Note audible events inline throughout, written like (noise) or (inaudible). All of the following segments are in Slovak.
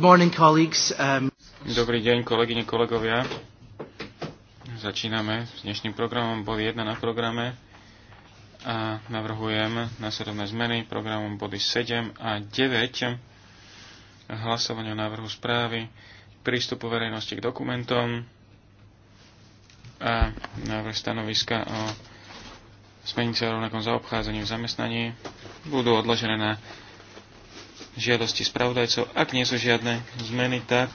morning, colleagues. Um... Dobrý deň, kolegyne, kolegovia. Začíname s dnešným programom. Bod 1 na programe a navrhujem následovné zmeny programom body 7 a 9 hlasovanie o návrhu správy, prístupu verejnosti k dokumentom a návrh stanoviska o smernice o rovnakom zaobchádzaní v zamestnaní budú odložené na žiadosti spravodajcov. Ak nie sú žiadne zmeny, tak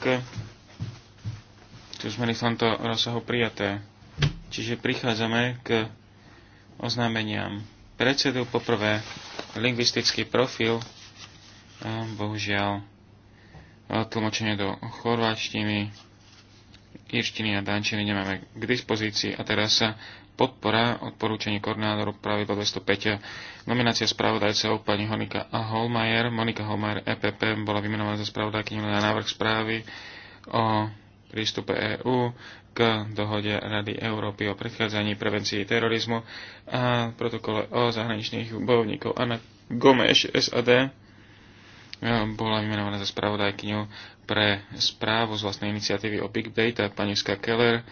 sú zmeny v tomto rozsahu prijaté. Čiže prichádzame k oznámeniam predsedu. Poprvé, lingvistický profil. Bohužiaľ, tlmočenie do chorváčtiny, irštiny a dančiny nemáme k dispozícii. A teraz sa podpora odporúčanie koordinátorov pravidla 205. Nominácia spravodajcov pani Honika a Holmajer. Monika Holmajer EPP bola vymenovaná za spravodajkyňu na návrh správy o prístupe EÚ k dohode Rady Európy o predchádzaní prevencii terorizmu a protokole o zahraničných bojovníkov. Anna Gomeš, SAD, bola vymenovaná za spravodajkyňu pre správu z vlastnej iniciatívy o Big Data, pani Ska Keller,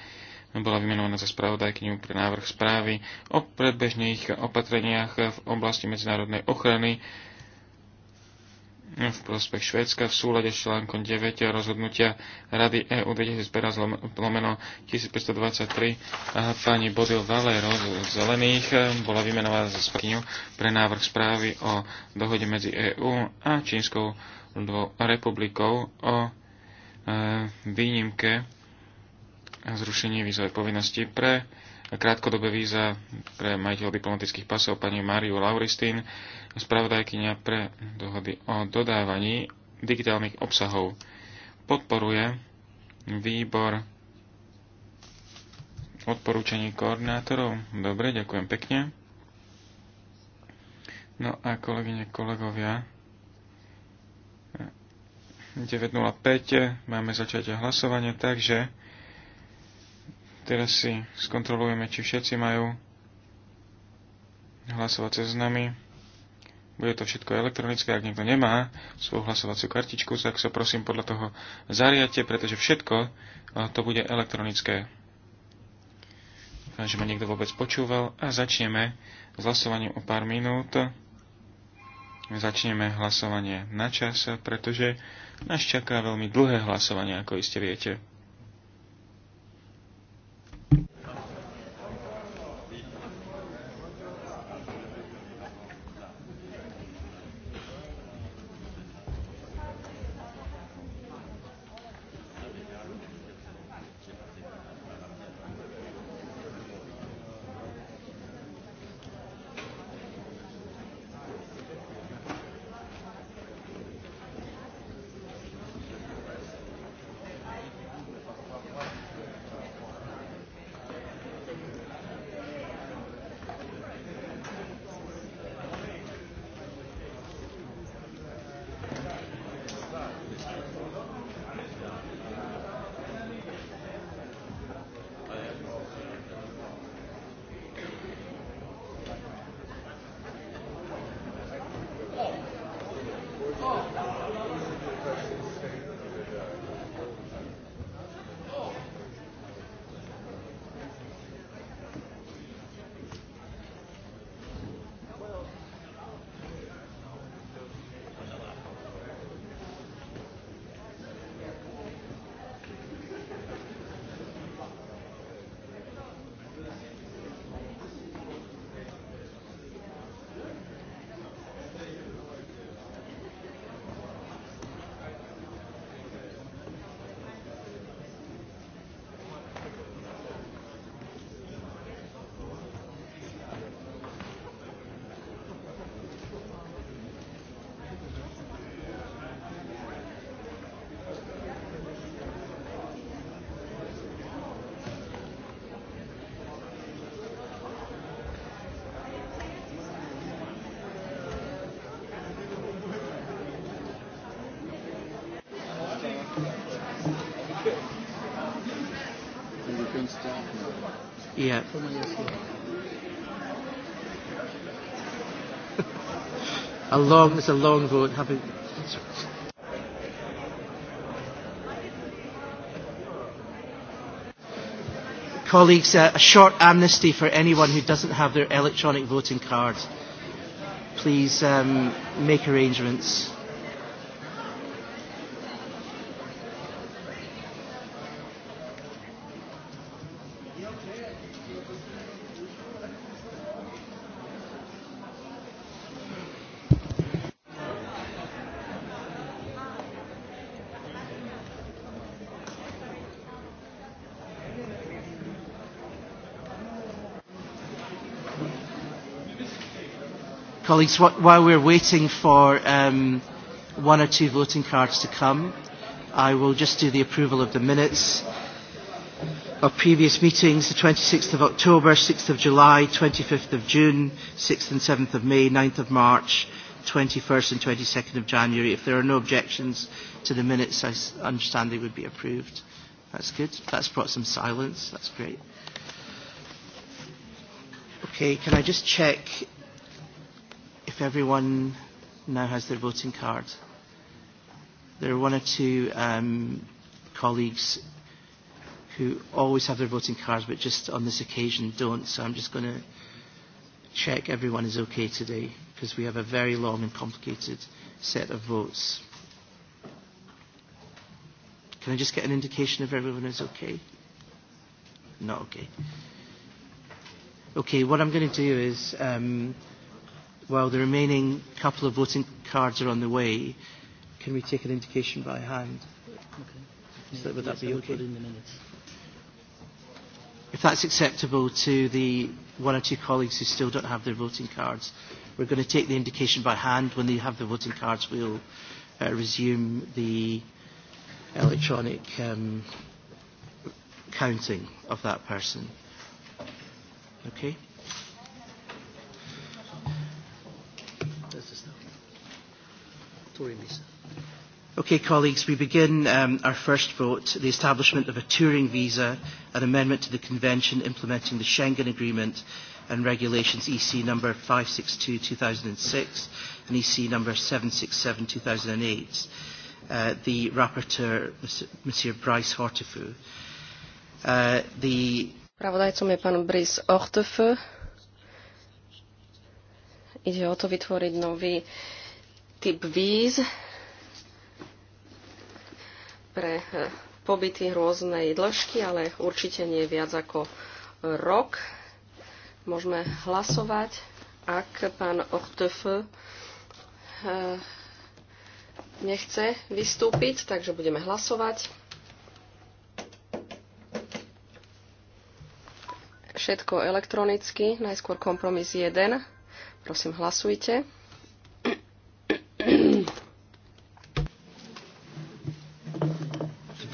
bola vymenovaná za spravodajkyňu pre návrh správy o predbežných opatreniach v oblasti medzinárodnej ochrany v prospech Švédska v súlade s článkom 9 rozhodnutia Rady EU 2015 lomeno 1523 pani Bodil Valero z Zelených eh, bola vymenovaná za spravodajkyňu pre návrh správy o dohode medzi EU a Čínskou republikou o eh, výnimke Zrušenie vízovej povinnosti pre krátkodobé víza pre majiteľ diplomatických pasov pani Máriu Lauristín, spravodajkynia pre dohody o dodávaní digitálnych obsahov. Podporuje výbor odporúčaní koordinátorov. Dobre, ďakujem pekne. No a kolegyne, kolegovia, 9.05 máme začať hlasovanie, takže Teraz si skontrolujeme, či všetci majú hlasovacie znamy. Bude to všetko elektronické, ak niekto nemá svoju hlasovaciu kartičku, tak sa prosím podľa toho zariate, pretože všetko to bude elektronické. Dúfam, že ma niekto vôbec počúval a začneme s hlasovaním o pár minút. Začneme hlasovanie na čas, pretože nás čaká veľmi dlhé hlasovanie, ako iste viete. a long, it's a long vote. Happy. Colleagues, uh, a short amnesty for anyone who doesn't have their electronic voting card. Please um, make arrangements. Colleagues, wh while we're waiting for um, one or two voting cards to come, I will just do the approval of the minutes of previous meetings, the 26th of October, 6th of July, 25th of June, 6th and 7th of May, 9th of March, 21st and 22nd of January. If there are no objections to the minutes, I understand they would be approved. That's good. That's brought some silence. That's great. Okay, can I just check everyone now has their voting card. There are one or two um, colleagues who always have their voting cards, but just on this occasion don't. So I'm just going to check everyone is okay today, because we have a very long and complicated set of votes. Can I just get an indication if everyone is okay? Not okay. Okay, what I'm going to do is um, while the remaining couple of voting cards are on the way, can we take an indication by hand? Okay. would yes, that be okay? in the minutes. If that's acceptable to the one or two colleagues who still don't have their voting cards, we're going to take the indication by hand. When they have the voting cards, we'll uh, resume the electronic um, counting of that person. Okay? before Visa. Okay, colleagues, we begin um, our first vote, the establishment of a touring visa, an amendment to the Convention implementing the Schengen Agreement and Regulations EC number 562-2006 and EC number 767-2008. Uh, the rapporteur, Monsieur Bryce Hortefeux. Uh, the Pravodajcom je pán Bryce Hortefeux. Ide o to vytvoriť nový uh, typ víz pre eh, pobyty rôznej dĺžky, ale určite nie viac ako rok. Môžeme hlasovať, ak pán Ortef eh, nechce vystúpiť, takže budeme hlasovať. Všetko elektronicky, najskôr kompromis 1. Prosím, hlasujte.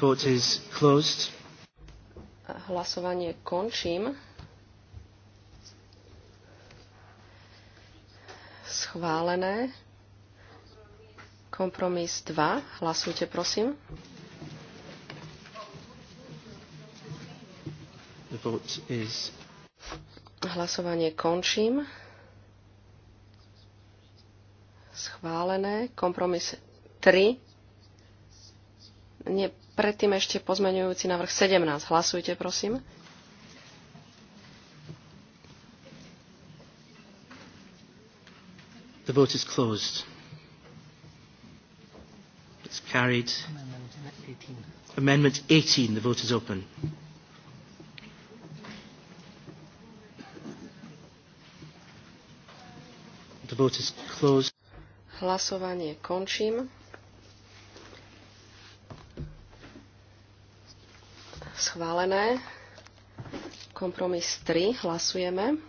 Vote is closed. Hlasovanie končím. Schválené. Kompromis 2. Hlasujte, prosím. The vote is... Hlasovanie končím. Schválené. Kompromis 3. Nie, Predtým ešte pozmeňujúci návrh 17. Hlasujte, prosím. The vote is closed. It's carried. Amendment 18. Amendment 18. The vote is open. The vote is closed. Hlasovanie končím. Schválené. Kompromis 3. Hlasujeme.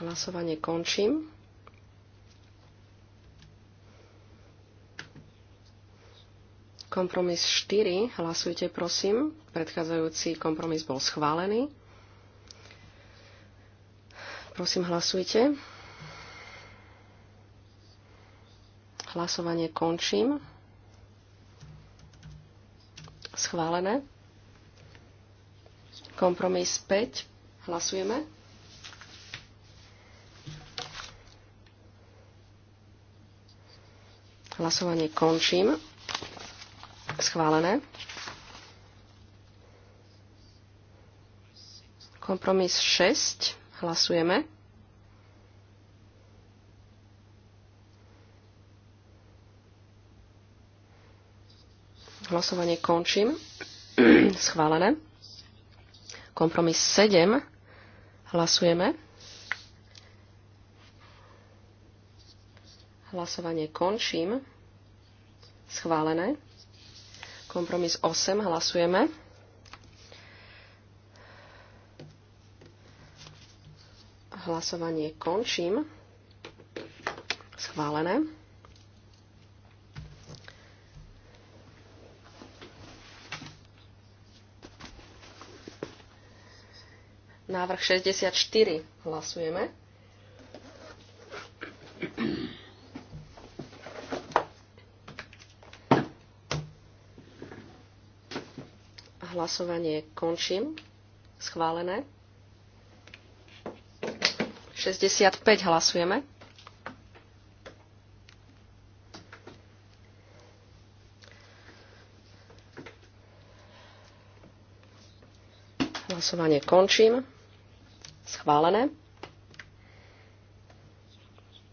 Hlasovanie končím. Kompromis 4. Hlasujte, prosím. Predchádzajúci kompromis bol schválený. Prosím, hlasujte. Hlasovanie končím. Schválené. Kompromis 5. Hlasujeme. Hlasovanie končím. Schválené. Kompromis 6. Hlasujeme. Hlasovanie končím. (clears throat) Schválené. Kompromis 7. Hlasujeme. Hlasovanie končím. Schválené. Kompromis 8. Hlasujeme. Hlasovanie končím. Schválené. Návrh 64. Hlasujeme. Hlasovanie končím. Schválené. 65 hlasujeme. Hlasovanie končím. Schválené.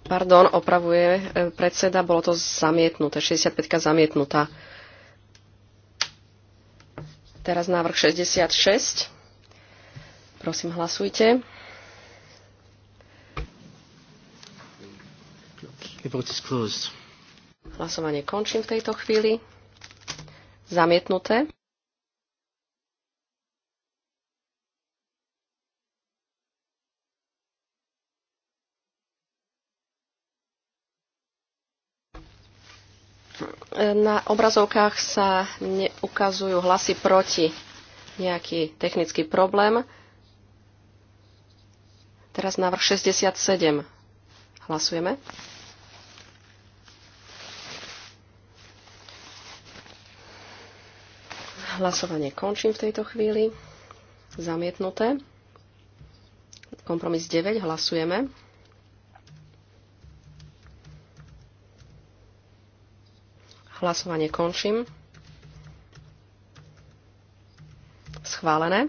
Pardon, opravuje e, predseda, bolo to zamietnuté, 65 zamietnutá. Teraz návrh 66. Prosím, hlasujte. Hlasovanie končím v tejto chvíli. Zamietnuté. Na obrazovkách sa ukazujú hlasy proti nejaký technický problém. Teraz návrh 67. Hlasujeme. Hlasovanie končím v tejto chvíli. Zamietnuté. Kompromis 9. Hlasujeme. Hlasovanie končím. Schválené.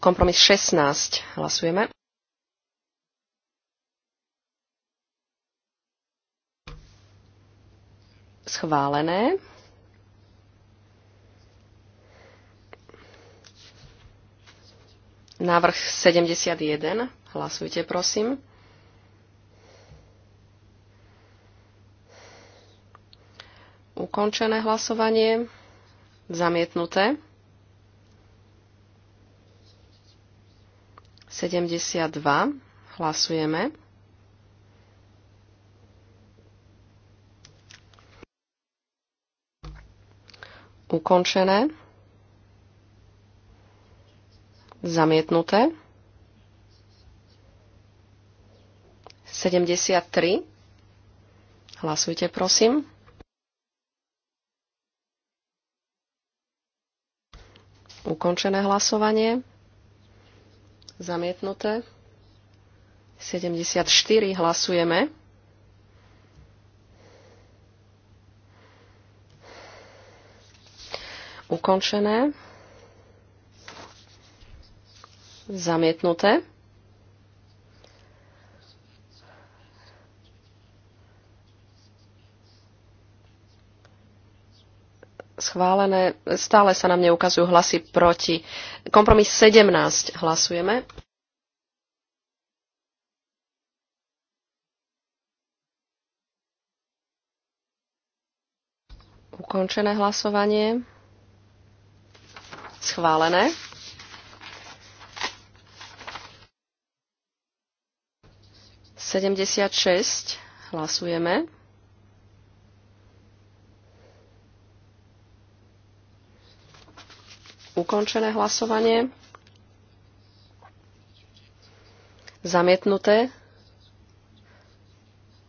Kompromis 16. Hlasujeme. Schválené. Návrh 71. Hlasujte, prosím. Ukončené hlasovanie. Zamietnuté. 72. Hlasujeme. Ukončené. Zamietnuté. 73. Hlasujte, prosím. Ukončené hlasovanie. Zamietnuté. 74 hlasujeme. Ukončené. Zamietnuté. schválené. Stále sa nám neukazujú hlasy proti. Kompromis 17 hlasujeme. Ukončené hlasovanie. Schválené. Sedemdesiat šesť. Hlasujeme. Ukončené hlasovanie. Zamietnuté.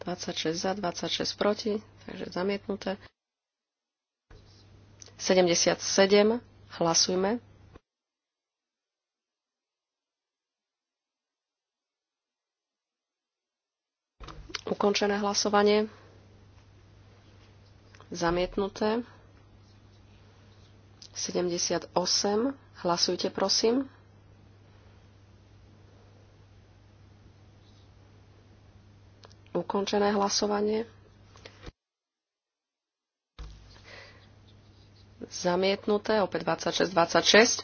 26 za, 26 proti, takže zamietnuté. 77. Hlasujme. Ukončené hlasovanie. Zamietnuté. 78. Hlasujte, prosím. Ukončené hlasovanie. Zamietnuté, opäť 26, 26.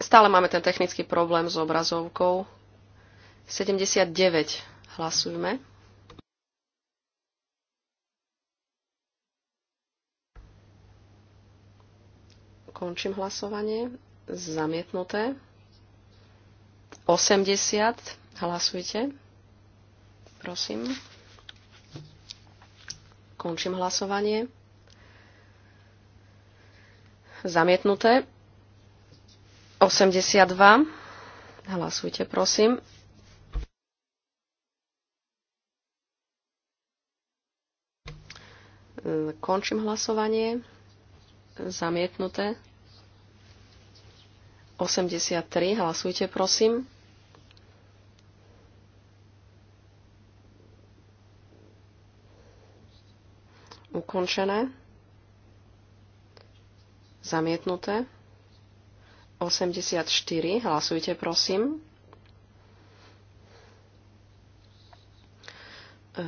Stále máme ten technický problém s obrazovkou. 79. Hlasujme. Končím hlasovanie. Zamietnuté. 80. Hlasujte. Prosím. Končím hlasovanie. Zamietnuté. 82. Hlasujte, prosím. Končím hlasovanie zamietnuté. 83, hlasujte prosím. Ukončené. Zamietnuté. 84, hlasujte prosím. E,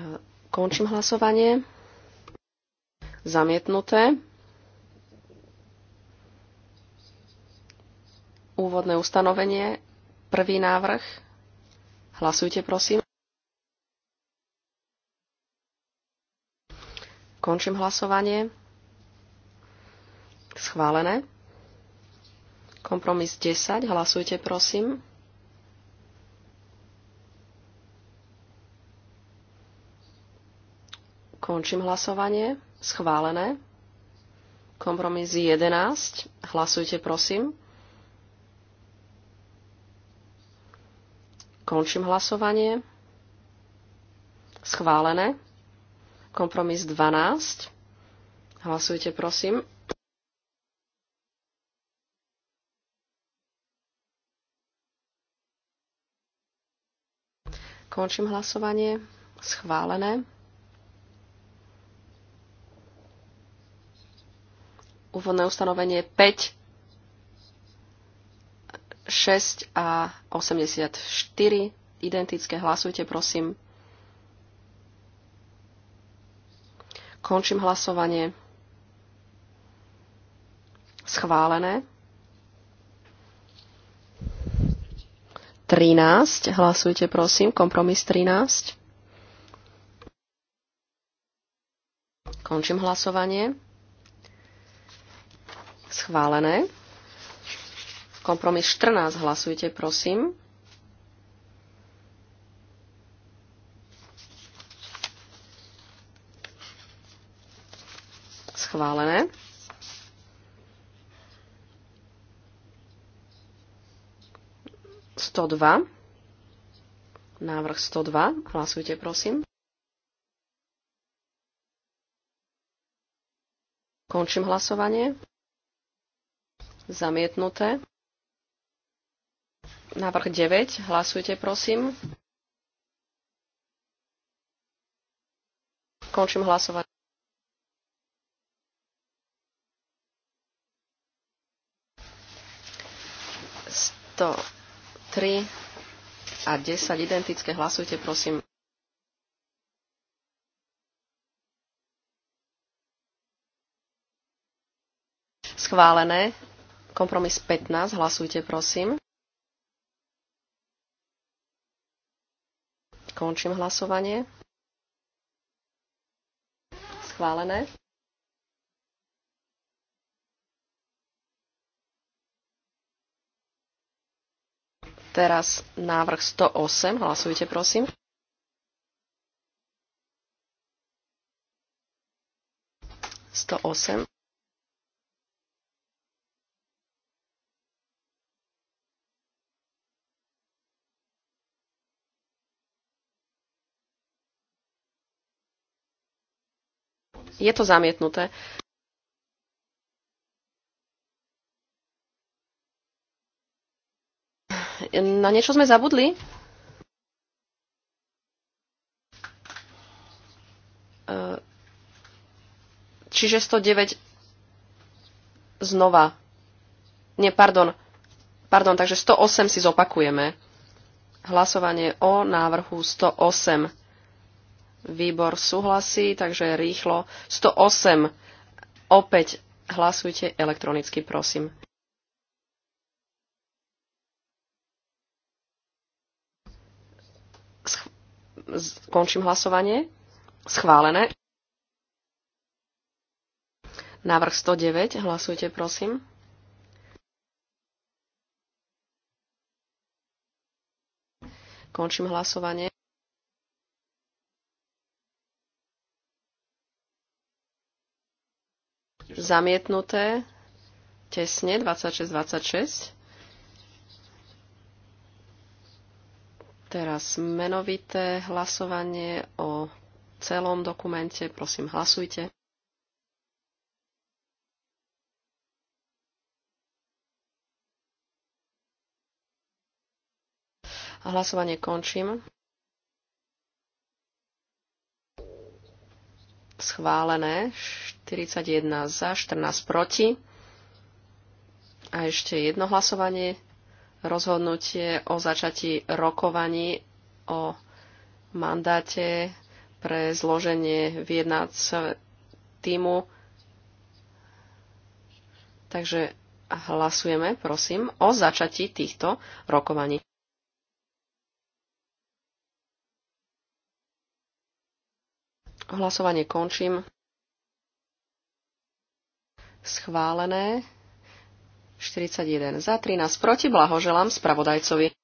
končím hlasovanie. Zamietnuté. Úvodné ustanovenie, prvý návrh. Hlasujte, prosím. Končím hlasovanie. Schválené. Kompromis 10. Hlasujte, prosím. Končím hlasovanie. Schválené. Kompromis 11. Hlasujte, prosím. Končím hlasovanie. Schválené. Kompromis 12. Hlasujte, prosím. Končím hlasovanie. Schválené. Úvodné ustanovenie 5. 6 a 84 identické. Hlasujte, prosím. Končím hlasovanie. Schválené. 13. Hlasujte, prosím. Kompromis 13. Končím hlasovanie. Schválené. Kompromis 14 hlasujte, prosím. Schválené. Sto dva. Návrh 102. Hlasujte, prosím. Končím hlasovanie. Zamietnuté. Návrh 9. Hlasujte, prosím. Končím hlasovať. To 3 a 10 identické. Hlasujte, prosím. Schválené. Kompromis 15. Hlasujte, prosím. Končím hlasovanie. Schválené. Teraz návrh 108. Hlasujte, prosím. Sto osem. Je to zamietnuté. Na niečo sme zabudli? E, čiže 109 znova. Nie, pardon. Pardon, takže 108 si zopakujeme. Hlasovanie o návrhu 108. Výbor súhlasí, takže rýchlo. 108. Opäť hlasujte elektronicky, prosím. Končím hlasovanie. Schválené. Návrh 109. Hlasujte, prosím. Končím hlasovanie. Zamietnuté. Tesne. 26-26. Teraz menovité hlasovanie o celom dokumente. Prosím, hlasujte. Hlasovanie končím. schválené 41 za, 14 proti. A ešte jedno hlasovanie, rozhodnutie o začati rokovaní o mandáte pre zloženie vyjednac týmu. Takže hlasujeme, prosím, o začati týchto rokovaní. Hlasovanie končím. Schválené. 41 za, 13 proti. Blahoželám spravodajcovi.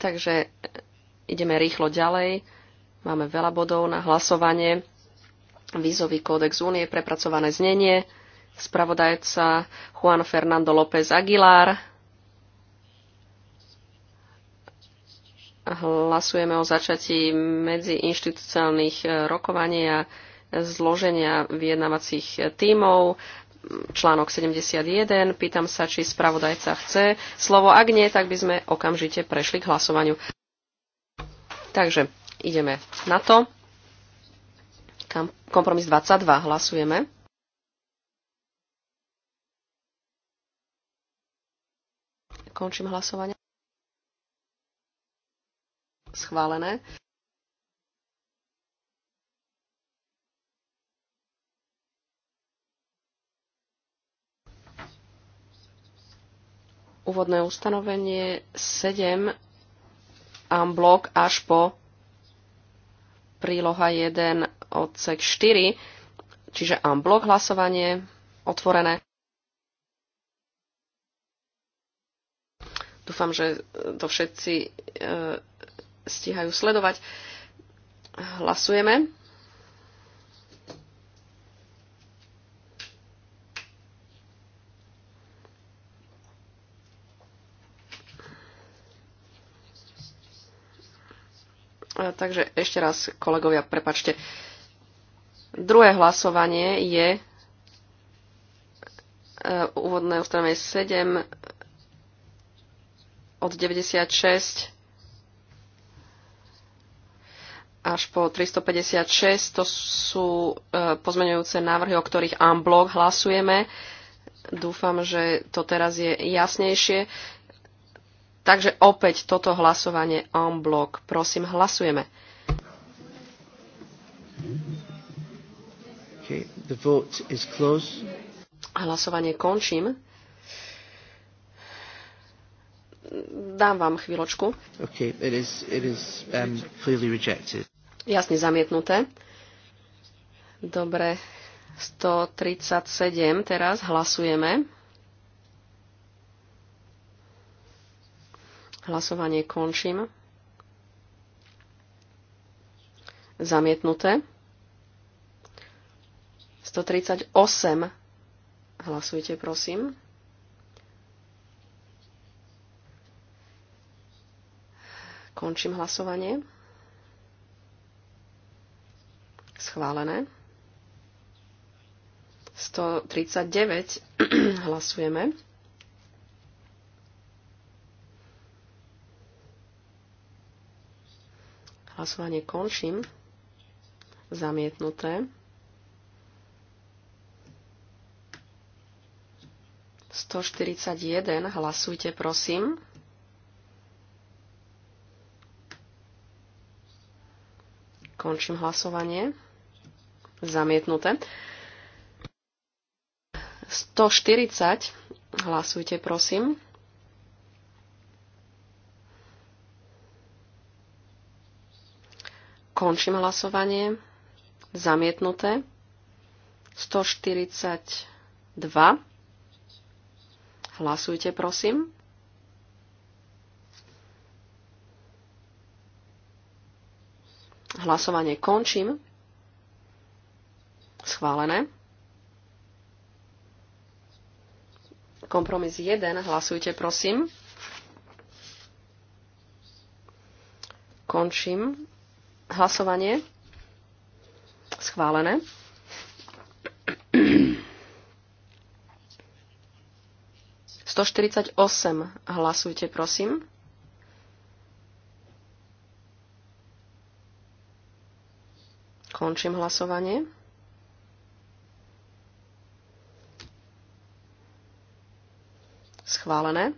Takže ideme rýchlo ďalej. Máme veľa bodov na hlasovanie vízový kódex únie, prepracované znenie, spravodajca Juan Fernando López Aguilar. Hlasujeme o začatí medziinstitucionálnych e, rokovaní a zloženia vyjednávacích e, tímov. Článok 71. Pýtam sa, či spravodajca chce slovo. Ak nie, tak by sme okamžite prešli k hlasovaniu. Takže ideme na to. Kompromis 22. Hlasujeme. Končím hlasovanie. Schválené. Úvodné ustanovenie 7 a blok až po príloha 1 odsek 4, čiže unblock hlasovanie otvorené. Dúfam, že to všetci e, stíhajú sledovať. Hlasujeme. takže ešte raz, kolegovia, prepačte. Druhé hlasovanie je e, úvodné ustanovenie 7 od 96 až po 356. To sú e, pozmeňujúce návrhy, o ktorých en bloc hlasujeme. Dúfam, že to teraz je jasnejšie. Takže opäť toto hlasovanie en bloc. Prosím, hlasujeme. Okay, the vote is closed. Hlasovanie končím. Dám vám chvíľočku. Okay, it is, it is, um, clearly rejected. Jasne zamietnuté. Dobre, 137 teraz hlasujeme. Hlasovanie končím. Zamietnuté. 138. Hlasujte, prosím. Končím hlasovanie. Schválené. 139. (clears throat) Hlasujeme. Hlasovanie končím. Zamietnuté. 141. Hlasujte, prosím. Končím hlasovanie. Zamietnuté. 140. Hlasujte, prosím. Končím hlasovanie. Zamietnuté. 142. Hlasujte, prosím. Hlasovanie končím. Schválené. Kompromis 1. Hlasujte, prosím. Končím Hlasovanie. Schválené. Sto štyridsať osem. Hlasujte, prosím. Končím hlasovanie. Schválené.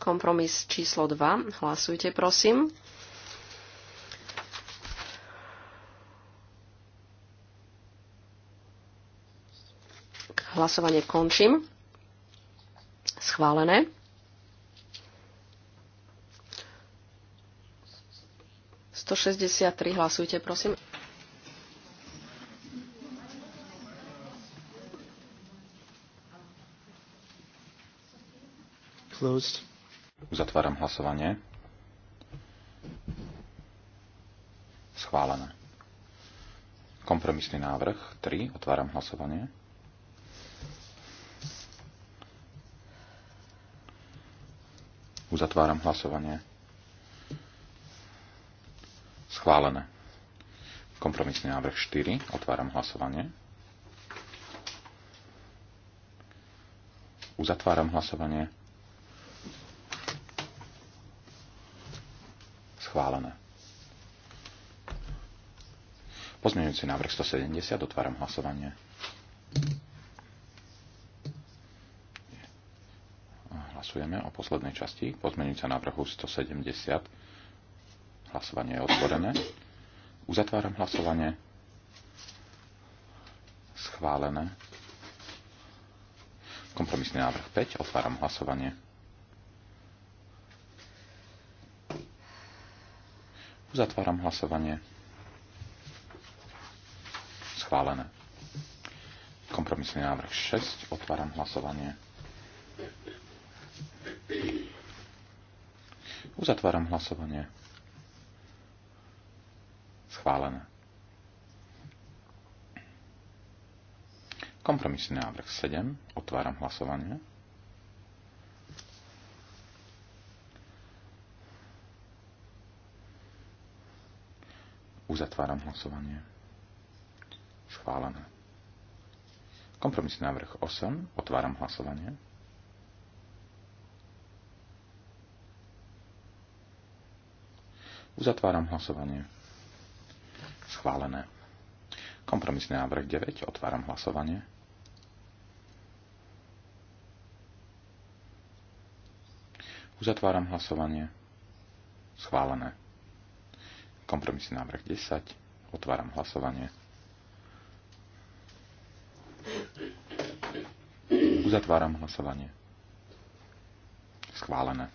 Kompromis číslo 2. Hlasujte, prosím. Hlasovanie končím. Schválené. Sto šesťdesiat tri hlasujte, prosím. Closed. Zatváram hlasovanie. Schválené. Kompromisný návrh 3. Otváram hlasovanie. Uzatváram hlasovanie. Schválené. Kompromisný návrh 4. Otváram hlasovanie. Uzatváram hlasovanie. Schválené. Pozmeňujúci návrh 170. Otváram hlasovanie. Hlasujeme o poslednej časti pozmeňujúca návrhu 170. Hlasovanie je otvorené. Uzatváram hlasovanie. Schválené. Kompromisný návrh 5. Otváram hlasovanie. Uzatváram hlasovanie. Schválené. Kompromisný návrh 6. Otváram hlasovanie. Uzatváram hlasovanie. Schválené. Kompromisný návrh 7. Otváram hlasovanie. Uzatváram hlasovanie. Schválené. Kompromisný návrh 8. Otváram hlasovanie. Uzatváram hlasovanie. Schválené. Kompromisný návrh 9. Otváram hlasovanie. Uzatváram hlasovanie. Schválené. Kompromisný návrh 10. Otváram hlasovanie. Uzatváram hlasovanie. Schválené.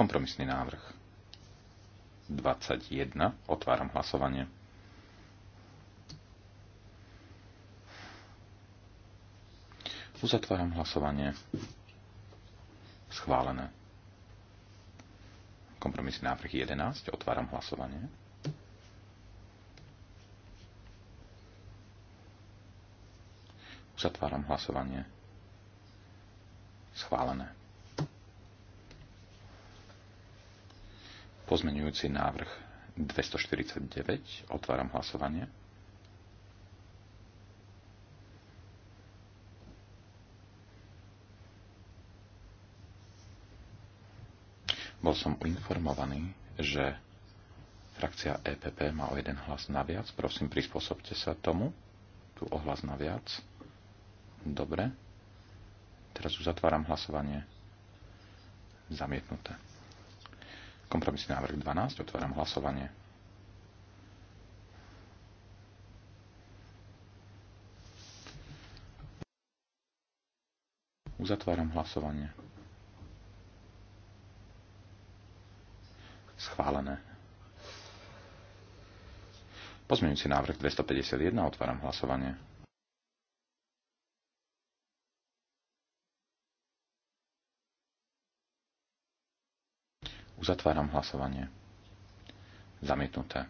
Kompromisný návrh 21. Otváram hlasovanie. Uzatváram hlasovanie. Schválené. Kompromisný návrh 11. Otváram hlasovanie. Uzatváram hlasovanie. Schválené. Pozmenujúci návrh 249. Otváram hlasovanie. Bol som informovaný, že frakcia EPP má o jeden hlas naviac. Prosím, prispôsobte sa tomu. Tu ohlas naviac. Dobre. Teraz už zatváram hlasovanie. Zamietnuté. Kompromisný návrh 12. Otváram hlasovanie. Uzatváram hlasovanie. Schválené. Pozmeňujúci návrh 251. Otváram hlasovanie. Uzatváram hlasovanie. Zamietnuté.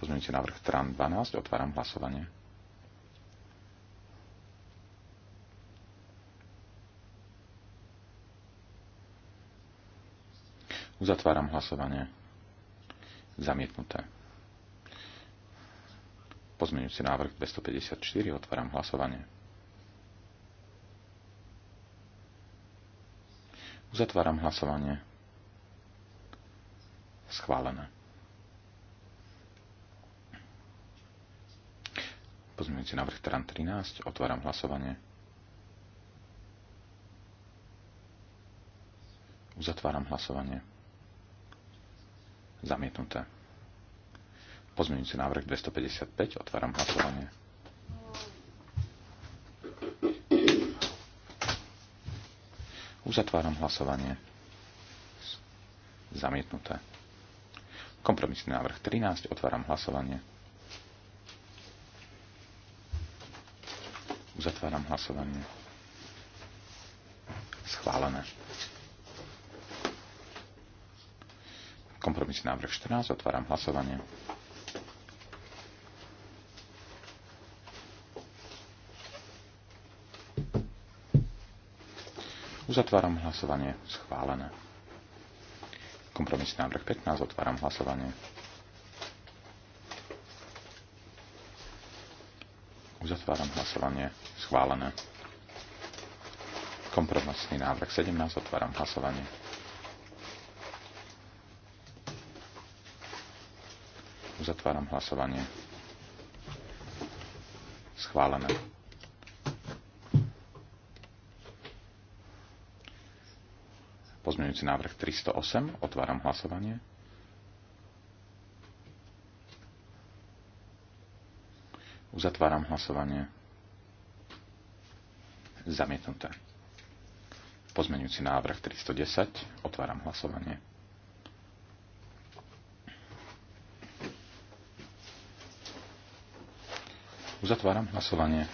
Pozmeňujúci návrh TRAN 12. Otváram hlasovanie. Uzatváram hlasovanie. Zamietnuté. Pozmeňujúci návrh 254. Otváram hlasovanie. Uzatváram hlasovanie. Schválené. Pozmeňujúci návrh teran 13. Otváram hlasovanie. Uzatváram hlasovanie. Zamietnuté. Pozmeňujúci návrh 255. Otváram hlasovanie. Uzatváram hlasovanie. Zamietnuté. Kompromisný návrh 13. Otváram hlasovanie. Uzatváram hlasovanie. Schválené. Kompromisný návrh 14. Otváram hlasovanie. Uzatváram hlasovanie. Schválené. Kompromisný návrh 15. Otváram hlasovanie. Uzatváram hlasovanie. Schválené. Kompromisný návrh 17. Otváram hlasovanie. Uzatváram hlasovanie. Schválené. pozmeňujúci návrh 308. Otváram hlasovanie. Uzatváram hlasovanie. Zamietnuté. Pozmeňujúci návrh 310. Otváram hlasovanie. Uzatváram hlasovanie.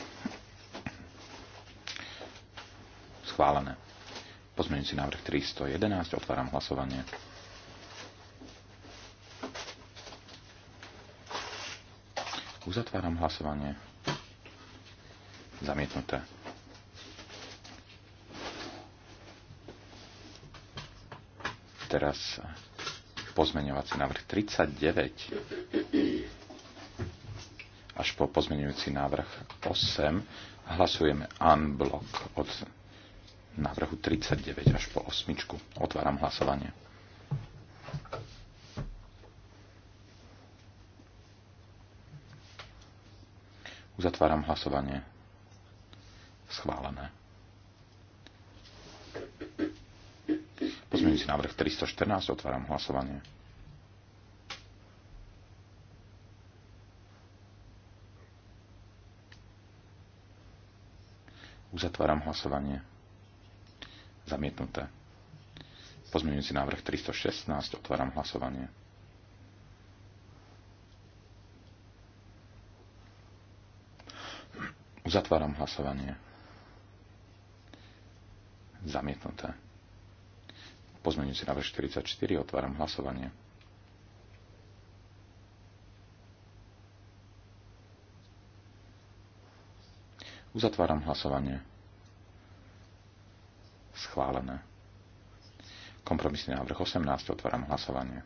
Schválené. Pozmeňujúci návrh 311. Otváram hlasovanie. Uzatváram hlasovanie. Zamietnuté. Teraz pozmeňovací návrh 39 až po pozmeňujúci návrh 8 hlasujeme unblock od návrhu 39 až po osmičku. Otváram hlasovanie. Uzatváram hlasovanie. Schválené. Pozmeňujúci návrh 314. Otváram hlasovanie. Uzatváram hlasovanie. Zamietnuté. Pozmeňujúci návrh 316. Otváram hlasovanie. Uzatváram hlasovanie. Zamietnuté. Pozmeňujúci návrh 44. Otváram hlasovanie. Uzatváram hlasovanie schválené. Kompromisný návrh 18. Otváram hlasovanie.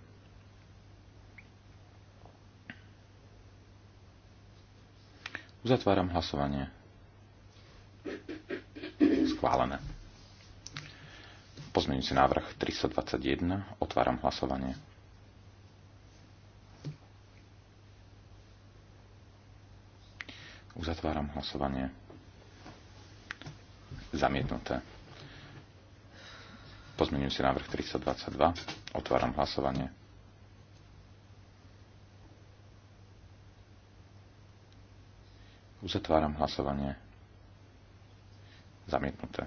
Uzatváram hlasovanie. Schválené. Pozmeňujúci návrh 321. Otváram hlasovanie. Uzatváram hlasovanie. Zamietnuté. Pozmeňujúci návrh 322. Otváram hlasovanie. Uzatváram hlasovanie. Zamietnuté.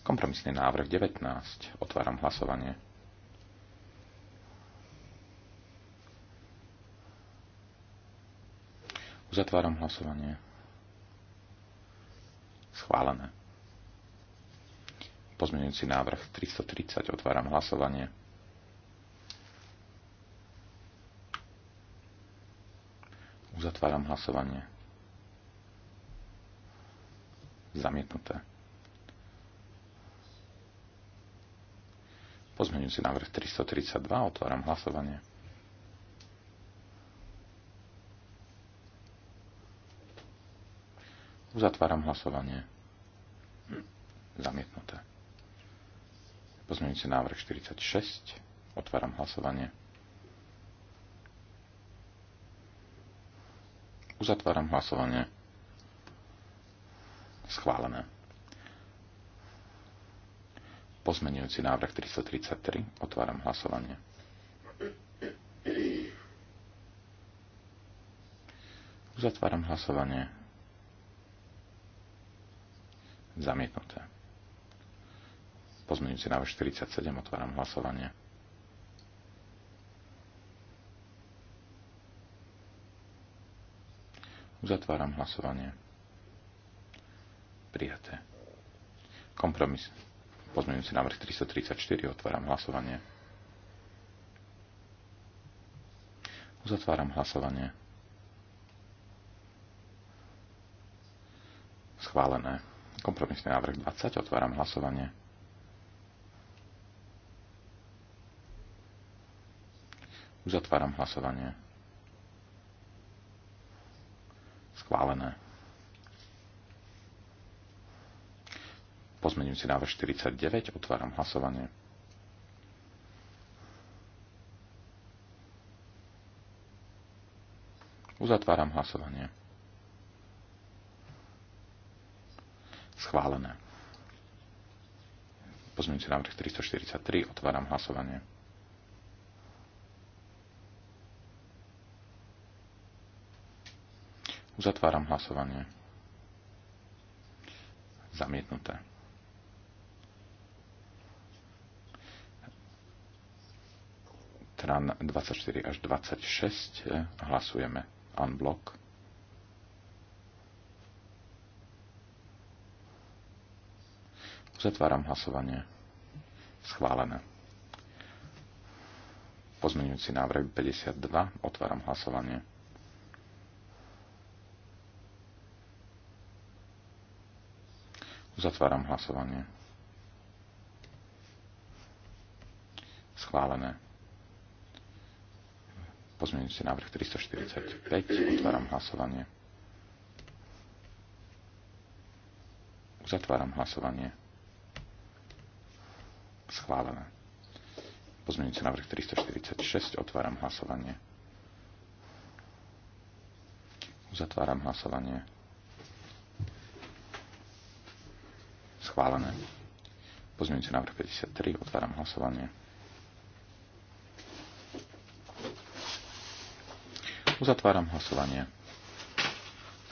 Kompromisný návrh 19. Otváram hlasovanie. Uzatváram hlasovanie. Schválené. Pozmeňujúci návrh 330. Otváram hlasovanie. Uzatváram hlasovanie. Zamietnuté. Pozmeňujúci návrh 332. Otváram hlasovanie. Uzatváram hlasovanie. Zamietnuté. Pozmeňujúci návrh 46. Otváram hlasovanie. Uzatváram hlasovanie. Schválené. Pozmeňujúci návrh 333. Otváram hlasovanie. Uzatváram hlasovanie. Zamietnuté. Pozmeňujúci návrh 47, otváram hlasovanie. Uzatváram hlasovanie. Prijaté. Kompromis. Pozmeňujúci návrh 334, otváram hlasovanie. Uzatváram hlasovanie. Schválené. Kompromisný návrh 20, otváram hlasovanie. Uzatváram hlasovanie. Schválené. Pozmením si návrh 49. Otváram hlasovanie. Uzatváram hlasovanie. Schválené. Pozmením si návrh 343. Otváram hlasovanie. Uzatváram hlasovanie. Zamietnuté. Tran 24 až 26 e, hlasujeme unblock. Uzatváram hlasovanie. Schválené. Pozmeňujúci návrh 52. Otváram hlasovanie. Uzatváram hlasovanie. Schválené. si návrh 345. Otváram hlasovanie. Uzatváram hlasovanie. Schválené. si návrh 346. Otváram hlasovanie. Uzatváram hlasovanie. Schválené. Pozmeňujúci návrh 53. Otváram hlasovanie. Uzatváram hlasovanie.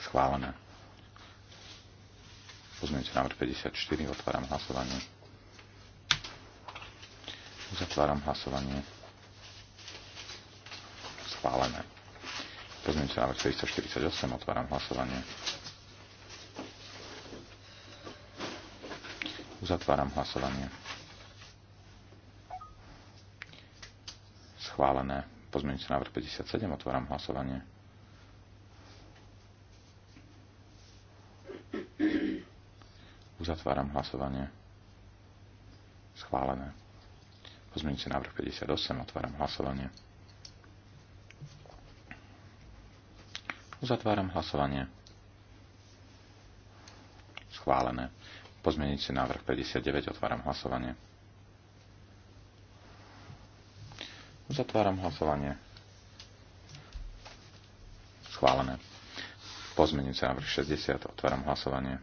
Schválené. Pozmeňujúci návrh 54. Otváram hlasovanie. Uzatváram hlasovanie. Schválené. Pozmeňujúci návrh 448. Otváram hlasovanie. Uzatváram hlasovanie. Schválené. Pozmeňujúci návrh 57. Otváram hlasovanie. Uzatváram hlasovanie. Schválené. Pozmeňujúci návrh 58. Otváram hlasovanie. Uzatváram hlasovanie. Schválené. Pozmeniť si návrh 59. Otváram hlasovanie. Zatváram hlasovanie. Schválené. Pozmeníci sa návrh 60. Otváram hlasovanie.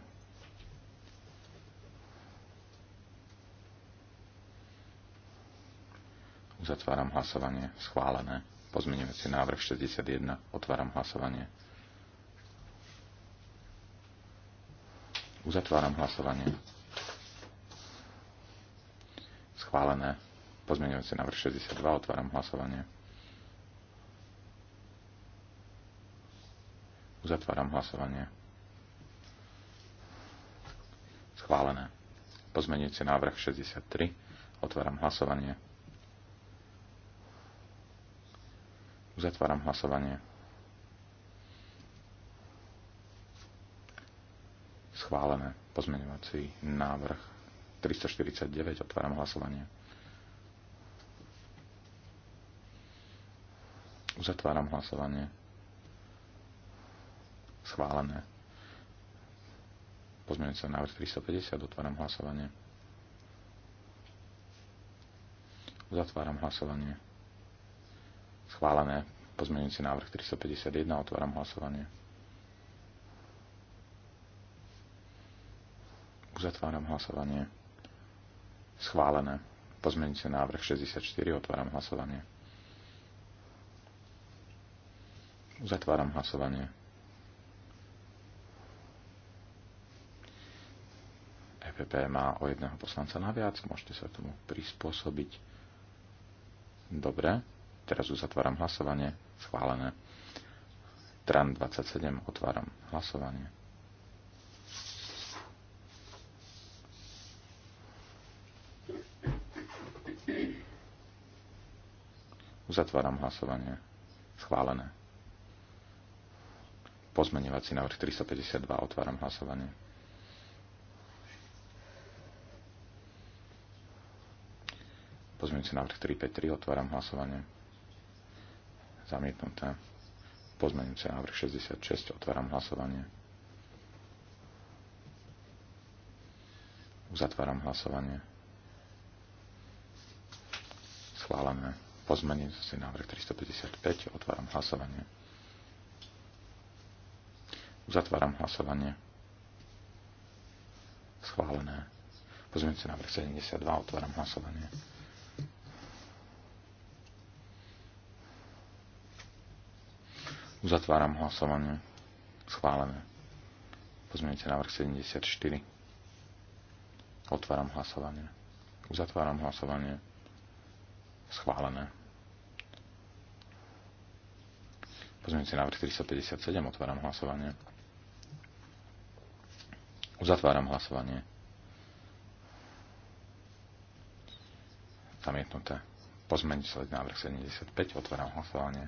Uzatváram hlasovanie. Schválené. si návrh 61. Otváram hlasovanie. Uzatváram hlasovanie. Schválené. Pozmeňujúci návrh 62. Otváram hlasovanie. Uzatváram hlasovanie. Schválené. Pozmeňujúci návrh 63. Otváram hlasovanie. Uzatváram hlasovanie. schválené. Pozmeňovací návrh 349. Otváram hlasovanie. Uzatváram hlasovanie. Schválené. sa návrh 350. Otváram hlasovanie. Uzatváram hlasovanie. Schválené. Pozmeňujúci návrh 351. Otváram hlasovanie. Uzatváram hlasovanie. Schválené. Pozmeňujúci návrh 64. Otváram hlasovanie. Uzatváram hlasovanie. EPP má o jedného poslanca naviac. Môžete sa tomu prispôsobiť. Dobre. Teraz uzatváram hlasovanie. Schválené. TRAN 27. Otváram hlasovanie. Uzatváram hlasovanie. Schválené. Pozmenovací návrh 352. Otváram hlasovanie. Pozmeňujúci návrh 353. Otváram hlasovanie. Zamietnuté. Pozmeňujúci návrh 66. Otváram hlasovanie. Uzatváram hlasovanie. Schválené si návrh 355. Otváram hlasovanie. Uzatváram hlasovanie. Schválené. si návrh 72. Otváram hlasovanie. Uzatváram hlasovanie. Schválené. si návrh 74. Otváram hlasovanie. Uzatváram hlasovanie. Schválené. Pozmeňujúci návrh 357, Otváram hlasovanie. Uzatváram hlasovanie. Zamietnuté. Pozmeňujúci návrh 75. Otváram hlasovanie.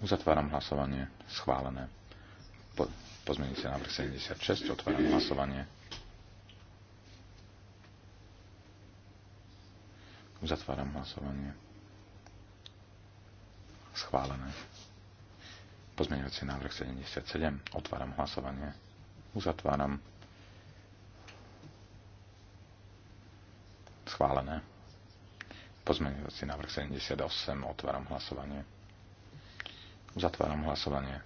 Uzatváram hlasovanie. Schválené. Po, pozmeňujúci návrh 76. Otváram hlasovanie. Uzatváram hlasovanie. Schválené. Pozmeňujúci návrh 77. Otváram hlasovanie. Uzatváram. Schválené. Pozmeňujúci návrh 78. Otváram hlasovanie. Uzatváram hlasovanie.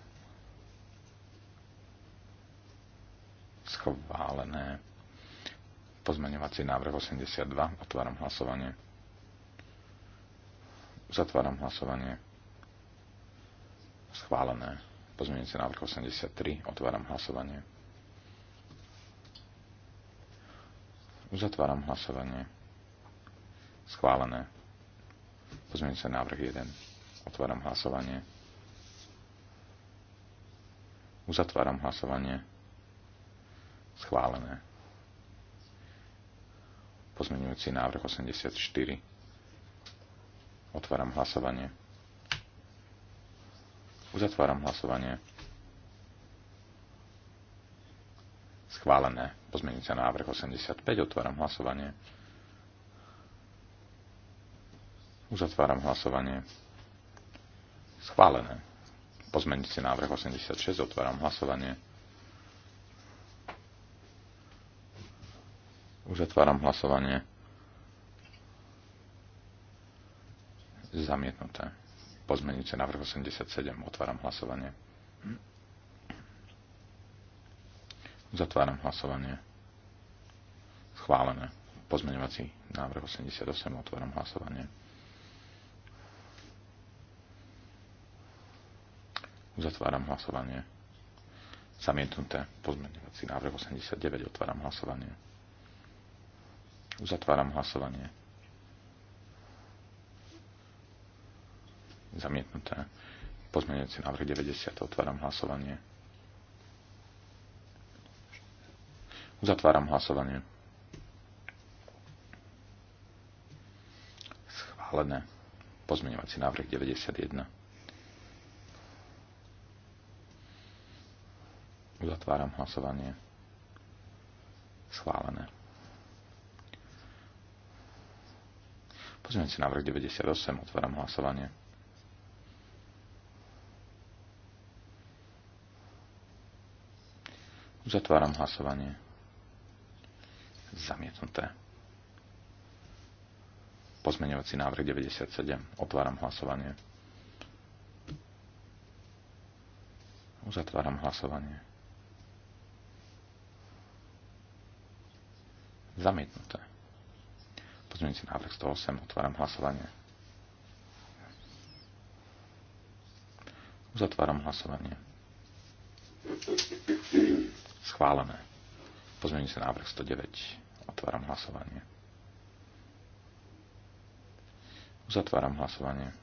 Schválené. Pozmeňovací návrh 82. Otváram hlasovanie. Zatváram hlasovanie. Schválené. sa návrh 83. Otváram hlasovanie. Uzatváram hlasovanie. Schválené. sa návrh 1. Otváram hlasovanie. Uzatváram hlasovanie. Schválené. Pozmeňujúci návrh 84. Otváram hlasovanie. Uzatváram hlasovanie. Schválené. Pozmenica návrh 85. Otváram hlasovanie. Uzatváram hlasovanie. Schválené. Pozmenici návrh 86. Otváram hlasovanie. Uzatváram hlasovanie. Zamietnuté. Pozmenujúce návrh 87. Otváram hlasovanie. Zatváram hlasovanie. Schválené. Pozmeňovací návrh 88. Otváram hlasovanie. Uzatváram hlasovanie. Zamietnuté. Pozmeňovací návrh 89. Otváram hlasovanie. Zatváram hlasovanie Zamietnuté. Pozmeňujúci návrh 90. Otváram hlasovanie. Uzatváram hlasovanie. Schválené. Pozmeňovací návrh 91. Uzatváram hlasovanie. Schválené. Pozmeňovací návrh 98. Otváram hlasovanie. Uzatváram hlasovanie. Zamietnuté. Pozmeňovací návrh 97. Otváram hlasovanie. Uzatváram hlasovanie. Zamietnuté. Pozmeňovací návrh 108. Otváram hlasovanie. Uzatváram hlasovanie. Schválené. Pozmením sa návrh 109. Otváram hlasovanie. Uzatváram hlasovanie.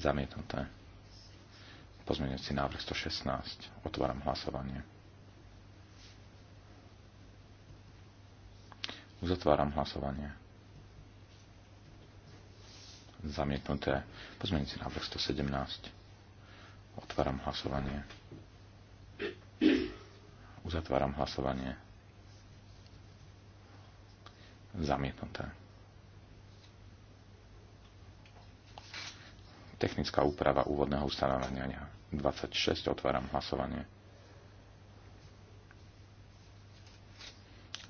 Zamietnuté. si návrh 116. Otváram hlasovanie. Uzatváram hlasovanie. Zamietnuté. si návrh 117. Otváram hlasovanie. Uzatváram hlasovanie. Zamietnuté. Technická úprava úvodného ustanovenia 26. Otváram hlasovanie.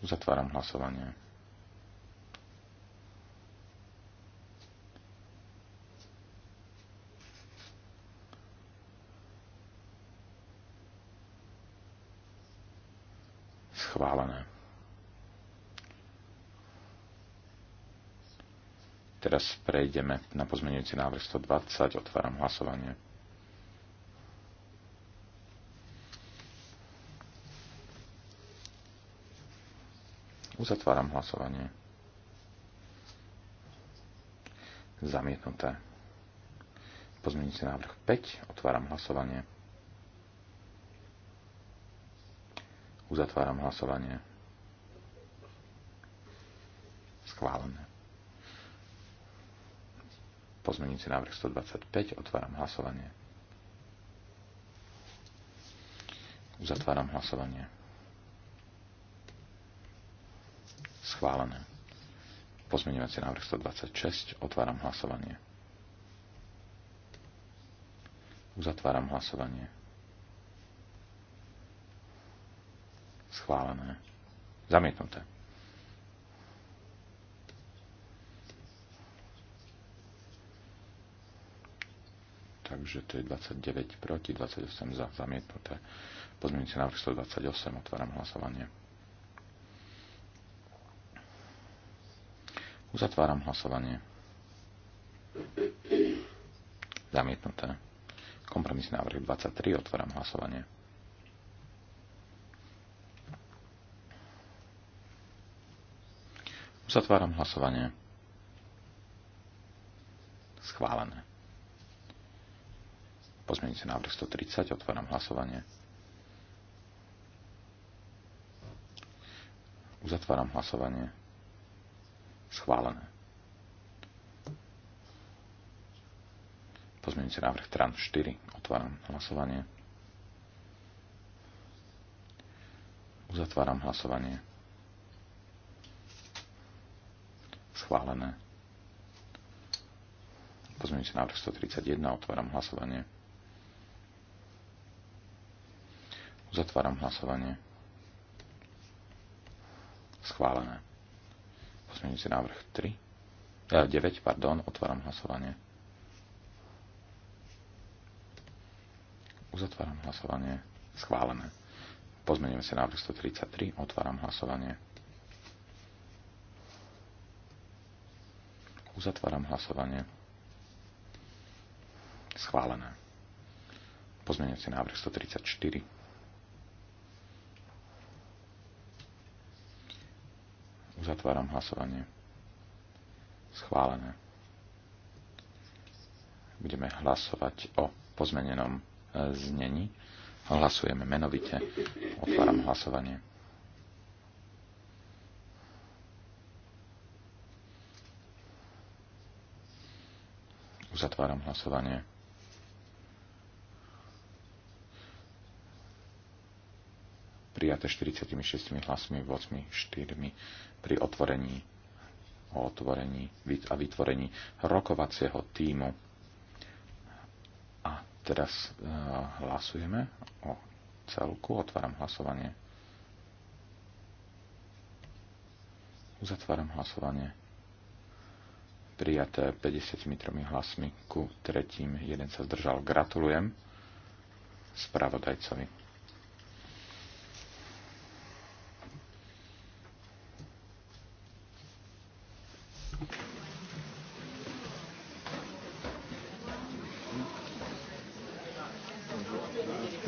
Uzatváram hlasovanie. schválené. Teraz prejdeme na pozmenujúci návrh 120. Otváram hlasovanie. Uzatváram hlasovanie. Zamietnuté. Pozmenujúci návrh 5. Otváram hlasovanie. Uzatváram hlasovanie. Schválené. Pozmenujúci návrh 125. Otváram hlasovanie. Uzatváram hlasovanie. Schválené. Pozmeňovací návrh 126. Otváram hlasovanie. Uzatváram hlasovanie. schválené. Zamietnuté. Takže to je 29 proti, 28 za, zamietnuté. Pozmienujúci návrh 128, otváram hlasovanie. Uzatváram hlasovanie. Zamietnuté. Kompromisný návrh 23, otváram hlasovanie. Zatváram hlasovanie. Schválené. Pozmeňujúci návrh 130. Otváram hlasovanie. Uzatváram hlasovanie. Schválené. Pozmeňujúci návrh TRAN 4. Otváram hlasovanie. Uzatváram hlasovanie. Schválené. si návrh 131. Otváram hlasovanie. Uzatváram hlasovanie. Schválené. si návrh 3. 9, eh, pardon. Otváram hlasovanie. Uzatváram hlasovanie. Schválené. si návrh 133. Otváram hlasovanie. Uzatváram hlasovanie. Schválené. Pozmeňujúci návrh 134. Uzatváram hlasovanie. Schválené. Budeme hlasovať o pozmenenom e, znení. Hlasujeme menovite. Otváram hlasovanie. Uzatváram hlasovanie. Prijaté 46 hlasmi, 8, 4 pri otvorení o otvorení a vytvorení rokovacieho týmu. A teraz uh, hlasujeme o celku. Otváram hlasovanie. Uzatváram hlasovanie prijaté 53 hlasmi ku tretím, jeden sa zdržal. Gratulujem spravodajcovi.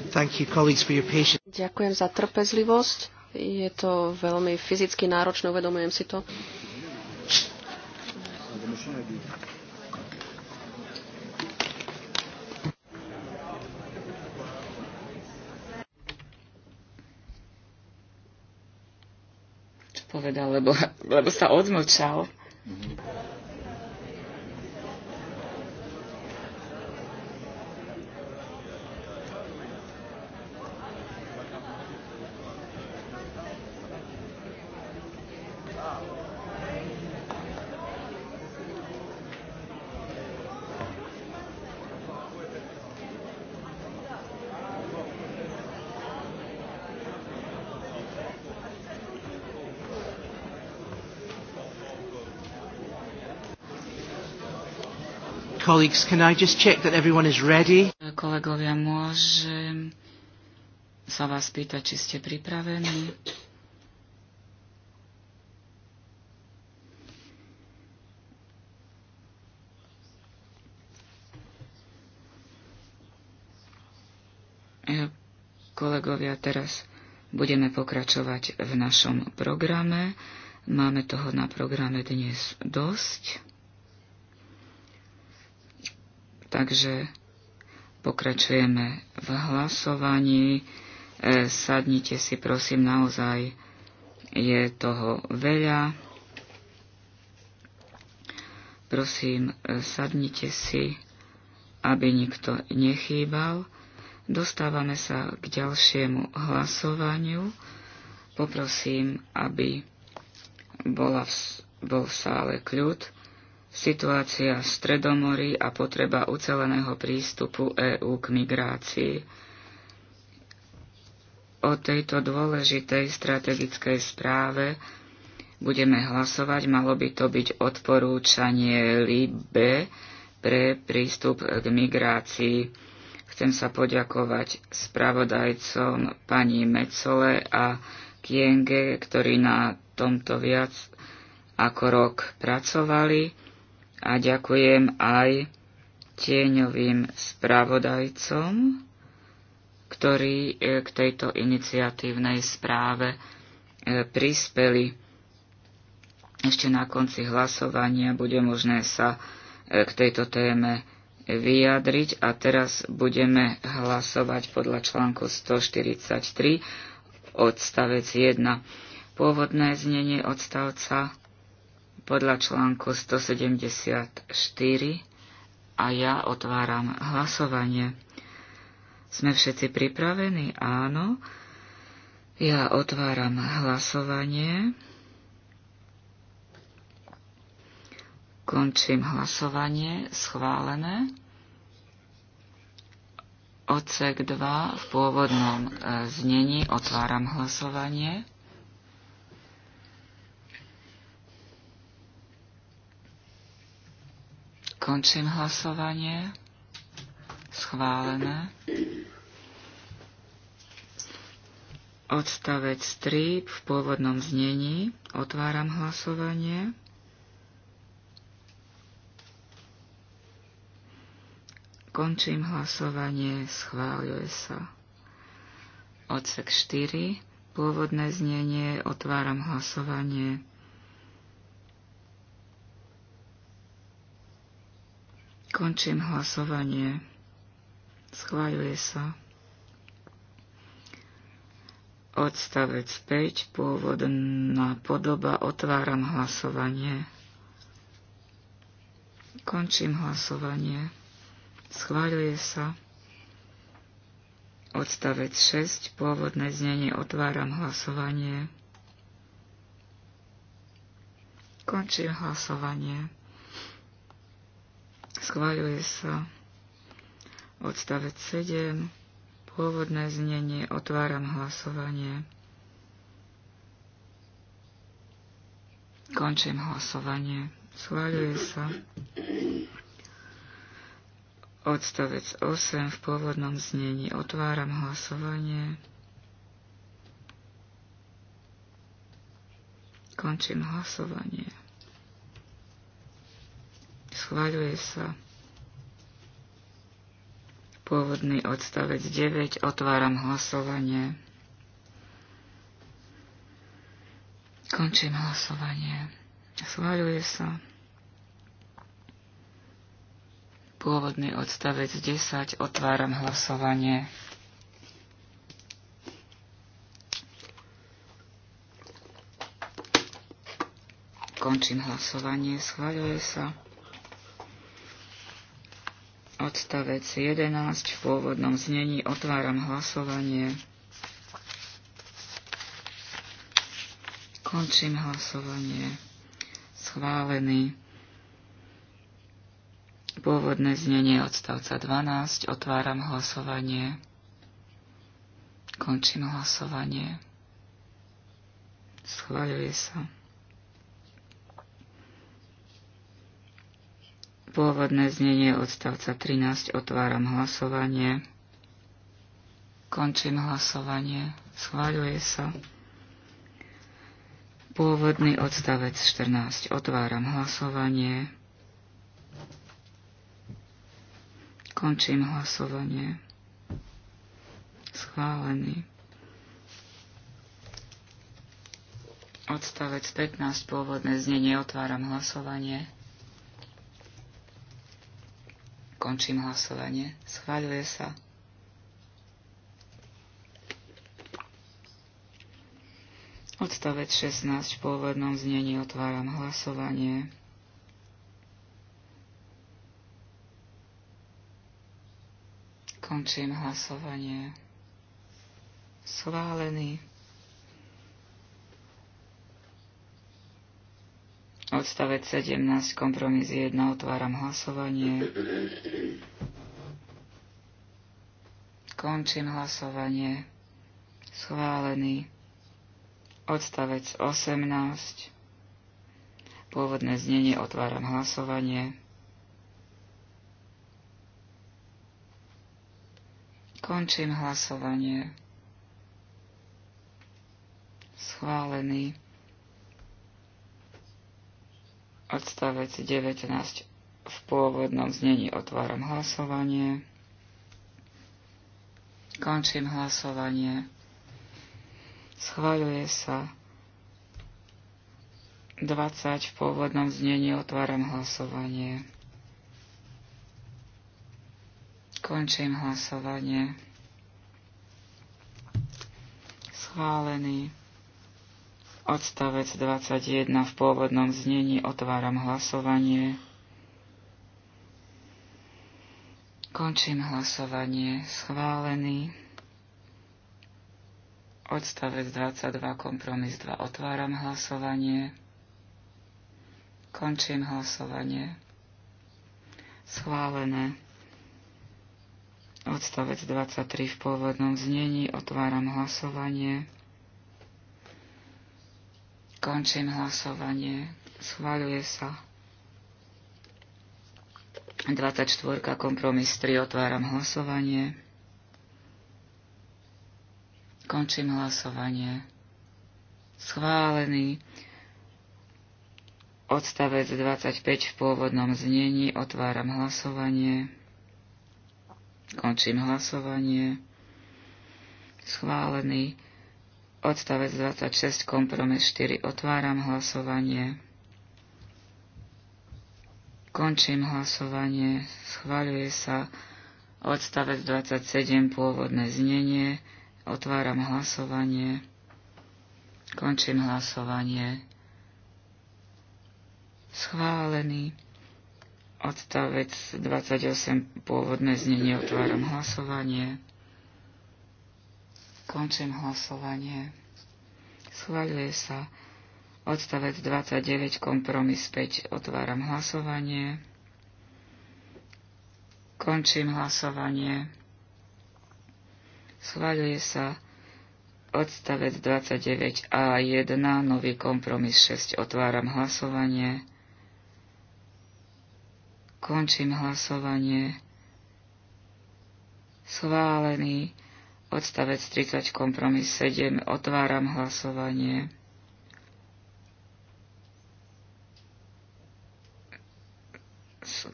Thank you, colleagues, for your patience. Ďakujem za trpezlivosť. Je to veľmi fyzicky náročné, uvedomujem si to povedal, lebo, lebo sa odmlčal. colleagues, can I just check that everyone is ready? Kolegovia, môžem sa vás pýtať, či ste pripravení. Kolegovia, teraz budeme pokračovať v našom programe. Máme toho na programe dnes dosť. Takže pokračujeme v hlasovaní. E, sadnite si prosím naozaj, je toho veľa. Prosím, e, sadnite si, aby nikto nechýbal. Dostávame sa k ďalšiemu hlasovaniu. Poprosím, aby bola v, bol v sále kľud situácia v Stredomorí a potreba uceleného prístupu EÚ k migrácii. O tejto dôležitej strategickej správe budeme hlasovať, malo by to byť odporúčanie LIBE pre prístup k migrácii. Chcem sa poďakovať spravodajcom pani Mecole a Kienge, ktorí na tomto viac ako rok pracovali a ďakujem aj tieňovým spravodajcom, ktorí e, k tejto iniciatívnej správe e, prispeli. Ešte na konci hlasovania bude možné sa e, k tejto téme vyjadriť a teraz budeme hlasovať podľa článku 143 odstavec 1. Pôvodné znenie odstavca podľa článku 174 a ja otváram hlasovanie. Sme všetci pripravení? Áno. Ja otváram hlasovanie. Končím hlasovanie. Schválené. Odsek 2 v pôvodnom e, znení. Otváram hlasovanie. Končím hlasovanie. Schválené. Odstavec 3 v pôvodnom znení. Otváram hlasovanie. Končím hlasovanie. Schváľuje sa. Odsek 4. Pôvodné znenie. Otváram hlasovanie. Končím hlasovanie. Schváľuje sa. Odstavec 5, pôvodná podoba, otváram hlasovanie. Končím hlasovanie. Schváľuje sa. Odstavec 6, pôvodné znenie, otváram hlasovanie. Končím hlasovanie. Schváľuje sa odstavec 7, pôvodné znenie, otváram hlasovanie. Končím hlasovanie. Schváľuje sa odstavec 8 v pôvodnom znení. Otváram hlasovanie. Končím hlasovanie. Schváľuje sa pôvodný odstavec 9. Otváram hlasovanie. Končím hlasovanie. Schváľuje sa pôvodný odstavec 10. Otváram hlasovanie. Končím hlasovanie. Schváľuje sa. Odstavec 11 v pôvodnom znení otváram hlasovanie. Končím hlasovanie. Schválený. Pôvodné znenie odstavca 12. Otváram hlasovanie. Končím hlasovanie. Schváľuje sa. Pôvodné znenie odstavca 13 otváram hlasovanie. Končím hlasovanie. Schváľuje sa. Pôvodný odstavec 14 otváram hlasovanie. Končím hlasovanie. Schválený. Odstavec 15 pôvodné znenie otváram hlasovanie. Končím hlasovanie. Schváľuje sa. Odstavec 16 v pôvodnom znení otváram hlasovanie. Končím hlasovanie. Schválený. Odstavec 17, kompromis 1, otváram hlasovanie. Končím hlasovanie. Schválený. Odstavec 18. Pôvodné znenie otváram hlasovanie. Končím hlasovanie. Schválený odstavec 19 v pôvodnom znení otváram hlasovanie. Končím hlasovanie. Schváľuje sa 20 v pôvodnom znení otváram hlasovanie. Končím hlasovanie. Schválený. Odstavec 21 v pôvodnom znení otváram hlasovanie. Končím hlasovanie. Schválený. Odstavec 22 kompromis 2 otváram hlasovanie. Končím hlasovanie. Schválené. Odstavec 23 v pôvodnom znení otváram hlasovanie. Končím hlasovanie. Schváľuje sa. 24. Kompromis 3. Otváram hlasovanie. Končím hlasovanie. Schválený. Odstavec 25 v pôvodnom znení. Otváram hlasovanie. Končím hlasovanie. Schválený Odstavec 26, kompromis 4. Otváram hlasovanie. Končím hlasovanie. Schváľuje sa odstavec 27, pôvodné znenie. Otváram hlasovanie. Končím hlasovanie. Schválený. Odstavec 28, pôvodné znenie. Otváram hlasovanie. Končím hlasovanie. Schváľuje sa odstavec 29, kompromis 5. Otváram hlasovanie. Končím hlasovanie. Schváľuje sa odstavec 29a1, nový kompromis 6. Otváram hlasovanie. Končím hlasovanie. Schválený Odstavec 30, kompromis 7. Otváram hlasovanie.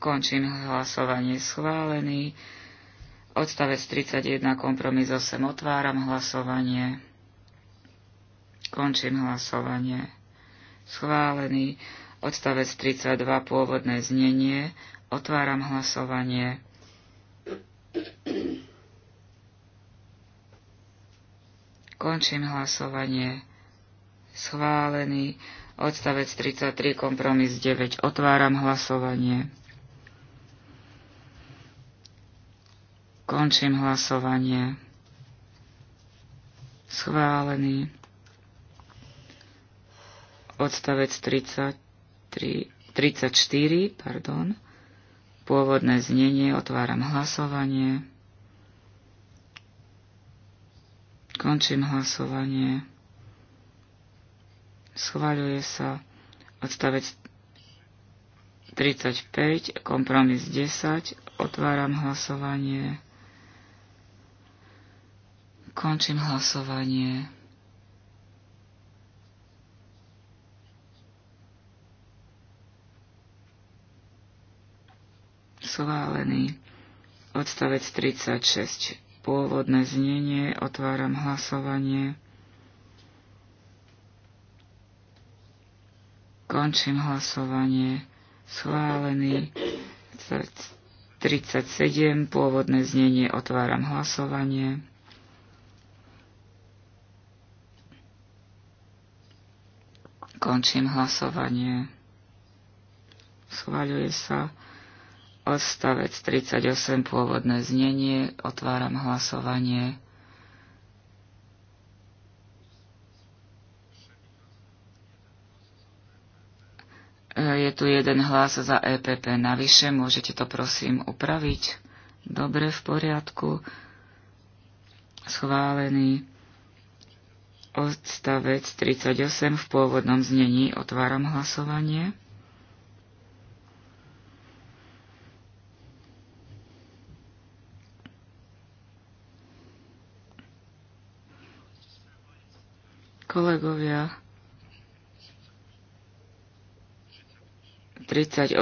Končím hlasovanie schválený. Odstavec 31, kompromis 8. Otváram hlasovanie. Končím hlasovanie. Schválený. Odstavec 32, pôvodné znenie. Otváram hlasovanie. Končím hlasovanie. Schválený. Odstavec 33, kompromis 9. Otváram hlasovanie. Končím hlasovanie. Schválený. Odstavec 33, 34, pardon. Pôvodné znenie. Otváram hlasovanie. Končím hlasovanie. Schváľuje sa odstavec 35, kompromis 10. Otváram hlasovanie. Končím hlasovanie. Schválený. Odstavec 36 pôvodné znenie, otváram hlasovanie. Končím hlasovanie. Schválený 37, pôvodné znenie, otváram hlasovanie. Končím hlasovanie. Schváľuje sa Odstavec 38, pôvodné znenie, otváram hlasovanie. E, je tu jeden hlas za EPP navyše, môžete to prosím upraviť. Dobre, v poriadku. Schválený. Odstavec 38 v pôvodnom znení otváram hlasovanie. Kolegovia, 38.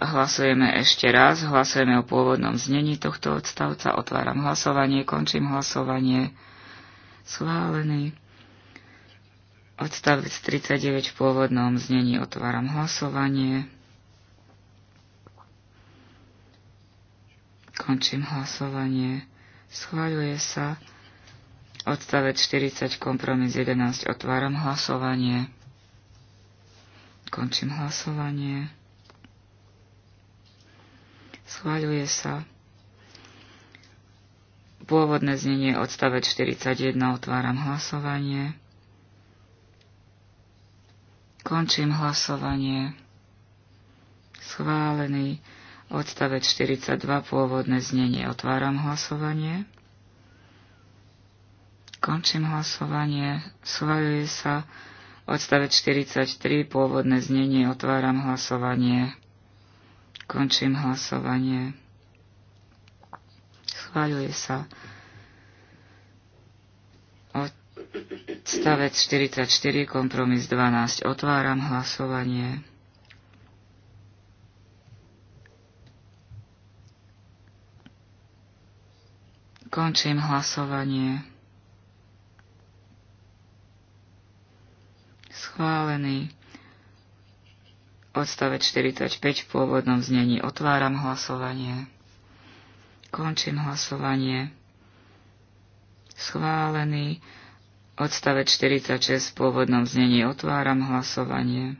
Hlasujeme ešte raz. Hlasujeme o pôvodnom znení tohto odstavca. Otváram hlasovanie, končím hlasovanie. Schválený. Odstavec 39 v pôvodnom znení. Otváram hlasovanie. Končím hlasovanie. Schváľuje sa Odstavec 40, kompromis 11. Otváram hlasovanie. Končím hlasovanie. Schváľuje sa. Pôvodné znenie odstavec 41. Otváram hlasovanie. Končím hlasovanie. Schválený odstavec 42. Pôvodné znenie. Otváram hlasovanie. Končím hlasovanie. Schvaľuje sa odstavec 43, pôvodné znenie. Otváram hlasovanie. Končím hlasovanie. Schváľuje sa odstavec 44, kompromis 12. Otváram hlasovanie. Končím hlasovanie schválený. Odstavec 45 v pôvodnom znení. Otváram hlasovanie. Končím hlasovanie. Schválený. Odstavec 46 v pôvodnom znení. Otváram hlasovanie.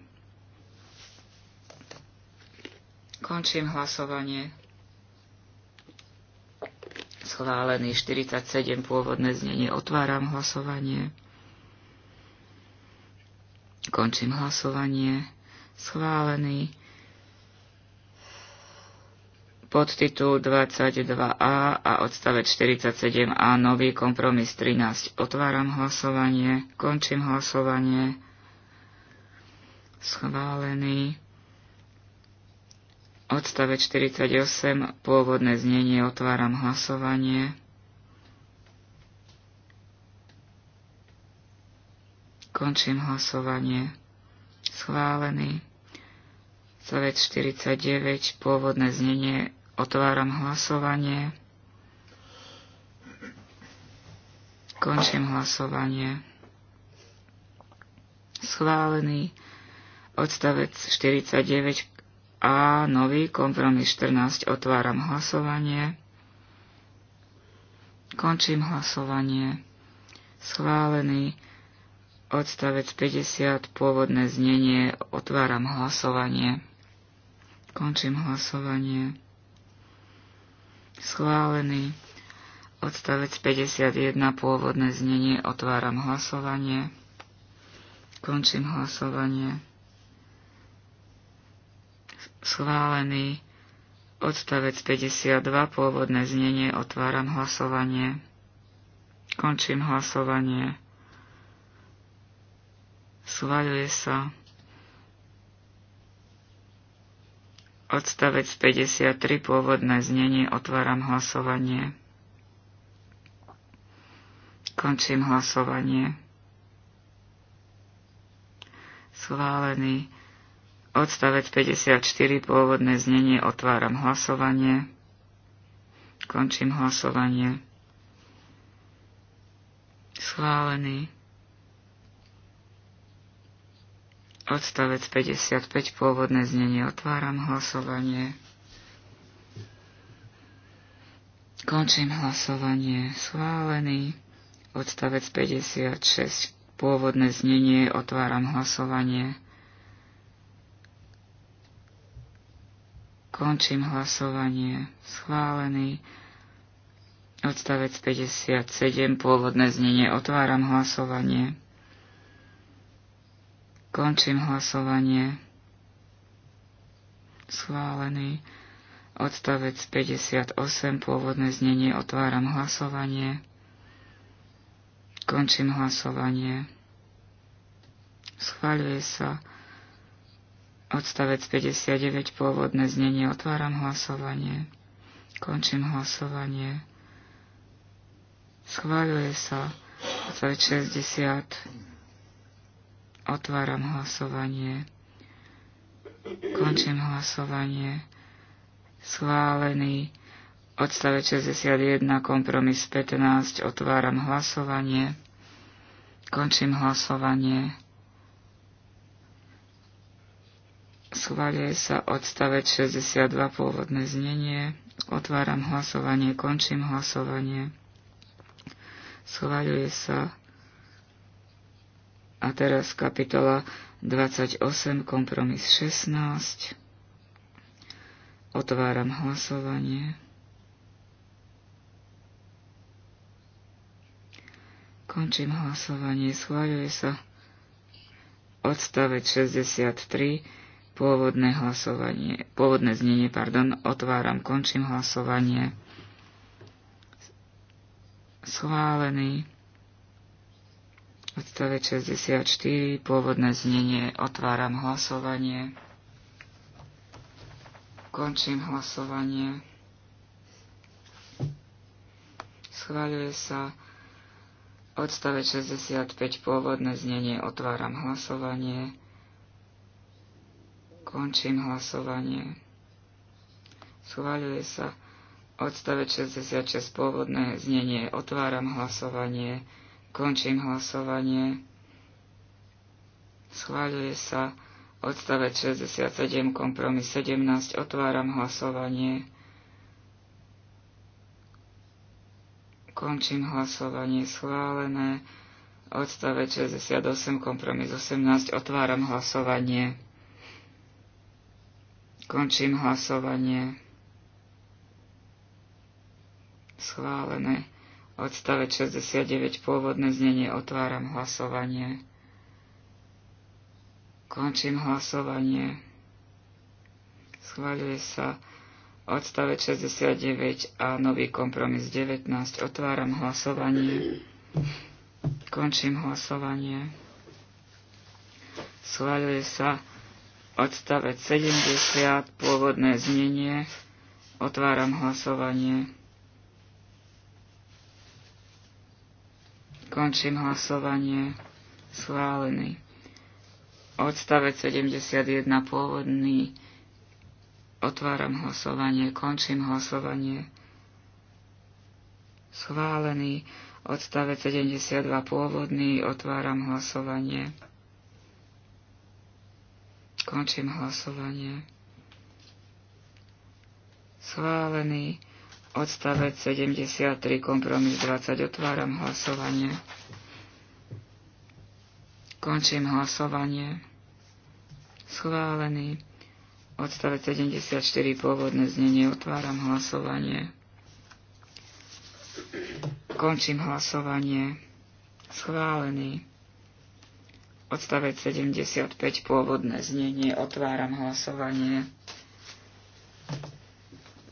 Končím hlasovanie. Schválený 47 pôvodné znenie. Otváram hlasovanie. Končím hlasovanie. Schválený. Podtitul 22a a odstavec 47a nový kompromis 13. Otváram hlasovanie. Končím hlasovanie. Schválený. Odstavec 48. Pôvodné znenie. Otváram hlasovanie. Končím hlasovanie. Schválený. Svet 49, pôvodné znenie. Otváram hlasovanie. Končím hlasovanie. Schválený. Odstavec 49 a nový kompromis 14. Otváram hlasovanie. Končím hlasovanie. Schválený Odstavec 50, pôvodné znenie, otváram hlasovanie. Končím hlasovanie. Schválený. Odstavec 51, pôvodné znenie, otváram hlasovanie. Končím hlasovanie. Schválený. Odstavec 52, pôvodné znenie, otváram hlasovanie. Končím hlasovanie schváľuje sa odstavec 53, pôvodné znenie, otváram hlasovanie. Končím hlasovanie. Schválený. Odstavec 54, pôvodné znenie, otváram hlasovanie. Končím hlasovanie. Schválený. Odstavec 55, pôvodné znenie. Otváram hlasovanie. Končím hlasovanie. Schválený. Odstavec 56, pôvodné znenie. Otváram hlasovanie. Končím hlasovanie. Schválený. Odstavec 57, pôvodné znenie. Otváram hlasovanie. Končím hlasovanie. Schválený. Odstavec 58, pôvodné znenie, otváram hlasovanie. Končím hlasovanie. Schváľuje sa. Odstavec 59, pôvodné znenie, otváram hlasovanie. Končím hlasovanie. Schváľuje sa. Odstavec 60 Otváram hlasovanie. Končím hlasovanie. Schválený. Odstavec 61, kompromis 15. Otváram hlasovanie. Končím hlasovanie. Schváľuje sa odstavec 62 pôvodné znenie. Otváram hlasovanie, končím hlasovanie. Schváľuje sa a teraz kapitola 28, kompromis 16. Otváram hlasovanie. Končím hlasovanie. Schváľuje sa odstavec 63, pôvodné hlasovanie, pôvodné znenie, pardon, otváram, končím hlasovanie. Schválený. Odstavec 64, pôvodné znenie, otváram hlasovanie. Končím hlasovanie. Schváľuje sa odstavec 65, pôvodné znenie, otváram hlasovanie. Končím hlasovanie. Schváľuje sa odstavec 66, pôvodné znenie, otváram hlasovanie. Končím hlasovanie. Schváľuje sa odstavec 67, kompromis 17. Otváram hlasovanie. Končím hlasovanie schválené. Odstavec 68, kompromis 18. Otváram hlasovanie. Končím hlasovanie. Schválené odstavec 69 pôvodné znenie otváram hlasovanie. Končím hlasovanie. Schváľuje sa odstavec 69 a nový kompromis 19. Otváram hlasovanie. Končím hlasovanie. Schváľuje sa odstavec 70, pôvodné znenie. Otváram hlasovanie. Končím hlasovanie. Schválený. Odstavec 71 pôvodný. Otváram hlasovanie. Končím hlasovanie. Schválený. Odstavec 72 pôvodný. Otváram hlasovanie. Končím hlasovanie. Schválený odstavec 73, kompromis 20. Otváram hlasovanie. Končím hlasovanie. Schválený. Odstavec 74, pôvodné znenie. Otváram hlasovanie. Končím hlasovanie. Schválený. Odstavec 75, pôvodné znenie. Otváram hlasovanie.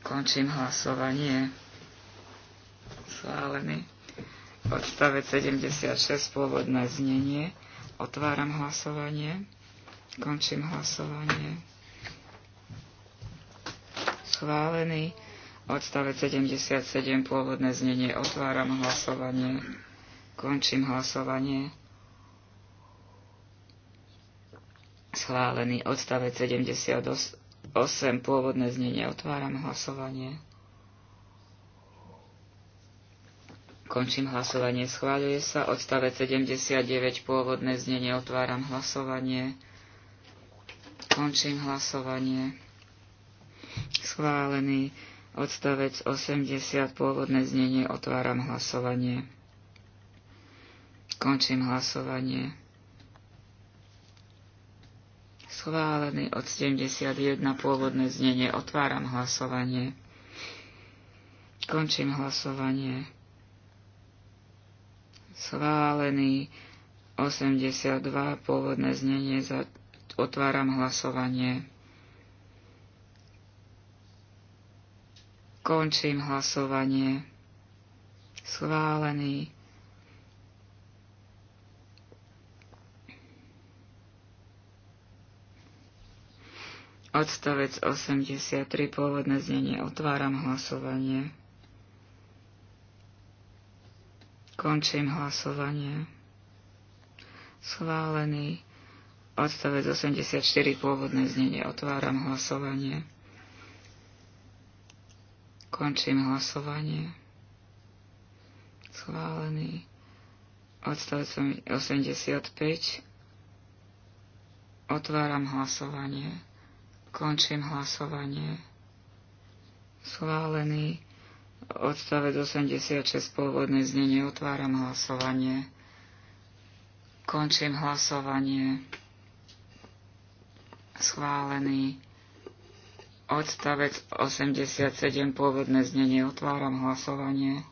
Končím hlasovanie. Schválený. Odstavec 76, pôvodné znenie. Otváram hlasovanie. Končím hlasovanie. Schválený. Odstavec 77, pôvodné znenie. Otváram hlasovanie. Končím hlasovanie. Schválený. Odstavec 78, 8 pôvodné znenie. Otváram hlasovanie. Končím hlasovanie. Schváľuje sa odstavec 79 pôvodné znenie. Otváram hlasovanie. Končím hlasovanie. Schválený odstavec 80 pôvodné znenie. Otváram hlasovanie. Končím hlasovanie. Schválený od 71 pôvodné znenie. Otváram hlasovanie. Končím hlasovanie. Schválený 82 pôvodné znenie. Za... Otváram hlasovanie. Končím hlasovanie. Schválený Odstavec 83, pôvodné znenie. Otváram hlasovanie. Končím hlasovanie. Schválený. Odstavec 84, pôvodné znenie. Otváram hlasovanie. Končím hlasovanie. Schválený. Odstavec 85. Otváram hlasovanie. Končím hlasovanie. Schválený odstavec 86 pôvodné znenie. Otváram hlasovanie. Končím hlasovanie. Schválený odstavec 87 pôvodné znenie. Otváram hlasovanie.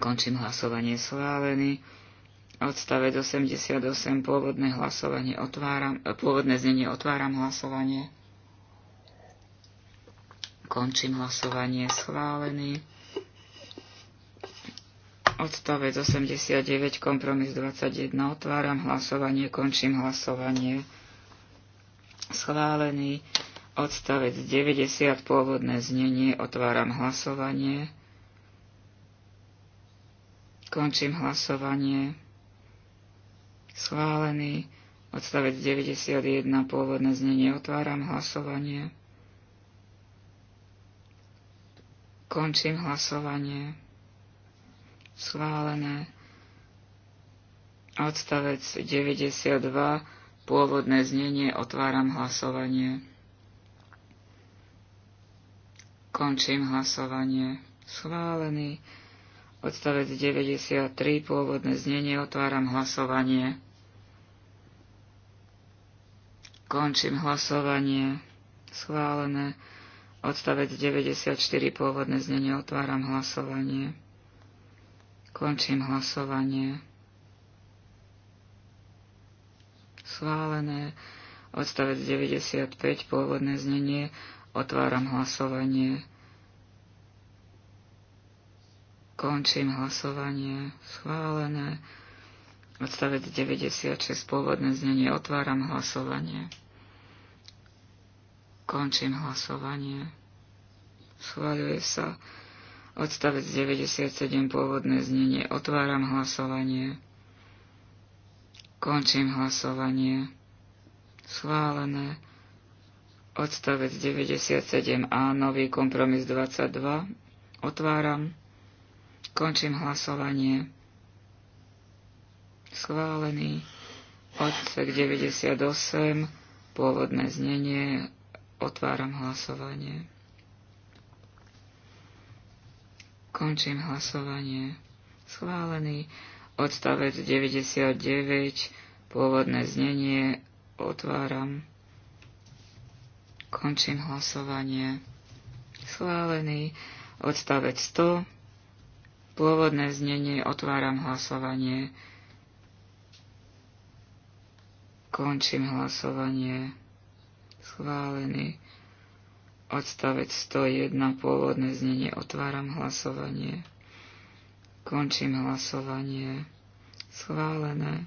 Končím hlasovanie schválený. Odstavec 88, pôvodné hlasovanie otváram, pôvodné znenie otváram hlasovanie. Končím hlasovanie schválený. Odstavec 89, kompromis 21, otváram hlasovanie, končím hlasovanie schválený. Odstavec 90, pôvodné znenie, otváram hlasovanie. Končím hlasovanie. Schválený. Odstavec 91. Pôvodné znenie. Otváram hlasovanie. Končím hlasovanie. Schválené. Odstavec 92. Pôvodné znenie. Otváram hlasovanie. Končím hlasovanie. Schválený. Odstavec 93. Pôvodné znenie. Otváram hlasovanie. Končím hlasovanie. Schválené. Odstavec 94 pôvodné znenie. Otváram hlasovanie. Končím hlasovanie. Schválené. Odstavec 95 pôvodné znenie. Otváram hlasovanie. Končím hlasovanie. Schválené. Odstavec 96 pôvodné znenie. Otváram hlasovanie. Končím hlasovanie. Schváľuje sa odstavec 97 pôvodné znenie. Otváram hlasovanie. Končím hlasovanie. Schválené. Odstavec 97a, nový kompromis 22. Otváram. Končím hlasovanie. Schválený. Odsek 98, pôvodné znenie. Otváram hlasovanie. Končím hlasovanie. Schválený odstavec 99, pôvodné znenie. Otváram. Končím hlasovanie. Schválený odstavec 100, pôvodné znenie. Otváram hlasovanie. Končím hlasovanie schválený. Odstavec 101, pôvodné znenie, otváram hlasovanie. Končím hlasovanie. Schválené.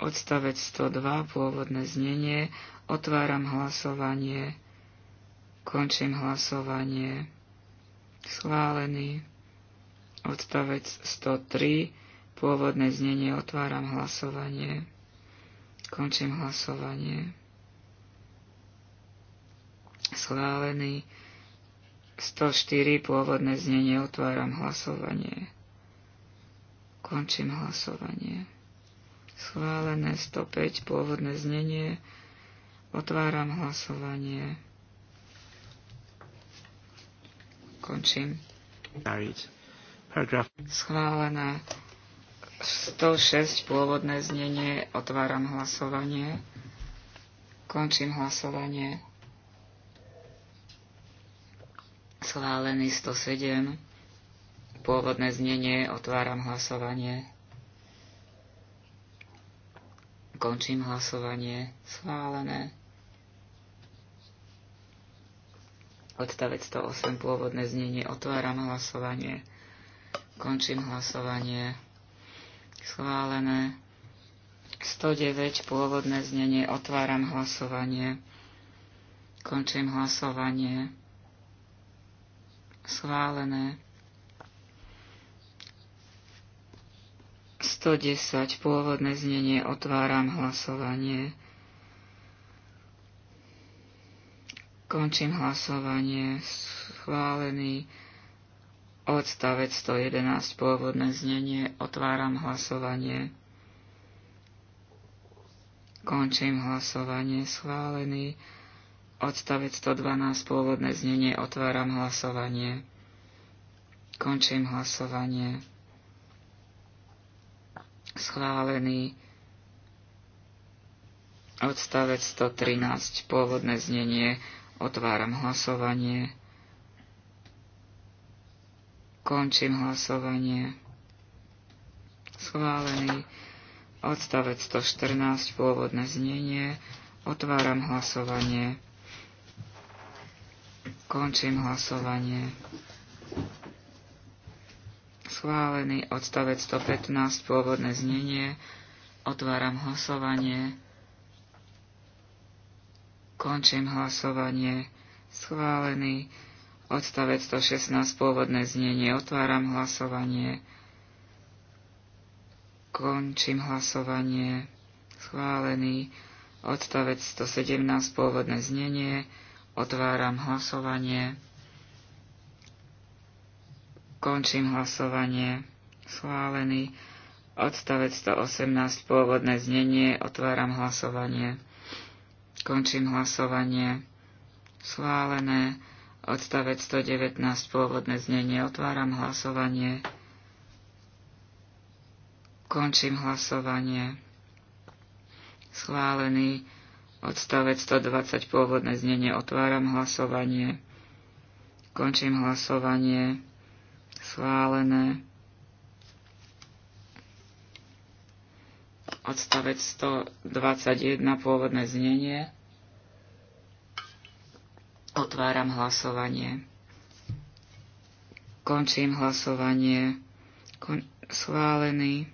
Odstavec 102, pôvodné znenie, otváram hlasovanie. Končím hlasovanie. Schválený. Odstavec 103, pôvodné znenie, otváram hlasovanie. Končím hlasovanie. Schválený 104 pôvodné znenie. Otváram hlasovanie. Končím hlasovanie. Schválené 105 pôvodné znenie. Otváram hlasovanie. Končím. Schválené 106 pôvodné znenie, otváram hlasovanie, končím hlasovanie, schválený 107, pôvodné znenie, otváram hlasovanie, končím hlasovanie, schválené. Odstavec 108, pôvodné znenie, otváram hlasovanie, končím hlasovanie, Schválené. 109 pôvodné znenie. Otváram hlasovanie. Končím hlasovanie. Schválené. 110 pôvodné znenie. Otváram hlasovanie. Končím hlasovanie. Schválený. Odstavec 111, pôvodné znenie, otváram hlasovanie. Končím hlasovanie, schválený. Odstavec 112, pôvodné znenie, otváram hlasovanie. Končím hlasovanie. Schválený. Odstavec 113, pôvodné znenie, otváram hlasovanie. Končím hlasovanie. Schválený odstavec 114, pôvodné znenie. Otváram hlasovanie. Končím hlasovanie. Schválený odstavec 115, pôvodné znenie. Otváram hlasovanie. Končím hlasovanie. Schválený Odstavec 116, pôvodné znenie. Otváram hlasovanie. Končím hlasovanie. Schválený. Odstavec 117, pôvodné znenie. Otváram hlasovanie. Končím hlasovanie. Schválený. Odstavec 118, pôvodné znenie. Otváram hlasovanie. Končím hlasovanie. Schválené Odstavec 119 pôvodné znenie. Otváram hlasovanie. Končím hlasovanie. Schválený. Odstavec 120 pôvodné znenie. Otváram hlasovanie. Končím hlasovanie. Schválené. Odstavec 121 pôvodné znenie. Otváram hlasovanie. Končím hlasovanie. Kon- schválený.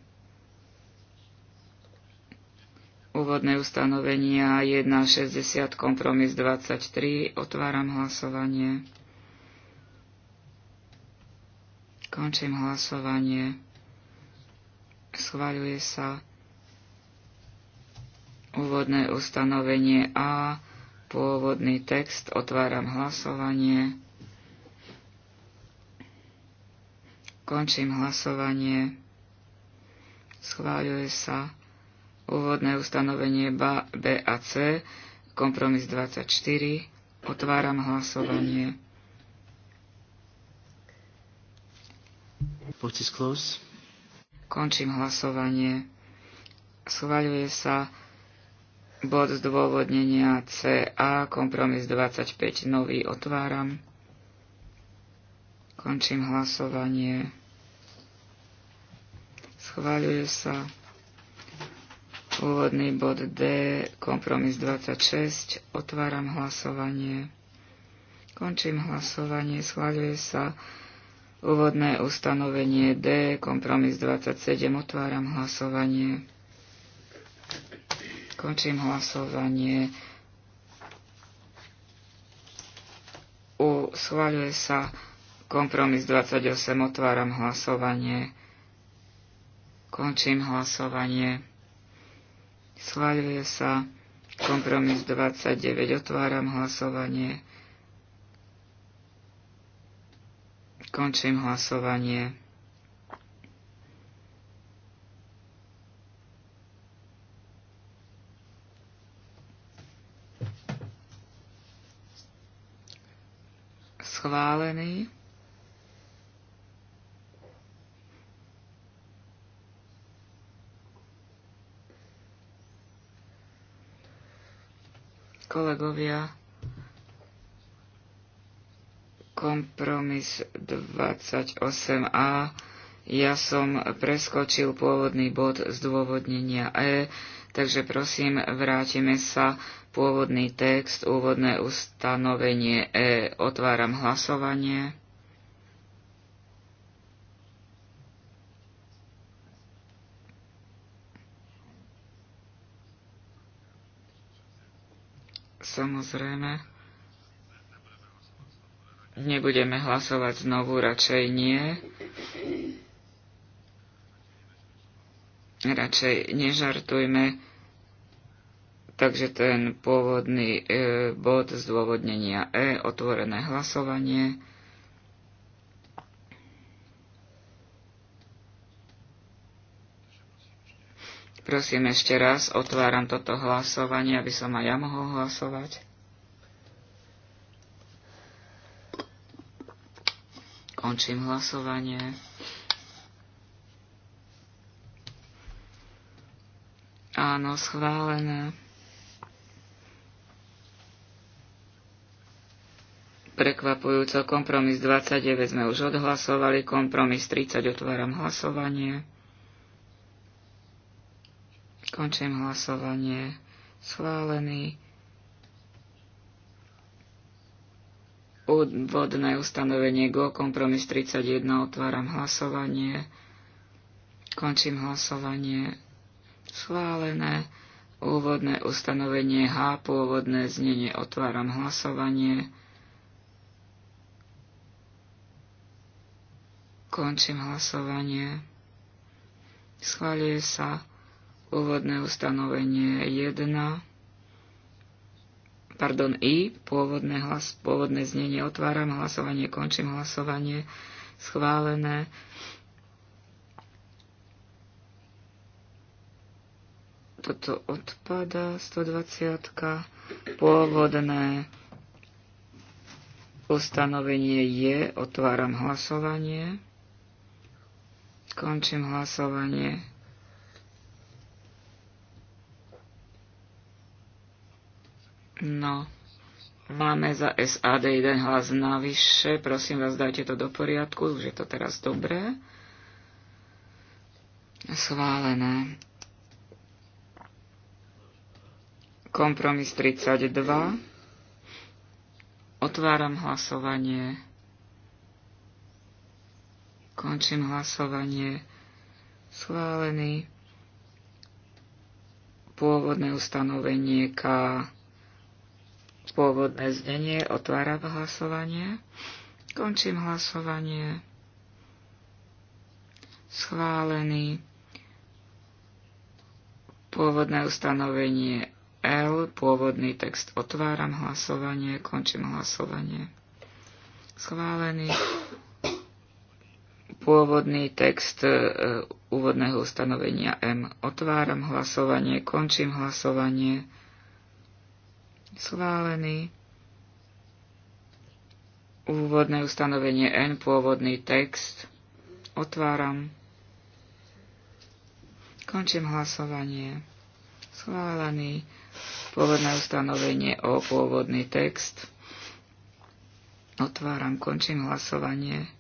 Úvodné ustanovenia 1.60, kompromis 23. Otváram hlasovanie. Končím hlasovanie. Schváľuje sa úvodné ustanovenie A Pôvodný text, otváram hlasovanie. Končím hlasovanie. Schváľuje sa úvodné ustanovenie B a C, kompromis 24. Otváram hlasovanie. Končím hlasovanie. Schváľuje sa Bod zdôvodnenia CA, kompromis 25, nový otváram. Končím hlasovanie. Schváľuje sa úvodný bod D, kompromis 26, otváram hlasovanie. Končím hlasovanie. Schváľuje sa úvodné ustanovenie D, kompromis 27, otváram hlasovanie. Končím hlasovanie. U, schváľuje sa kompromis 28. Otváram hlasovanie. Končím hlasovanie. Schváľuje sa kompromis 29. Otváram hlasovanie. Končím hlasovanie. schválený. Kolegovia, kompromis 28a. Ja som preskočil pôvodný bod zdôvodnenia E Takže prosím, vrátime sa pôvodný text, úvodné ustanovenie E. Otváram hlasovanie. Samozrejme. Nebudeme hlasovať znovu, radšej nie radšej nežartujme. Takže ten pôvodný e, bod zdôvodnenia E, otvorené hlasovanie. Prosím ešte raz, otváram toto hlasovanie, aby som aj ja mohol hlasovať. Končím hlasovanie. Áno, schválené. Prekvapujúco kompromis 29 sme už odhlasovali, kompromis 30 otváram hlasovanie. Končím hlasovanie. Schválený. Úvodné ustanovenie GO, kompromis 31, otváram hlasovanie. Končím hlasovanie Schválené. Úvodné ustanovenie H, pôvodné znenie. Otváram hlasovanie. Končím hlasovanie. Schváľuje sa úvodné ustanovenie 1 pardon, I, pôvodné, hlas, pôvodné znenie, otváram hlasovanie, končím hlasovanie, schválené, Toto odpada. 120. Pôvodné ustanovenie je. Otváram hlasovanie. Končím hlasovanie. No, máme za SAD jeden hlas navyše. Prosím vás, dajte to do poriadku, už je to teraz dobré. Schválené. Kompromis 32. Otváram hlasovanie. Končím hlasovanie. Schválený. Pôvodné ustanovenie K. Pôvodné znenie. Otváram hlasovanie. Končím hlasovanie. Schválený. Pôvodné ustanovenie L, pôvodný text. Otváram hlasovanie, končím hlasovanie. Schválený. Pôvodný text e, úvodného ustanovenia M. Otváram hlasovanie, končím hlasovanie. Schválený. Úvodné ustanovenie N, pôvodný text. Otváram. Končím hlasovanie. Schválený pôvodné ustanovenie o pôvodný text. Otváram, končím hlasovanie.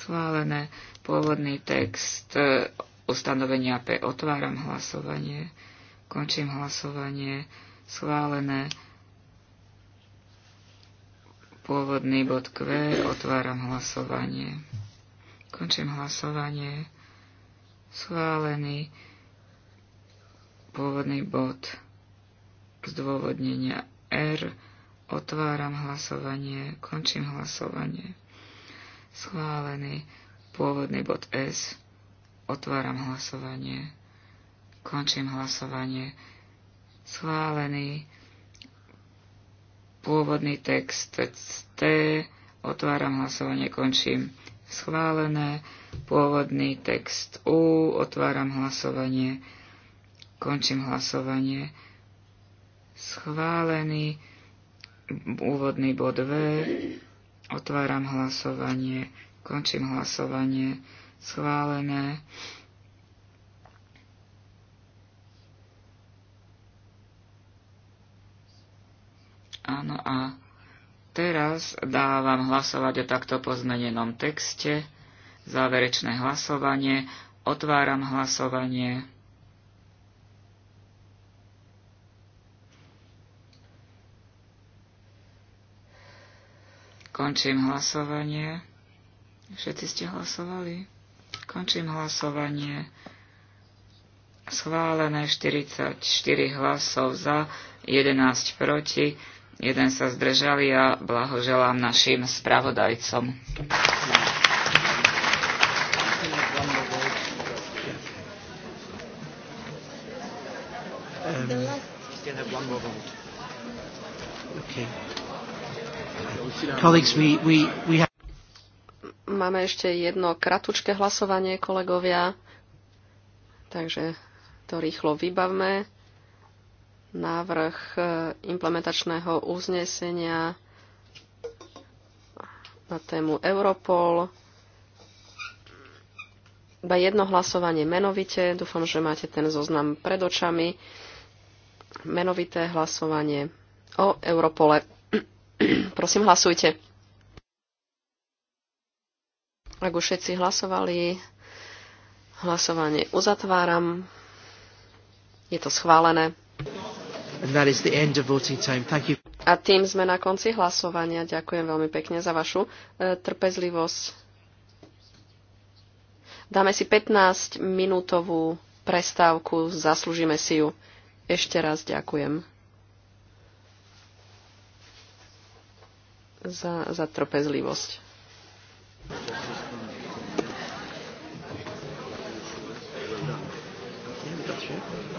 Schválené. Pôvodný text e, ustanovenia P. Otváram hlasovanie. Končím hlasovanie. Schválené. Pôvodný bod Q. Otváram hlasovanie. Končím hlasovanie. Schválený. Pôvodný bod zdôvodnenia R. Otváram hlasovanie, končím hlasovanie. Schválený pôvodný bod S. Otváram hlasovanie, končím hlasovanie. Schválený pôvodný text T. Otváram hlasovanie, končím schválené. Pôvodný text U. Otváram hlasovanie, končím hlasovanie schválený. Úvodný bod V. Otváram hlasovanie. Končím hlasovanie. Schválené. Áno a teraz dávam hlasovať o takto pozmenenom texte. Záverečné hlasovanie. Otváram hlasovanie. Končím hlasovanie. Všetci ste hlasovali? Končím hlasovanie. Schválené 44 hlasov za, 11 proti, jeden sa zdržali a blahoželám našim spravodajcom. Um, still have one more vote. Okay. Máme ešte jedno kratučké hlasovanie, kolegovia, takže to rýchlo vybavme. Návrh e, implementačného uznesenia na tému Europol. Iba jedno hlasovanie menovite. Dúfam, že máte ten zoznam pred očami. Menovité hlasovanie o Europole. Prosím, hlasujte. Ak už všetci hlasovali, hlasovanie uzatváram. Je to schválené. A tým sme na konci hlasovania. Ďakujem veľmi pekne za vašu e, trpezlivosť. Dáme si 15-minútovú prestávku, zaslúžime si ju. Ešte raz ďakujem. za, za trpezlivosť. Thank you.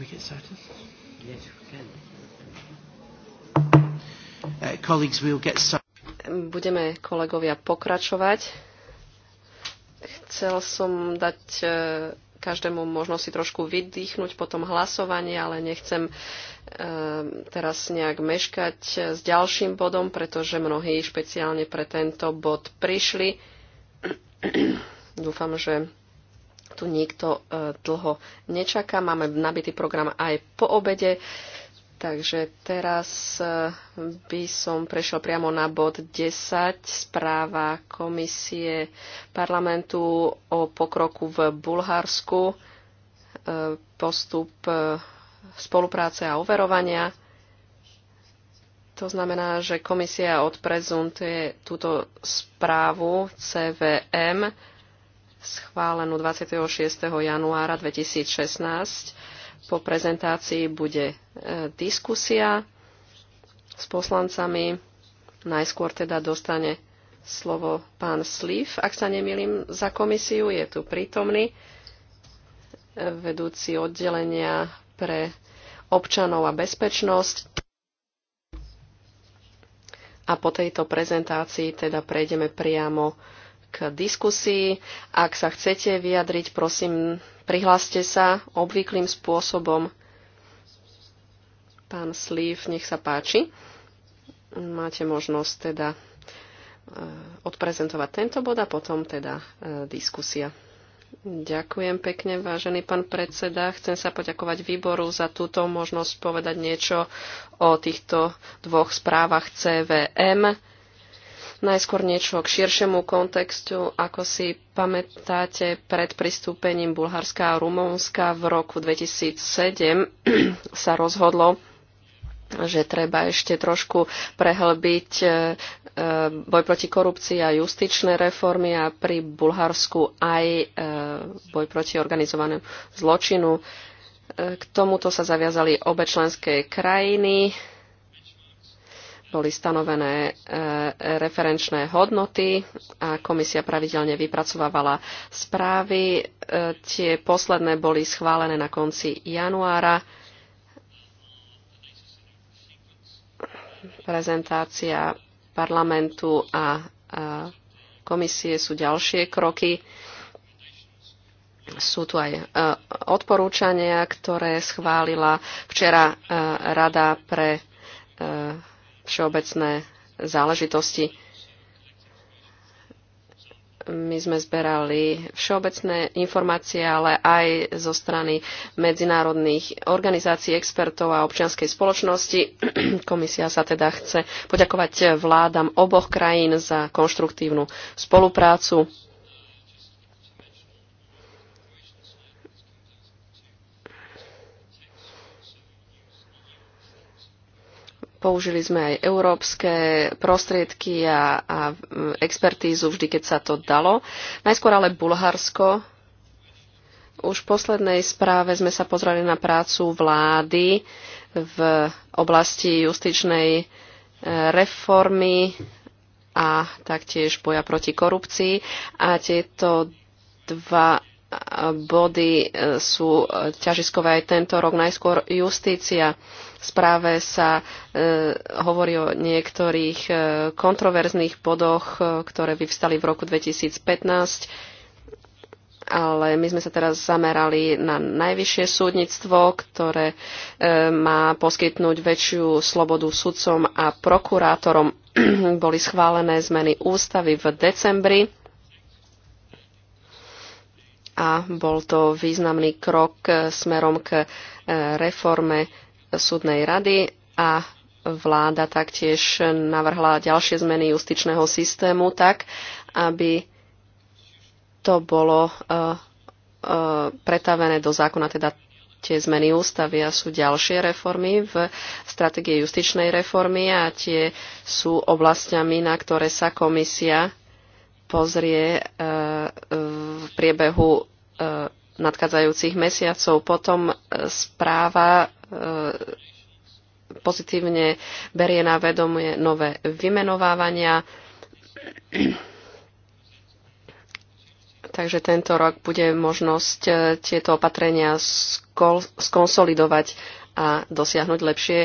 we get started? Yes, we can. Uh, colleagues, we'll get started. Budeme, kolegovia, pokračovať. Chcel som dať uh, každému možnosť si trošku vydýchnuť po tom hlasovaní, ale nechcem uh, teraz nejak meškať uh, s ďalším bodom, pretože mnohí špeciálne pre tento bod prišli. (clears throat) Dúfam, že tu nikto e, dlho nečaká. Máme nabitý program aj po obede. Takže teraz e, by som prešiel priamo na bod 10, správa komisie parlamentu o pokroku v Bulharsku, e, postup spolupráce a overovania. To znamená, že komisia odprezentuje túto správu CVM schválenú 26. januára 2016. Po prezentácii bude e, diskusia s poslancami. Najskôr teda dostane slovo pán Sliv, ak sa nemýlim, za komisiu. Je tu prítomný e, vedúci oddelenia pre občanov a bezpečnosť. A po tejto prezentácii teda prejdeme priamo k diskusii. Ak sa chcete vyjadriť, prosím, prihláste sa obvyklým spôsobom. Pán Slív, nech sa páči. Máte možnosť teda e, odprezentovať tento bod a potom teda e, diskusia. Ďakujem pekne, vážený pán predseda. Chcem sa poďakovať výboru za túto možnosť povedať niečo o týchto dvoch správach CVM Najskôr niečo k širšiemu kontextu. Ako si pamätáte, pred pristúpením Bulharska a Rumunska v roku 2007 (clears throat) sa rozhodlo, že treba ešte trošku prehlbiť e, e, boj proti korupcii a justičné reformy a pri Bulharsku aj e, boj proti organizovanému zločinu. K tomuto sa zaviazali obe členské krajiny boli stanovené e, referenčné hodnoty a komisia pravidelne vypracovávala správy. E, tie posledné boli schválené na konci januára. Prezentácia parlamentu a komisie sú ďalšie kroky. Sú tu aj e, odporúčania, ktoré schválila včera Rada pre všeobecné záležitosti. My sme zberali všeobecné informácie, ale aj zo strany medzinárodných organizácií, expertov a občianskej spoločnosti. (clears throat) Komisia sa teda chce poďakovať vládam oboch krajín za konštruktívnu spoluprácu Použili sme aj európske prostriedky a, a expertízu vždy, keď sa to dalo. Najskôr ale Bulharsko. Už v poslednej správe sme sa pozreli na prácu vlády v oblasti justičnej e, reformy a taktiež boja proti korupcii. A tieto dva e, body e, sú ťažiskové aj tento rok, najskôr justícia správe sa e, hovorí o niektorých e, kontroverzných bodoch, e, ktoré vyvstali v roku 2015 ale my sme sa teraz zamerali na najvyššie súdnictvo, ktoré e, má poskytnúť väčšiu slobodu sudcom a prokurátorom. (clears throat) Boli schválené zmeny ústavy v decembri a bol to významný krok e, smerom k e, reforme súdnej rady a vláda taktiež navrhla ďalšie zmeny justičného systému tak, aby to bolo e, e, pretavené do zákona, teda tie zmeny ústavy a sú ďalšie reformy v stratégie justičnej reformy a tie sú oblastiami, na ktoré sa komisia pozrie e, v priebehu nadchádzajúcich mesiacov. Potom e, správa e, pozitívne berie na vedomie nové vymenovávania. Takže tento rok bude možnosť e, tieto opatrenia skonsolidovať a dosiahnuť lepšie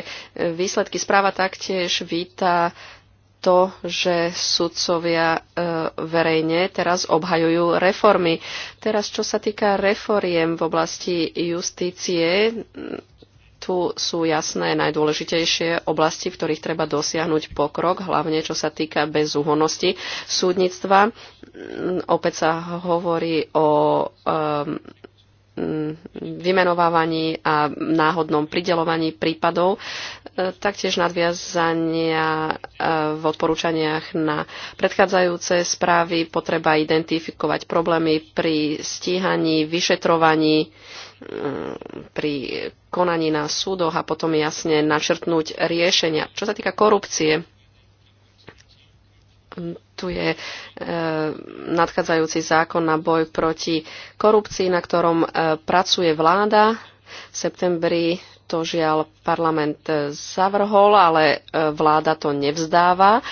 výsledky. Správa taktiež víta to, že sudcovia e, verejne teraz obhajujú reformy. Teraz, čo sa týka reforiem v oblasti justície, tu sú jasné najdôležitejšie oblasti, v ktorých treba dosiahnuť pokrok, hlavne čo sa týka bezúhonosti súdnictva. Opäť sa hovorí o um, Mm, vymenovávaní a náhodnom pridelovaní prípadov, e, taktiež nadviazania e, v odporúčaniach na predchádzajúce správy, potreba identifikovať problémy pri stíhaní, vyšetrovaní, e, pri konaní na súdoch a potom jasne načrtnúť riešenia. Čo sa týka korupcie, tu je e, nadchádzajúci zákon na boj proti korupcii, na ktorom e, pracuje vláda. V septembri to žiaľ parlament e, zavrhol, ale e, vláda to nevzdáva.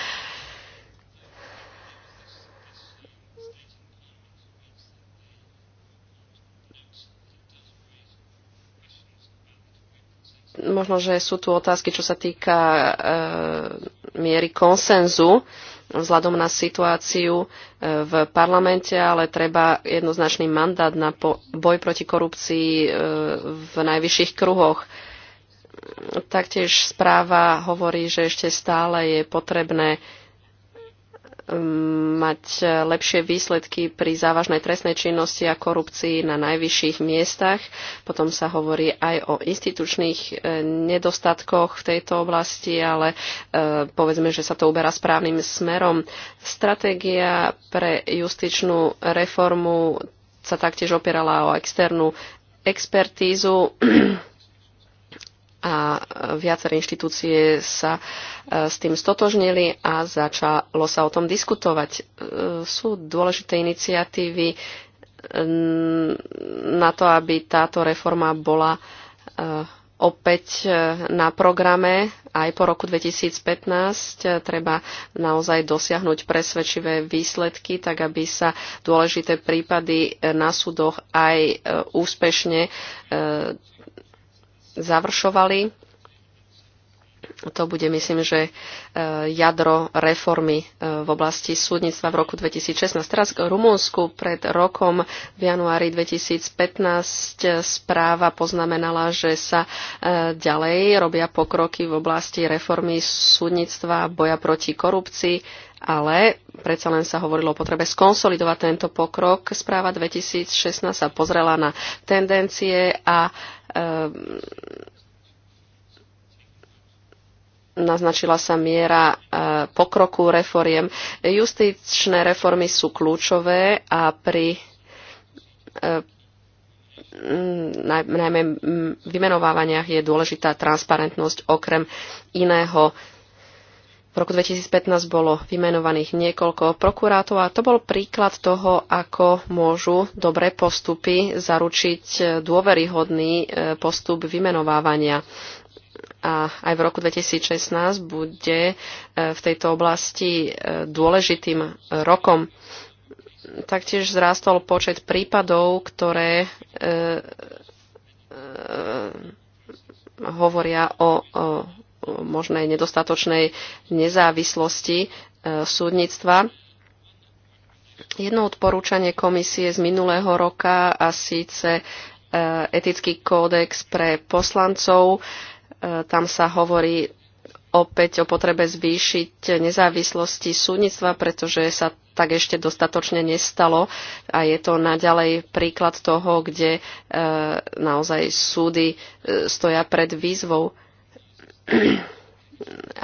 Možno, že sú tu otázky, čo sa týka e, miery konsenzu. E, vzhľadom na situáciu e, v parlamente, ale treba jednoznačný mandát na boj proti korupcii e, v najvyšších kruhoch. Taktiež správa hovorí, že ešte stále je potrebné Um, mať lepšie výsledky pri závažnej trestnej činnosti a korupcii na najvyšších miestach. Potom sa hovorí aj o institučných eh, nedostatkoch v tejto oblasti, ale eh, povedzme, že sa to uberá správnym smerom. Stratégia pre justičnú reformu sa taktiež opierala o externú expertízu (clears throat) a viaceré inštitúcie sa e, s tým stotožnili a začalo sa o tom diskutovať. E, sú dôležité iniciatívy e, na to, aby táto reforma bola opäť na programe aj po roku 2015. Treba naozaj dosiahnuť presvedčivé výsledky, tak aby sa dôležité prípady na súdoch aj úspešne završovali. To bude, myslím, že e, jadro reformy e, v oblasti súdnictva v roku 2016. Teraz k Rumunsku pred rokom v januári 2015 správa poznamenala, že sa e, ďalej robia pokroky v oblasti reformy súdnictva, boja proti korupcii ale predsa len sa hovorilo o potrebe skonsolidovať tento pokrok. Správa 2016 sa pozrela na tendencie a e, naznačila sa miera e, pokroku reforiem. Justičné reformy sú kľúčové a pri e, najmä mm, vymenovávaniach je dôležitá transparentnosť okrem iného. V roku 2015 bolo vymenovaných niekoľko prokurátov a to bol príklad toho, ako môžu dobré postupy zaručiť dôveryhodný e, postup vymenovávania. A aj v roku 2016 bude e, v tejto oblasti e, dôležitým rokom. Taktiež zrástol počet prípadov, ktoré hovoria o, o možnej nedostatočnej nezávislosti e, súdnictva. Jedno odporúčanie komisie z minulého roka a síce e, etický kódex pre poslancov. E, tam sa hovorí opäť o potrebe zvýšiť nezávislosti súdnictva, pretože sa tak ešte dostatočne nestalo a je to naďalej príklad toho, kde naozaj súdy stoja pred výzvou (clears throat)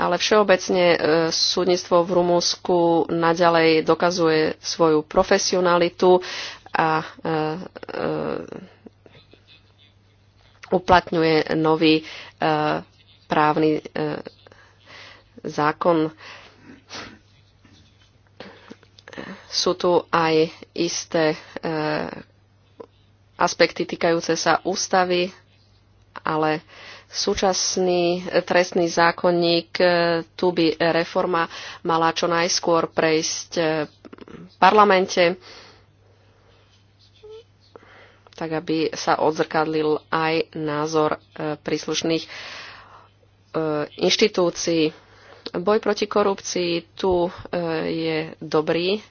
ale všeobecne e, súdnictvo v Rumúnsku naďalej dokazuje svoju profesionalitu a e, e, uplatňuje nový právny zákon. Sú tu aj isté aspekty týkajúce sa ústavy, ale súčasný e, trestný zákonník, e, tu by reforma mala čo najskôr prejsť e, v parlamente, tak aby sa odzrkadlil aj názor príslušných inštitúcií Boj proti korupcii tu e, je dobrý, e,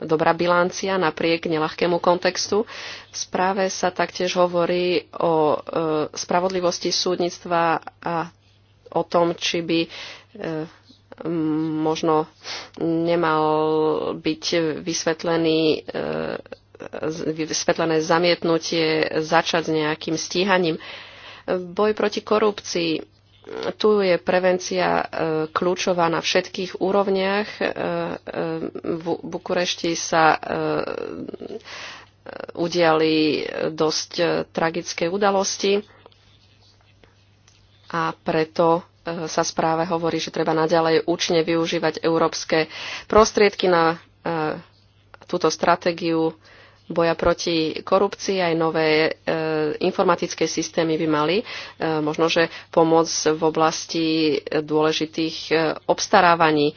dobrá bilancia napriek nelahkému kontextu. V správe sa taktiež hovorí o e, spravodlivosti súdnictva a o tom, či by možno nemal byť vysvetlený vysvetlené zamietnutie začať s nejakým stíhaním. Boj proti korupcii tu je prevencia e, kľúčová na všetkých úrovniach. E, e, v Bukurešti sa udiali dosť tragické udalosti a preto sa správe hovorí, že treba naďalej účne využívať európske prostriedky na túto stratégiu boja proti korupcii, aj nové e, informatické systémy by mali e, možno, že pomoc v oblasti dôležitých e, obstarávaní, e,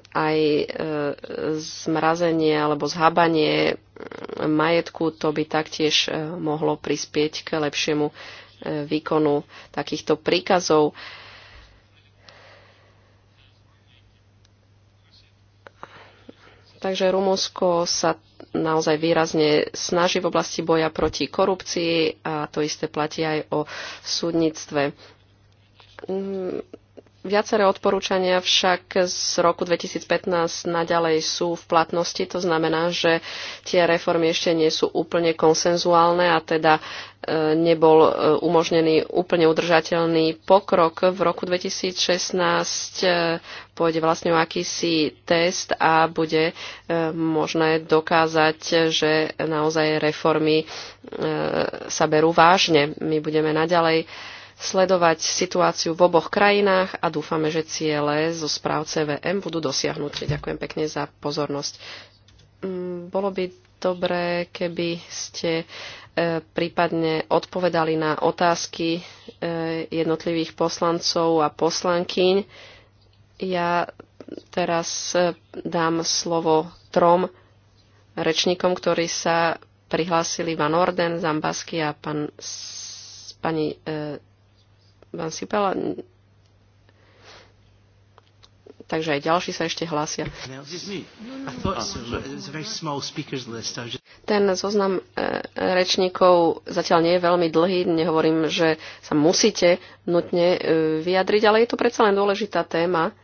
aj e, zmrazenie alebo zhábanie e, majetku, to by taktiež e, mohlo prispieť k lepšiemu e, výkonu takýchto príkazov. E, Takže Rumunsko sa naozaj výrazne snaží v oblasti boja proti korupcii a to isté platí aj o súdnictve. Mm, Viaceré odporúčania však z roku 2015 naďalej sú v platnosti, to znamená, že tie reformy ešte nie sú úplne konsenzuálne a teda e, nebol e, umožnený úplne udržateľný pokrok. V roku 2016 e, pôjde vlastne o akýsi test a bude možné dokázať, že naozaj reformy sa berú vážne. My budeme naďalej sledovať situáciu v oboch krajinách a dúfame, že ciele zo správ CVM budú dosiahnuté. Ďakujem pekne za pozornosť. Mm, bolo by dobré, keby ste e, prípadne odpovedali na otázky e, jednotlivých poslancov a poslankyň. Ja teraz e, dám slovo trom rečníkom, ktorí sa prihlásili Van Orden, Zambasky a pán, pani e, vám sypala. Takže aj ďalší sa ešte hlásia. Ten zoznam e, rečníkov zatiaľ nie je veľmi dlhý. Nehovorím, že sa musíte nutne e, vyjadriť, ale je to predsa len dôležitá téma.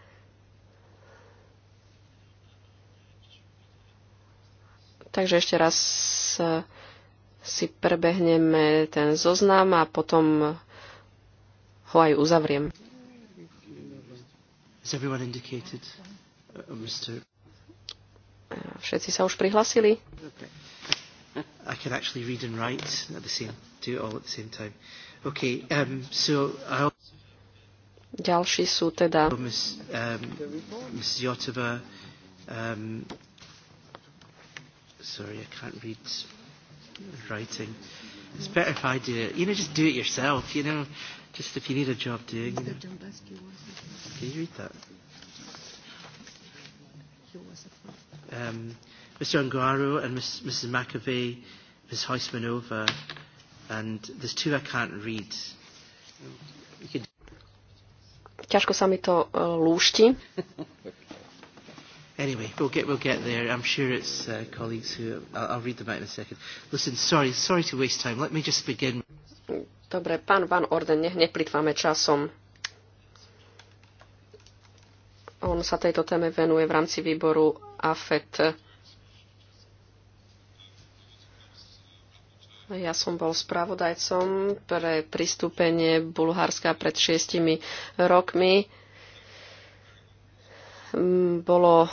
Takže ešte raz e, si prebehneme ten zoznam a potom ho aj uzavriem. Uh, uh, uh, všetci sa už prihlasili? (laughs) I can actually read and write at the same, do it all at the same time. Okay, um, so I Ďalší sú teda oh, Ms. Um, Jotova, um, sorry, I can't read writing. It's better if I do it. You know, just do it yourself, you know. Just if you need a job doing. You know. Can you read that? Um, Mr. Anguaro and Ms, Mrs. McAvey, Ms. Heismanova, and there's two I can't read. can... Ťažko sa mi to uh, lúšti. (laughs) Anyway, we'll get we'll get there. I'm sure it's uh, colleagues who I'll, I'll read them out in a second. Listen, sorry, sorry to waste time. Let me just begin. Dobre, pán Van Orden, nech neplitváme časom. On sa tejto téme venuje v rámci výboru AFET. Ja som bol spravodajcom pre pristúpenie Bulharska pred šiestimi rokmi. Bolo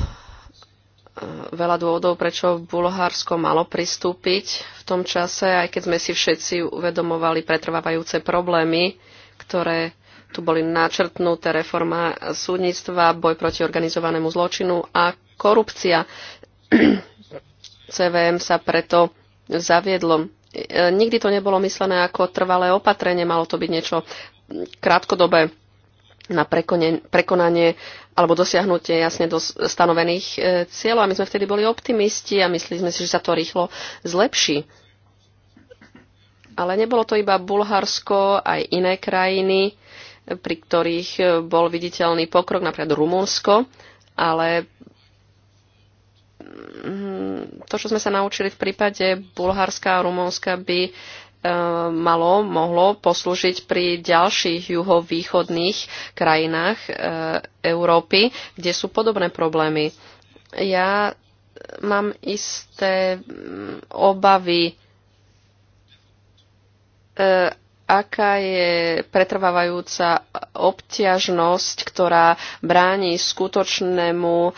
E, veľa dôvodov, prečo Bulharsko malo pristúpiť v tom čase, aj keď sme si všetci uvedomovali pretrvávajúce problémy, ktoré tu boli načrtnuté reforma súdnictva, boj proti organizovanému zločinu a korupcia. CVM sa preto zaviedlo. E, nikdy to nebolo myslené ako trvalé opatrenie, malo to byť niečo krátkodobé na prekonanie, prekonanie alebo dosiahnutie jasne do stanovených e, cieľov. A my sme vtedy boli optimisti a mysleli sme si, že sa to rýchlo zlepší. Ale nebolo to iba Bulharsko, aj iné krajiny, pri ktorých e, bol viditeľný pokrok, napríklad Rumunsko, ale mm, to, čo sme sa naučili v prípade Bulharska a Rumunska, by malo, mohlo poslúžiť pri ďalších juhovýchodných krajinách e, Európy, kde sú podobné problémy. Ja mám isté mm, obavy, e, aká je pretrvávajúca obťažnosť, ktorá bráni skutočnému e,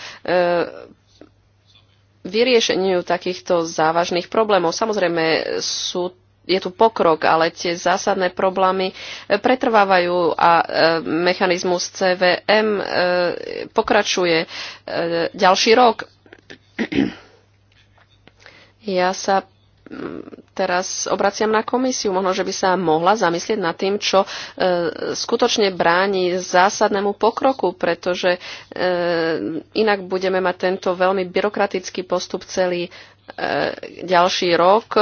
vyriešeniu takýchto závažných problémov. Samozrejme sú je tu pokrok, ale tie zásadné problémy e, pretrvávajú a e, mechanizmus CVM e, pokračuje ďalší rok. (clears throat) Ja sa teraz obraciam na komisiu. Možno, že by sa mohla zamyslieť nad tým, čo e, skutočne bráni zásadnému pokroku, pretože e, inak budeme mať tento veľmi byrokratický postup celý E, ďalší rok e,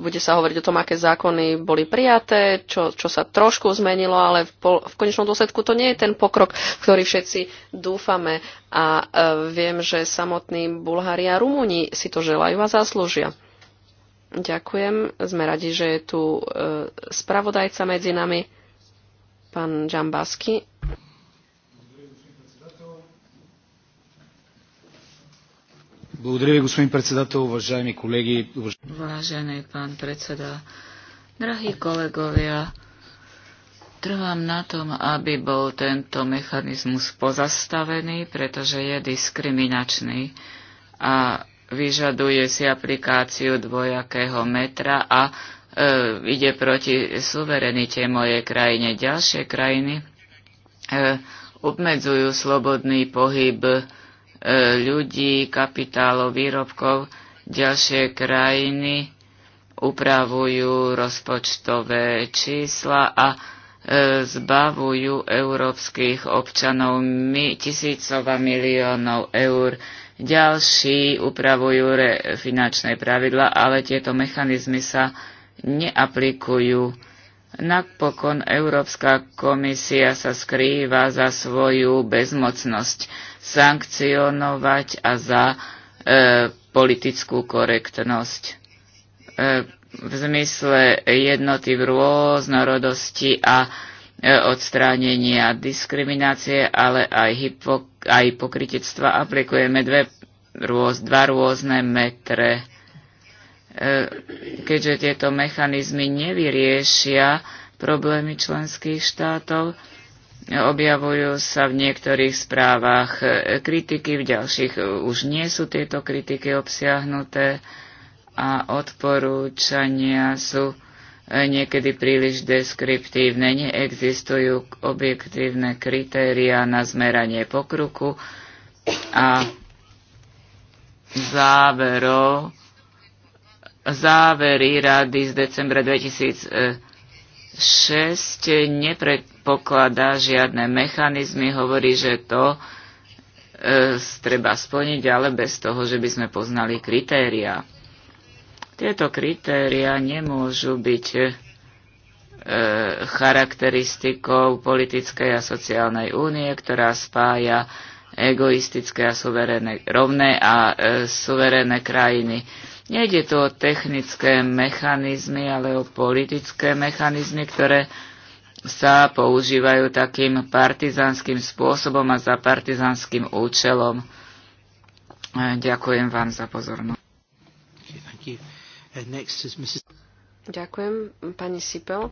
bude sa hovoriť o tom, aké zákony boli prijaté, čo, čo sa trošku zmenilo, ale v, pol, v konečnom dôsledku to nie je ten pokrok, ktorý všetci dúfame. A e, viem, že samotní Bulhári a Rumúni si to želajú a zaslúžia. Ďakujem. Sme radi, že je tu spravodajca medzi nami, pán Džambasky. Благодаря ви, господин председател, уважаеми колеги. Vážený pán predseda, drahí kolegovia, trvám na tom, aby bol tento mechanizmus pozastavený, pretože je diskriminačný a vyžaduje si aplikáciu dvojakého metra a e, ide proti suverenite mojej krajine. Ďalšie krajiny e, obmedzujú slobodný pohyb E, ľudí, kapitálov, výrobkov. Ďalšie krajiny upravujú rozpočtové čísla a e, zbavujú európskych občanov tisícova miliónov eur. Ďalší upravujú finančné pravidla, ale tieto mechanizmy sa neaplikujú. Napokon Európska komisia sa skrýva za svoju bezmocnosť sankcionovať a za e, politickú korektnosť. E, v zmysle jednoty v rôznorodosti a e, odstránenia diskriminácie, ale aj, hypo, aj pokritectva aplikujeme dve, rôz, dva rôzne metre. E, keďže tieto mechanizmy nevyriešia problémy členských štátov, Objavujú sa v niektorých správach e, kritiky, v ďalších e, už nie sú tieto kritiky obsiahnuté a odporúčania sú e, niekedy príliš deskriptívne. Neexistujú objektívne kritéria na zmeranie pokruku a záverov, závery rady z decembra 2000 6 nepredpokladá žiadne mechanizmy, hovorí, že to e, treba splniť, ale bez toho, že by sme poznali kritéria. Tieto kritéria nemôžu byť e, charakteristikou politickej a sociálnej únie, ktorá spája egoistické a suverénne, rovné a e, suverénne krajiny. Nejde to o technické mechanizmy, ale o politické mechanizmy, ktoré sa používajú takým partizanským spôsobom a za partizanským účelom. E, ďakujem vám za pozornosť. Uh, ďakujem, pani Sipel.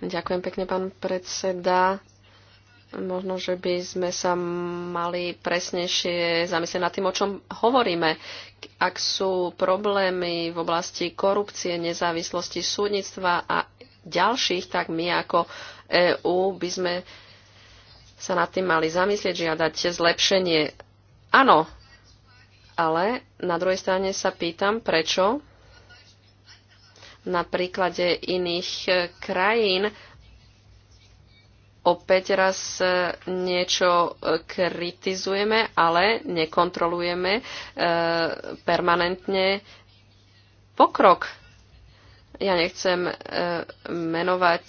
Ďakujem pekne, pán predseda. Možno, že by sme sa mali presnejšie zamyslieť nad tým, o čom hovoríme. Ak sú problémy v oblasti korupcie, nezávislosti súdnictva a ďalších, tak my ako EÚ by sme sa nad tým mali zamyslieť, žiadať zlepšenie. Áno, ale na druhej strane sa pýtam, prečo na príklade iných eh, krajín opäť raz e, niečo e, kritizujeme, ale nekontrolujeme e, permanentne pokrok. Ja nechcem menovať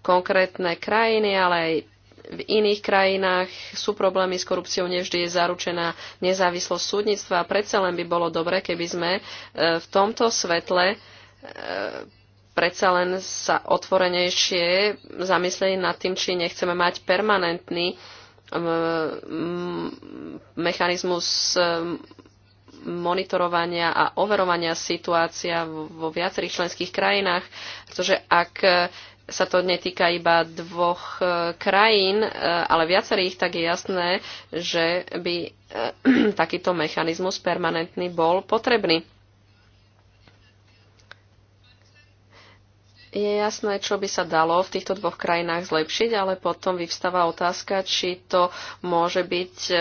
konkrétne krajiny, ale aj v iných krajinách sú problémy s korupciou, nevždy je zaručená nezávislosť súdnictva a predsa len by bolo dobre, keby sme v tomto svetle predsa len sa otvorenejšie zamysleli nad tým, či nechceme mať permanentný mechanizmus monitorovania a overovania situácia vo viacerých členských krajinách, pretože ak sa to netýka iba dvoch e, krajín, e, ale viacerých, tak je jasné, že by e, (clears throat) takýto mechanizmus permanentný bol potrebný. je jasné, čo by sa dalo v týchto dvoch krajinách zlepšiť, ale potom vyvstáva otázka, či to môže byť e,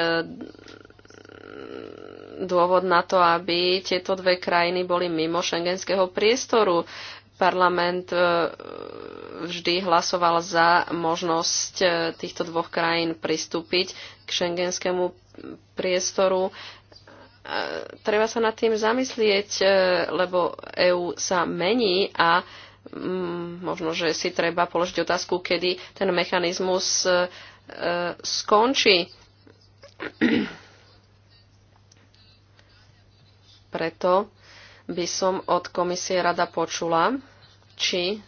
dôvod na to, aby tieto dve krajiny boli mimo šengenského priestoru. Parlament e, vždy hlasoval za možnosť e, týchto dvoch krajín pristúpiť k šengenskému priestoru treba sa nad tým zamyslieť, lebo EÚ sa mení a Mm, možno, že si treba položiť otázku, kedy ten mechanizmus e, e, skončí. (clears throat) Preto by som od komisie rada počula, či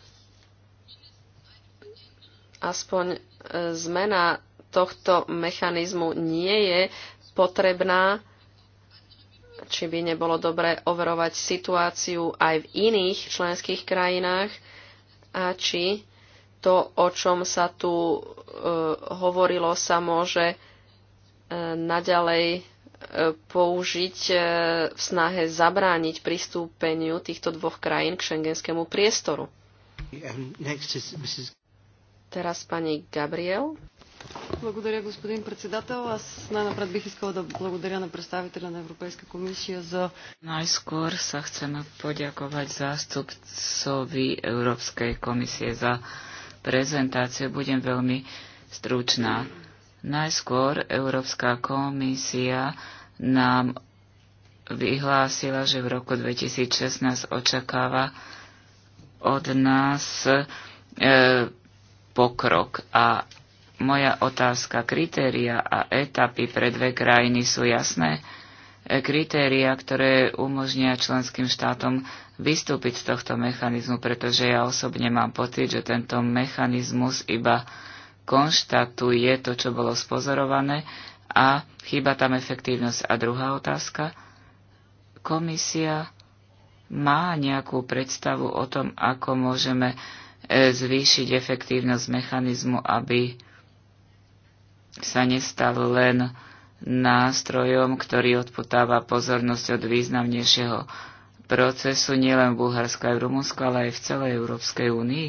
aspoň e, zmena tohto mechanizmu nie je potrebná či by nebolo dobre overovať situáciu aj v iných členských krajinách a či to, o čom sa tu e, hovorilo, sa môže e, naďalej e, použiť e, v snahe zabrániť pristúpeniu týchto dvoch krajín k šengenskému priestoru. Teraz pani Gabriel. Благодаря, господин председател. Аз най-напред бих искала да благодаря на представителя на Европейска комисия za. Najskôr sa chceme poďakovať zástupcovi Európskej komisie za prezentáciu. Budem veľmi stručná. Najskôr Európska komisia nám vyhlásila, že v roku 2016 očakáva od nás e, pokrok a moja otázka, kritéria a etapy pre dve krajiny sú jasné? E, kritéria, ktoré umožnia členským štátom vystúpiť z tohto mechanizmu, pretože ja osobne mám pocit, že tento mechanizmus iba konštatuje to, čo bolo spozorované a chýba tam efektívnosť. A druhá otázka, komisia má nejakú predstavu o tom, ako môžeme e, zvýšiť efektívnosť mechanizmu, aby sa nestal len nástrojom, ktorý odputáva pozornosť od významnejšieho procesu nielen v Bulharsku aj v Rumunsku, ale aj v celej Európskej únii?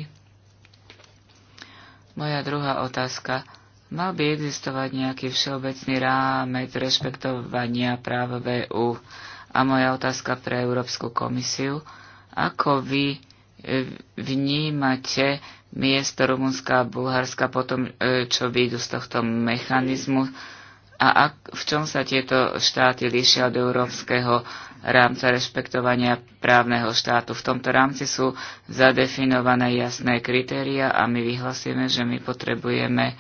Moja druhá otázka. Mal by existovať nejaký všeobecný rámec rešpektovania práv VÚ? A moja otázka pre Európsku komisiu. Ako vy vnímate miesto Rumunska a Bulharska potom, e, čo vyjdu z tohto mechanizmu a ak, v čom sa tieto štáty líšia od európskeho rámca rešpektovania právneho štátu. V tomto rámci sú zadefinované jasné kritéria a my vyhlasíme, že my potrebujeme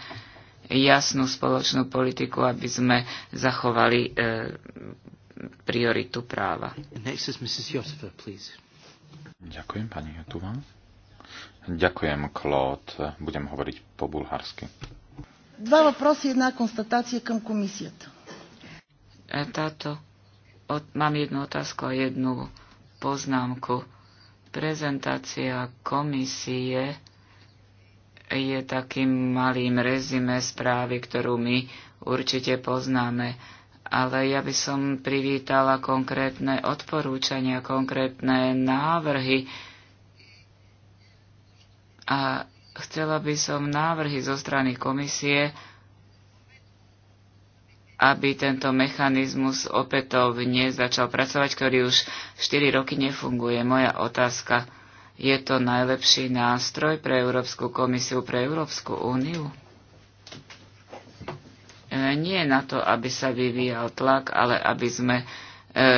jasnú spoločnú politiku, aby sme zachovali e, prioritu práva. Next is Mrs. please. Ďakujem, pani Jotová. Ďakujem, Klód. Budem hovoriť po bulharsky. Dva въпроса jedna konstatácia kam към e, Táto, od, mám jednu otázku a jednu poznámku. Prezentácia komisie je takým malým rezime správy, ktorú my určite poznáme ale ja by som privítala konkrétne odporúčania, konkrétne návrhy a chcela by som návrhy zo strany komisie, aby tento mechanizmus opätovne začal pracovať, ktorý už 4 roky nefunguje. Moja otázka, je to najlepší nástroj pre Európsku komisiu, pre Európsku úniu? nie na to, aby sa vyvíjal tlak, ale aby sme e,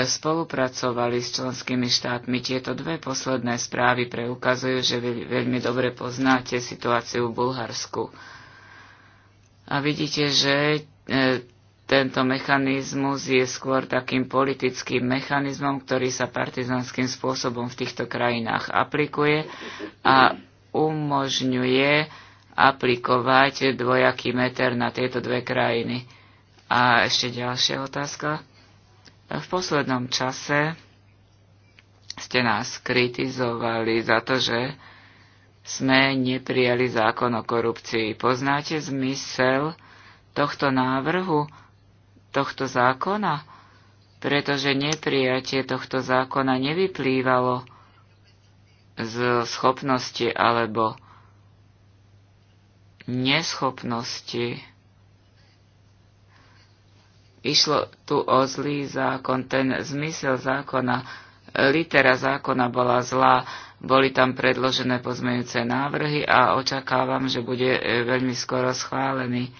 spolupracovali s členskými štátmi. Tieto dve posledné správy preukazujú, že vy veľmi dobre poznáte situáciu v Bulharsku. A vidíte, že e, tento mechanizmus je skôr takým politickým mechanizmom, ktorý sa partizanským spôsobom v týchto krajinách aplikuje a umožňuje aplikovať dvojaký meter na tieto dve krajiny. A ešte ďalšia otázka. V poslednom čase ste nás kritizovali za to, že sme neprijali zákon o korupcii. Poznáte zmysel tohto návrhu, tohto zákona? Pretože neprijatie tohto zákona nevyplývalo z schopnosti alebo neschopnosti. Išlo tu o zlý zákon, ten zmysel zákona, litera zákona bola zlá, boli tam predložené pozmeňujúce návrhy a očakávam, že bude e, veľmi skoro schválený.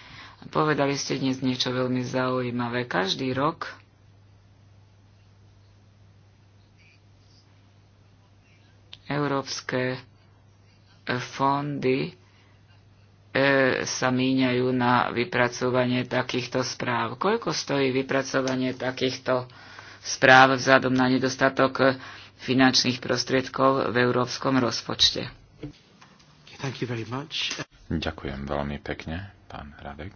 Povedali ste dnes niečo veľmi zaujímavé. Každý rok európske e, fondy e, sa míňajú na vypracovanie takýchto správ. Koľko stojí vypracovanie takýchto správ vzhľadom na nedostatok finančných prostriedkov v európskom rozpočte? Thank you very much. Ďakujem veľmi pekne, pán Radek.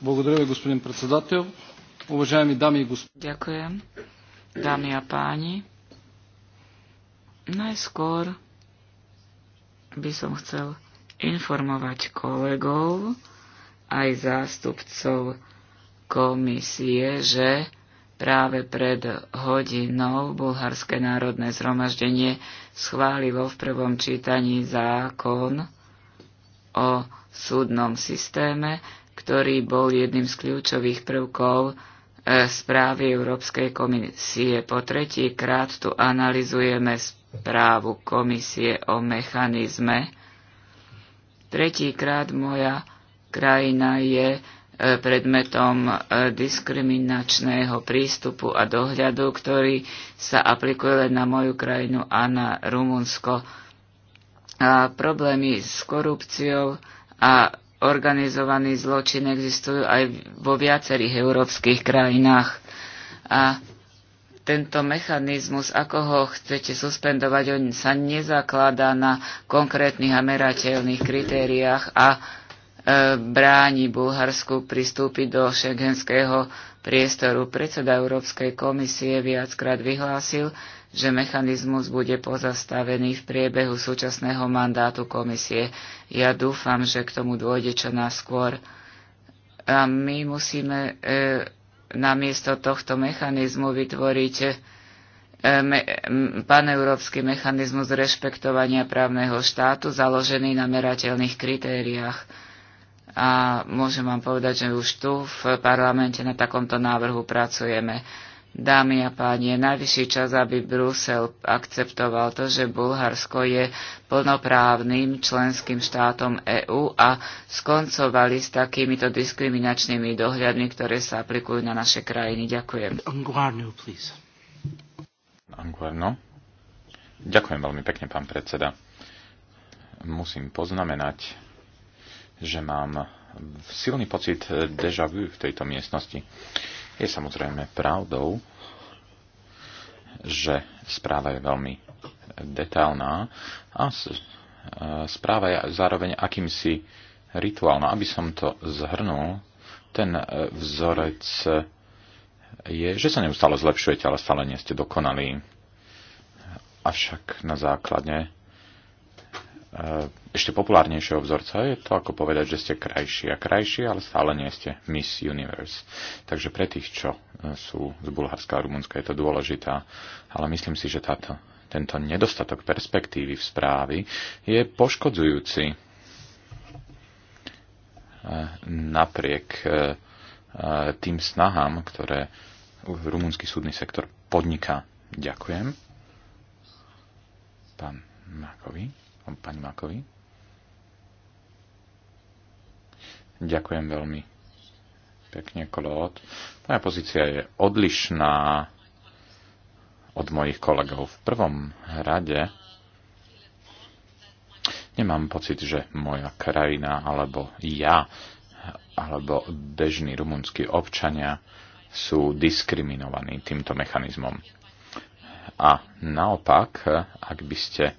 Благодаря господин председател. Уважаеми дами и господа. Ďakujem, dámy a páni. Najskôr by som chcel informovať kolegov, aj zástupcov komisie, že práve pred hodinou Bulharské národné zhromaždenie schválilo v prvom čítaní zákon o súdnom systéme, ktorý bol jedným z kľúčových prvkov e, správy Európskej komisie. Po tretí krát tu analizujeme správu komisie o mechanizme. Tretíkrát moja krajina je e, predmetom e, diskriminačného prístupu a dohľadu, ktorý sa aplikuje len na moju krajinu a na Rumunsko. A problémy s korupciou a organizovaný zločin existujú aj vo viacerých európskych krajinách. A tento mechanizmus, ako ho chcete suspendovať, on sa nezakladá na konkrétnych a merateľných kritériách a e, bráni Bulharsku pristúpiť do šengenského priestoru. Predseda Európskej komisie viackrát vyhlásil, že mechanizmus bude pozastavený v priebehu súčasného mandátu komisie. Ja dúfam, že k tomu dôjde čo naskôr. A my musíme e, namiesto tohto mechanizmu vytvoriť eh, paneurópsky mechanizmus rešpektovania právneho štátu založený na merateľných kritériách. A môžem vám povedať, že už tu v parlamente na takomto návrhu pracujeme. Dámy a páni, je najvyšší čas, aby Brusel akceptoval to, že Bulharsko je plnoprávnym členským štátom EÚ a skoncovali s takýmito diskriminačnými dohľadmi, ktoré sa aplikujú na naše krajiny. Ďakujem. Anguarno, Ďakujem veľmi pekne, pán predseda. Musím poznamenať, že mám silný pocit deja vu v tejto miestnosti je samozrejme pravdou, že správa je veľmi detailná a e, správa je zároveň akýmsi rituálna. Aby som to zhrnul, ten e, vzorec e, je, že sa neustále zlepšujete, ale stále nie ste dokonalí. Avšak na základe E, ešte populárnejšieho vzorca. Je to ako povedať, že ste krajší a krajší, ale stále nie ste Miss Universe. Takže pre tých, čo e, sú z Bulharska a Rumunska, je to dôležitá. Ale myslím si, že táto, tento nedostatok perspektívy v správy je poškodzujúci e, napriek tým snahám, ktoré rumúnsky súdny sektor podniká. Ďakujem. Pán Makovi pani Makovi. Ďakujem veľmi pekne, Kolot. Moja pozícia je odlišná od mojich kolegov. V prvom rade nemám pocit, že moja krajina alebo ja alebo bežní rumunskí občania sú diskriminovaní týmto mechanizmom. A naopak, ak by ste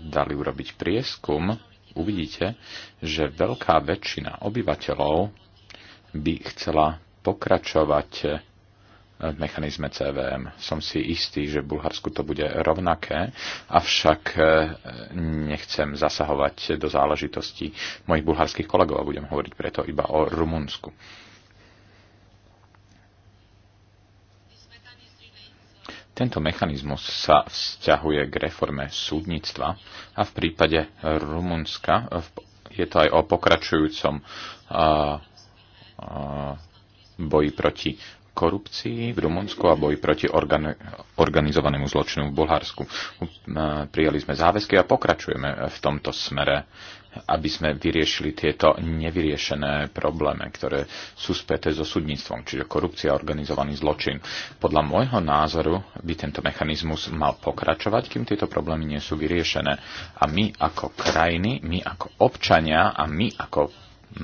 dali urobiť prieskum, uvidíte, že veľká väčšina obyvateľov by chcela pokračovať v mechanizme CVM. Som si istý, že v Bulharsku to bude rovnaké, avšak e, nechcem zasahovať do záležitostí mojich bulharských kolegov a budem hovoriť preto iba o Rumunsku. Tento mechanizmus sa vzťahuje k reforme súdnictva a v prípade Rumunska je to aj o pokračujúcom boji proti korupcii v Rumunsku a boji proti organizovanému zločinu v Bulharsku. Prijali sme záväzky a pokračujeme v tomto smere aby sme vyriešili tieto nevyriešené problémy, ktoré sú späté so súdnictvom, čiže korupcia a organizovaný zločin. Podľa môjho názoru by tento mechanizmus mal pokračovať, kým tieto problémy nie sú vyriešené. A my ako krajiny, my ako občania a my ako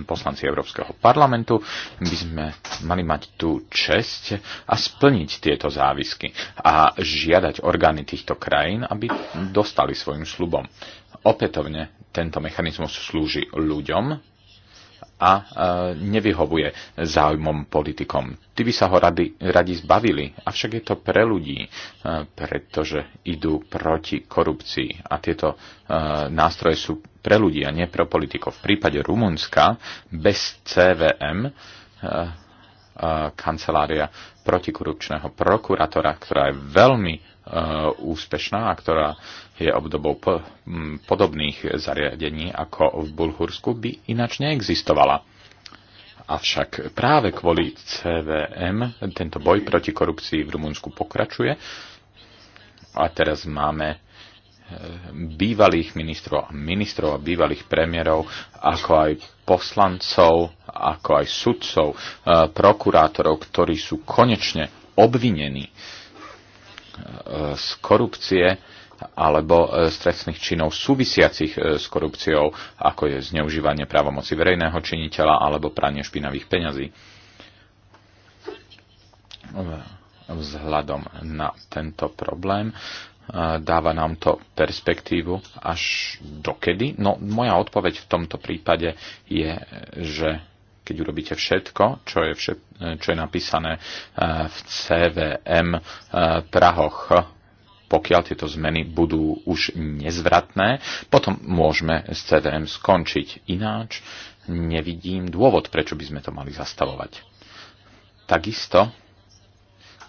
poslanci Európskeho parlamentu by sme mali mať tú česť a splniť tieto závisky a žiadať orgány týchto krajín, aby dostali svojim slubom. Opätovne tento mechanizmus slúži ľuďom a e, nevyhovuje záujmom politikom. Ty by sa ho radi, radi zbavili, avšak je to pre ľudí, e, pretože idú proti korupcii a tieto e, nástroje sú pre ľudí a nie pre politikov. V prípade Rumunska bez CVM kancelária protikorupčného prokurátora, ktorá je veľmi Eh, úspešná a ktorá je obdobou mm, podobných zariadení ako v Bulhursku, by inač neexistovala. Avšak práve kvôli CVM tento boj proti korupcii v Rumunsku pokračuje a teraz máme eh, bývalých ministrov a ministrov a bývalých premiérov, ako aj poslancov, ako aj sudcov, eh, prokurátorov, ktorí sú konečne obvinení Eh, z korupcie alebo eh, z trestných činov súvisiacich eh, s korupciou, ako je zneužívanie právomoci verejného činiteľa alebo pranie špinavých peňazí. Vzhľadom na tento problém dáva nám to perspektívu až dokedy. No moja odpoveď v tomto prípade je, že keď urobíte všetko, čo je, všet, čo je napísané eh, v CVM eh, Prahoch, pokiaľ tieto zmeny budú už nezvratné, potom môžeme s CVM skončiť. Ináč nevidím dôvod, prečo by sme to mali zastavovať. Takisto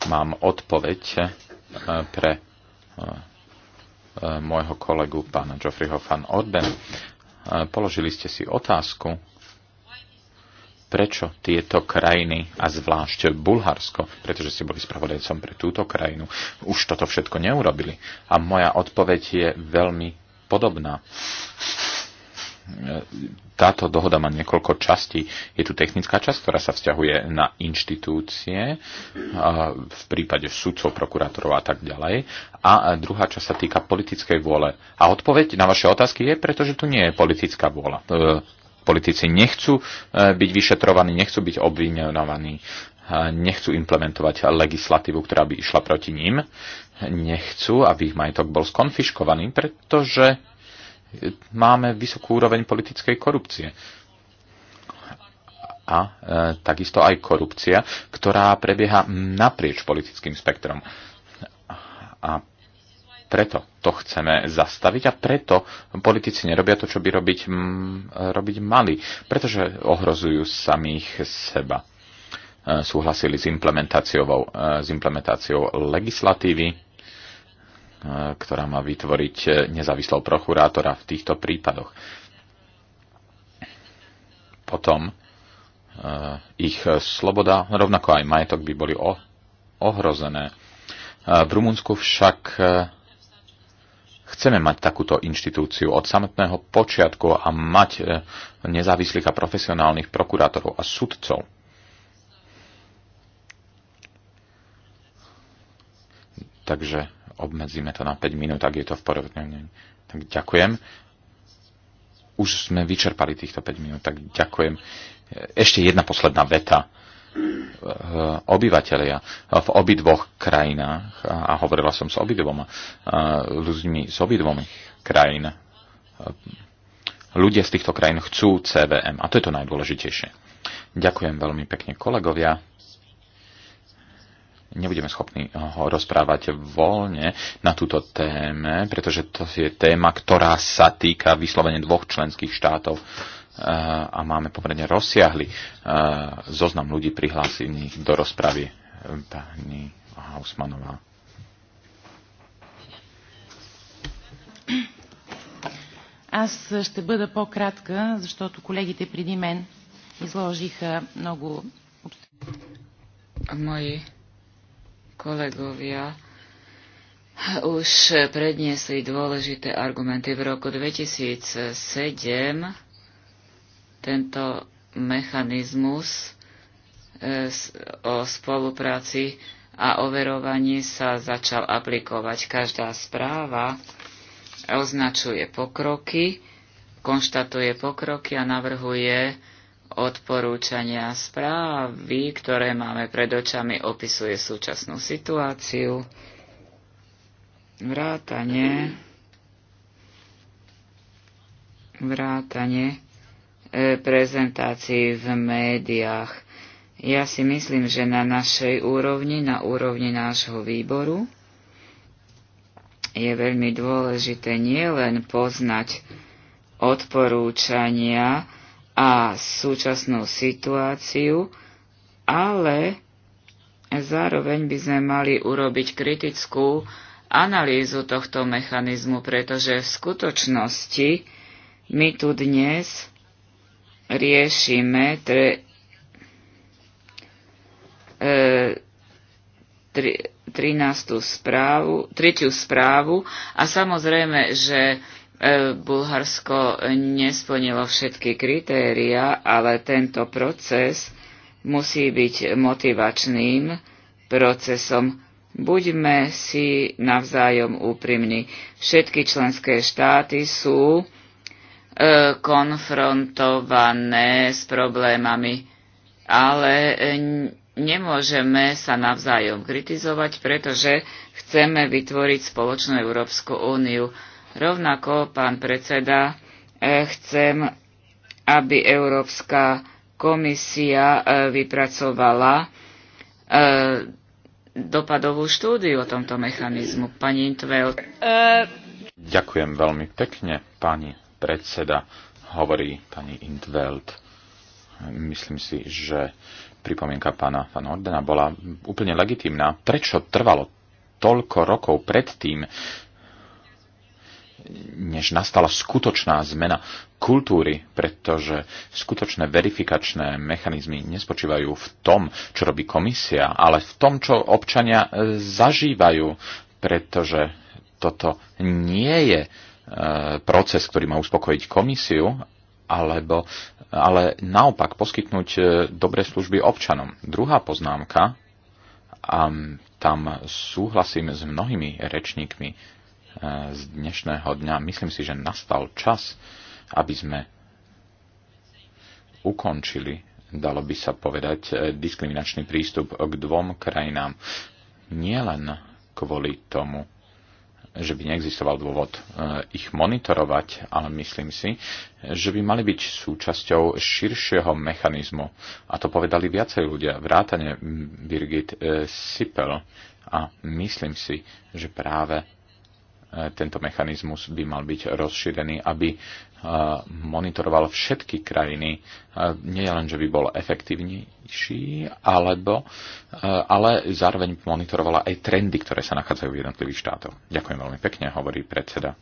mám odpoveď eh, pre môjho kolegu pána Geoffreyho van Orden. Položili ste si otázku, prečo tieto krajiny a zvlášť Bulharsko, pretože ste boli spravodajcom pre túto krajinu, už toto všetko neurobili. A moja odpoveď je veľmi podobná. Táto dohoda má niekoľko častí. Je tu technická časť, ktorá sa vzťahuje na inštitúcie, v prípade sudcov, prokurátorov a tak ďalej. A druhá časť sa týka politickej vôle. A odpoveď na vaše otázky je, pretože tu nie je politická vôľa. E, politici nechcú e, byť vyšetrovaní, nechcú byť obvinovaní, e, nechcú implementovať legislatívu, ktorá by išla proti ním, nechcú, aby ich majetok bol skonfiškovaný, pretože máme vysokú úroveň politickej korupcie. A e, takisto aj korupcia, ktorá prebieha naprieč politickým spektrom. A preto to chceme zastaviť a preto politici nerobia to, čo by robiť, m, robiť mali, pretože ohrozujú samých seba. E, súhlasili s implementáciou, e, s implementáciou legislatívy, e, ktorá má vytvoriť nezávislého prokurátora v týchto prípadoch. Potom ich sloboda, rovnako aj majetok by boli ohrozené. V Rumunsku však chceme mať takúto inštitúciu od samotného počiatku a mať e, nezávislých a profesionálnych prokurátorov a sudcov. Takže obmedzíme to na 5 minút, ak je to v porovnaní. Tak ďakujem. Už sme vyčerpali týchto 5 minút, tak ďakujem. E, ešte jedna posledná veta. Eh, obyvateľia v obidvoch krajinách a hovorila som s obidvoma eh, ľuďmi z obidvomi krajín. Ľudia z týchto krajín chcú CVM a to je to najdôležitejšie. Ďakujem veľmi pekne kolegovia. Nebudeme schopní eh, ho rozprávať voľne na túto téme, pretože to je téma, ktorá sa týka vyslovene dvoch členských štátov a máme pomerne rozsiahly zoznam ľudí prihlásených do rozpravy pani Hausmanová. Аз ще бъда по-кратка, защото колегите преди мен изложиха много... Мои колеговия уж преднесли dôležité аргументи в року 2007 tento mechanizmus e, o spolupráci a overovaní sa začal aplikovať. Každá správa označuje pokroky, konštatuje pokroky a navrhuje odporúčania správy, ktoré máme pred očami, opisuje súčasnú situáciu, vrátanie, vrátanie E, prezentácií v médiách. Ja si myslím, že na našej úrovni, na úrovni nášho výboru, je veľmi dôležité nielen poznať odporúčania a súčasnú situáciu, ale zároveň by sme mali urobiť kritickú analýzu tohto mechanizmu, pretože v skutočnosti my tu dnes riešime tre, e, tri, 13. správu, tretiu správu a samozrejme, že e, Bulharsko nesplnilo všetky kritéria, ale tento proces musí byť motivačným procesom. Buďme si navzájom úprimní. Všetky členské štáty sú E, konfrontované s problémami, ale e, nemôžeme sa navzájom kritizovať, pretože chceme vytvoriť spoločnú Európsku úniu. Rovnako, pán predseda, e, chcem, aby Európska komisia vypracovala dopadovú štúdiu o tomto mechanizmu. Pani Intveld. Ďakujem veľmi pekne, pani predseda, hovorí pani Intveld. Myslím si, že pripomienka pána Van Ordena bola úplne legitimná. Prečo trvalo toľko rokov predtým, než nastala skutočná zmena kultúry, pretože skutočné verifikačné mechanizmy nespočívajú v tom, čo robí komisia, ale v tom, čo občania e, zažívajú, pretože toto nie je E, proces, ktorý má uspokojiť komisiu, alebo, ale naopak poskytnúť e, dobré služby občanom. Druhá poznámka, a tam súhlasím s mnohými rečníkmi e, z dnešného dňa, myslím si, že nastal čas, aby sme ukončili, dalo by sa povedať, diskriminačný prístup k dvom krajinám. Nielen kvôli tomu, že by neexistoval dôvod e, ich monitorovať, ale myslím si, že by mali byť súčasťou širšieho mechanizmu. A to povedali viacej ľudia, vrátane Birgit e, Sipel. A myslím si, že práve tento mechanizmus by mal byť rozšírený, aby monitoroval všetky krajiny. Nie len, že by bol efektívnejší, alebo, ale zároveň monitorovala aj trendy, ktoré sa nachádzajú v jednotlivých štátoch. Ďakujem veľmi pekne, hovorí predseda.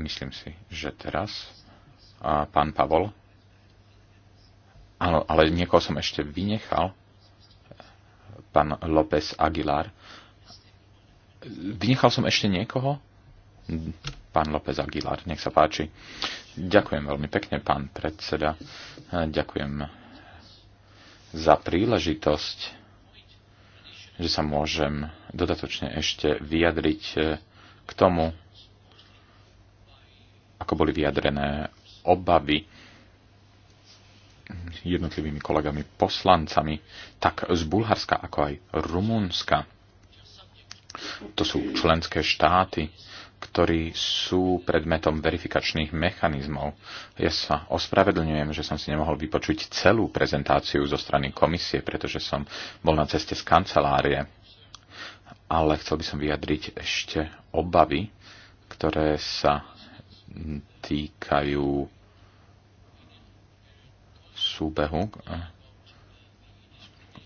Myslím si, že teraz pán Pavol. Áno, ale niekoho som ešte vynechal. Pán López Aguilar Vynechal som ešte niekoho? Pán López Aguilar, nech sa páči. Ďakujem veľmi pekne, pán predseda. Ďakujem za príležitosť, že sa môžem dodatočne ešte vyjadriť eh, k tomu, ako boli vyjadrené obavy jednotlivými kolegami poslancami, tak z Bulharska ako aj Rumunska to sú členské štáty, ktorí sú predmetom verifikačných mechanizmov. Ja sa ospravedlňujem, že som si nemohol vypočuť celú prezentáciu zo strany komisie, pretože som bol na ceste z kancelárie. Ale chcel by som vyjadriť ešte obavy, ktoré sa týkajú súbehu,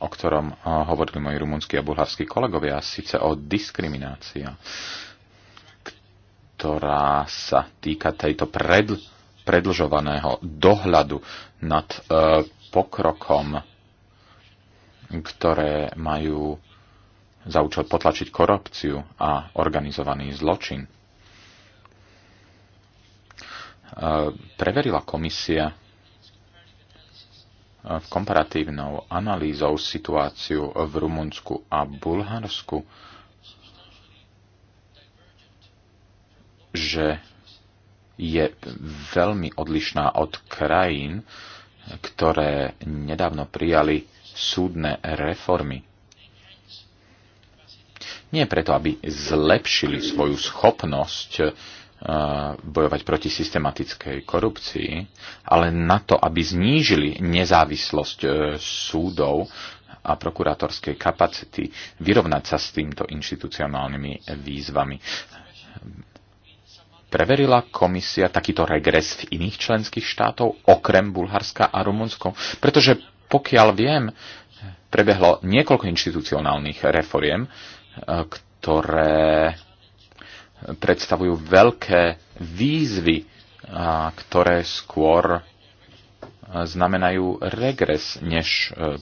o ktorom hovorili moji rumunskí a bulharskí kolegovia, síce o diskriminácii, ktorá sa týka tejto predl- predlžovaného dohľadu nad e, pokrokom, ktoré majú za účel potlačiť korupciu a organizovaný zločin. E, preverila komisia komparatívnou analýzou situáciu v Rumunsku a Bulharsku, že je veľmi odlišná od krajín, ktoré nedávno prijali súdne reformy. Nie preto, aby zlepšili svoju schopnosť Eh, bojovať proti systematickej korupcii, ale na to, aby znížili nezávislosť eh, súdov a prokurátorskej kapacity, vyrovnať sa s týmto inštitucionálnymi výzvami. Preverila komisia takýto regres v iných členských štátov, okrem Bulharska a Rumunsko? Pretože pokiaľ viem, prebehlo niekoľko inštitucionálnych reforiem, eh, ktoré predstavujú veľké výzvy, ktoré skôr znamenajú regres než e,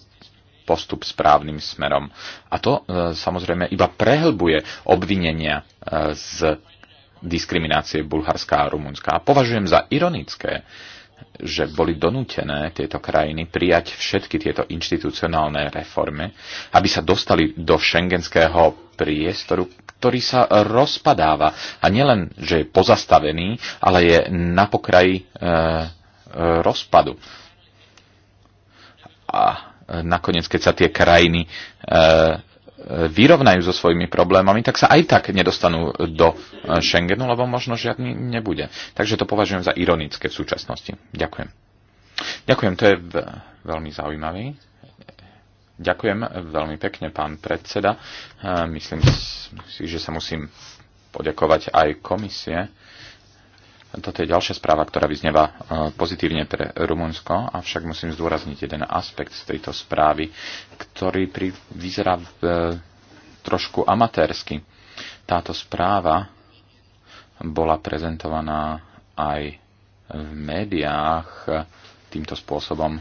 postup správnym smerom. A to e, samozrejme iba prehlbuje obvinenia e, z diskriminácie Bulharska a Rumunska. A považujem za ironické, že boli donútené tieto krajiny prijať všetky tieto inštitucionálne reformy, aby sa dostali do šengenského priestoru, ktorý sa rozpadáva. A nielen, že je pozastavený, ale je na pokraji e, e, rozpadu. A e, nakoniec, keď sa tie krajiny e, vyrovnajú so svojimi problémami, tak sa aj tak nedostanú do e, Schengenu, lebo možno žiadny nebude. Takže to považujem za ironické v súčasnosti. Ďakujem. Ďakujem, to je veľmi zaujímavý. Ďakujem veľmi pekne, pán predseda. E, myslím si, že sa musím poďakovať aj komisie toto je ďalšia správa, ktorá vyzneva e, pozitívne pre Rumunsko, avšak musím zdôrazniť jeden aspekt z tejto správy, ktorý pri, vyzerá v, e, trošku amatérsky. Táto správa bola prezentovaná aj v médiách týmto spôsobom.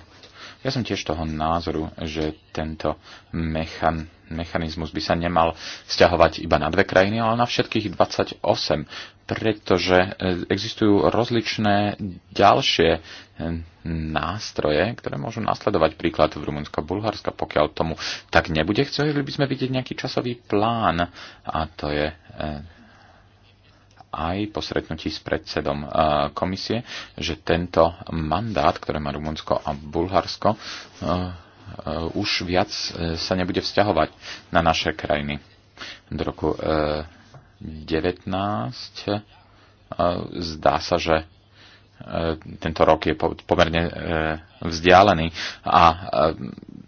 Ja som tiež toho názoru, že tento mechan, mechanizmus by sa nemal vzťahovať iba na dve krajiny, ale na všetkých 28, pretože e, existujú rozličné ďalšie e, nástroje, ktoré môžu nasledovať príklad v Rumunsko a Bulharska, pokiaľ tomu tak nebude. Chceli by sme vidieť nejaký časový plán a to je e, aj po stretnutí s predsedom komisie, že tento mandát, ktoré má Rumunsko a Bulharsko, už viac sa nebude vzťahovať na naše krajiny do roku 19. Zdá sa, že e, tento rok je pomerne e, vzdialený a e,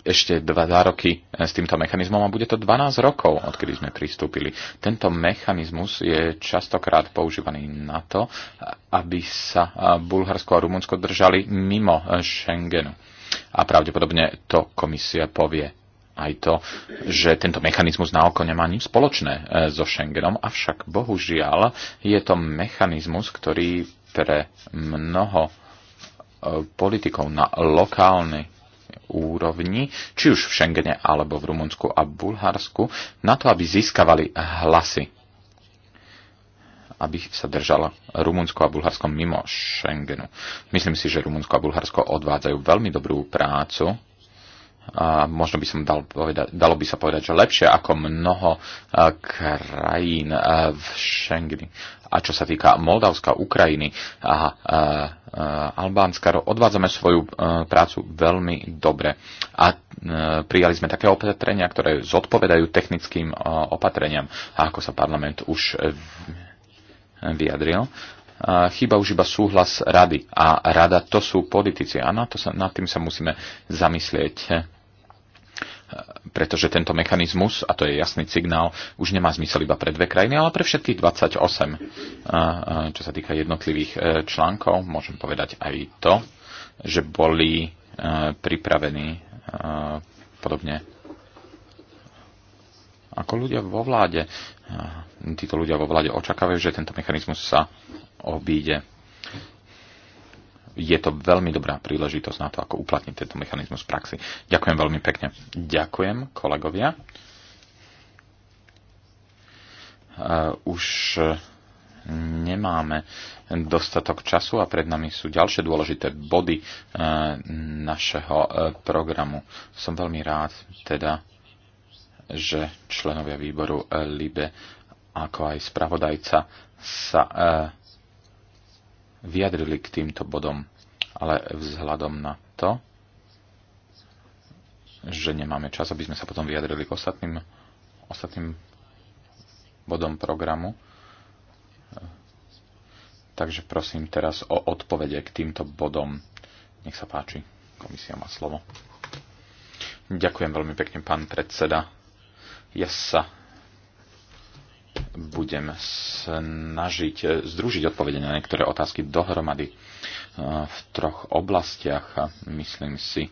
ešte dva, dva roky s týmto mechanizmom a bude to 12 rokov, odkedy sme pristúpili. Tento mechanizmus je častokrát používaný na to, aby sa Bulharsko a Rumunsko držali mimo Schengenu. A pravdepodobne to komisia povie aj to, že tento mechanizmus na oko nemá nič spoločné e, so Schengenom, avšak bohužiaľ je to mechanizmus, ktorý pre mnoho e, politikov na lokálnej úrovni, či už v Schengene alebo v Rumunsku a Bulharsku, na to, aby získavali hlasy aby sa držalo Rumunsko a Bulharsko mimo Schengenu. Myslím si, že Rumunsko a Bulharsko odvádzajú veľmi dobrú prácu a možno by som dal povedať, dalo by sa povedať, že lepšie ako mnoho krajín v Schengeni. A čo sa týka Moldavska, Ukrajiny a Albánska, odvádzame svoju e, prácu veľmi dobre. A e, prijali sme také opatrenia, ktoré zodpovedajú technickým e, opatreniam, a ako sa parlament už vyjadril chýba už iba súhlas rady. A rada to sú politici. A na, to sa, nad tým sa musíme zamyslieť pretože tento mechanizmus, a to je jasný signál, už nemá zmysel iba pre dve krajiny, ale pre všetkých 28. Eh, eh, čo sa týka jednotlivých eh, článkov, môžem povedať aj to, že boli pripravení podobne ako ľudia vo vláde. Títo ľudia vo vláde očakávajú, že tento mechanizmus sa obíde je to veľmi dobrá príležitosť na to, ako uplatniť tento mechanizmus v praxi. Ďakujem veľmi pekne. Ďakujem, kolegovia. Eh, už eh, nemáme dostatok času a pred nami sú ďalšie dôležité body eh, našeho programu. Som veľmi rád teda, že členovia výboru LIBE ako aj spravodajca sa vyjadrili k týmto bodom, ale vzhľadom na to, že nemáme čas, aby sme sa potom vyjadrili k ostatným, ostatným bodom programu. Takže prosím teraz o odpovede k týmto bodom. Nech sa páči, komisia má slovo. Ďakujem veľmi pekne, pán predseda. Ja sa budem snažiť e, združiť odpovede na niektoré otázky dohromady e, v troch oblastiach a myslím si,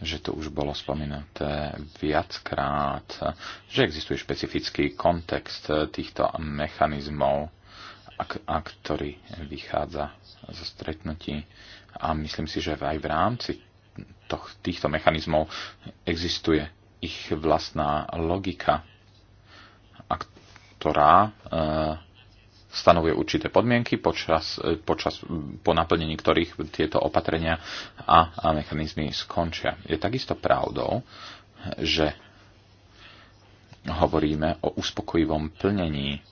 že to už bolo spomenuté viackrát, že existuje špecifický kontext e, týchto mechanizmov, a, ktorý vychádza zo stretnutí. A myslím si, že aj v rámci týchto mechanizmov existuje ich vlastná logika ktorá e, stanovuje určité podmienky, počas, e, počas, po naplnení ktorých tieto opatrenia a, a mechanizmy skončia. Je takisto pravdou, že hovoríme o uspokojivom plnení.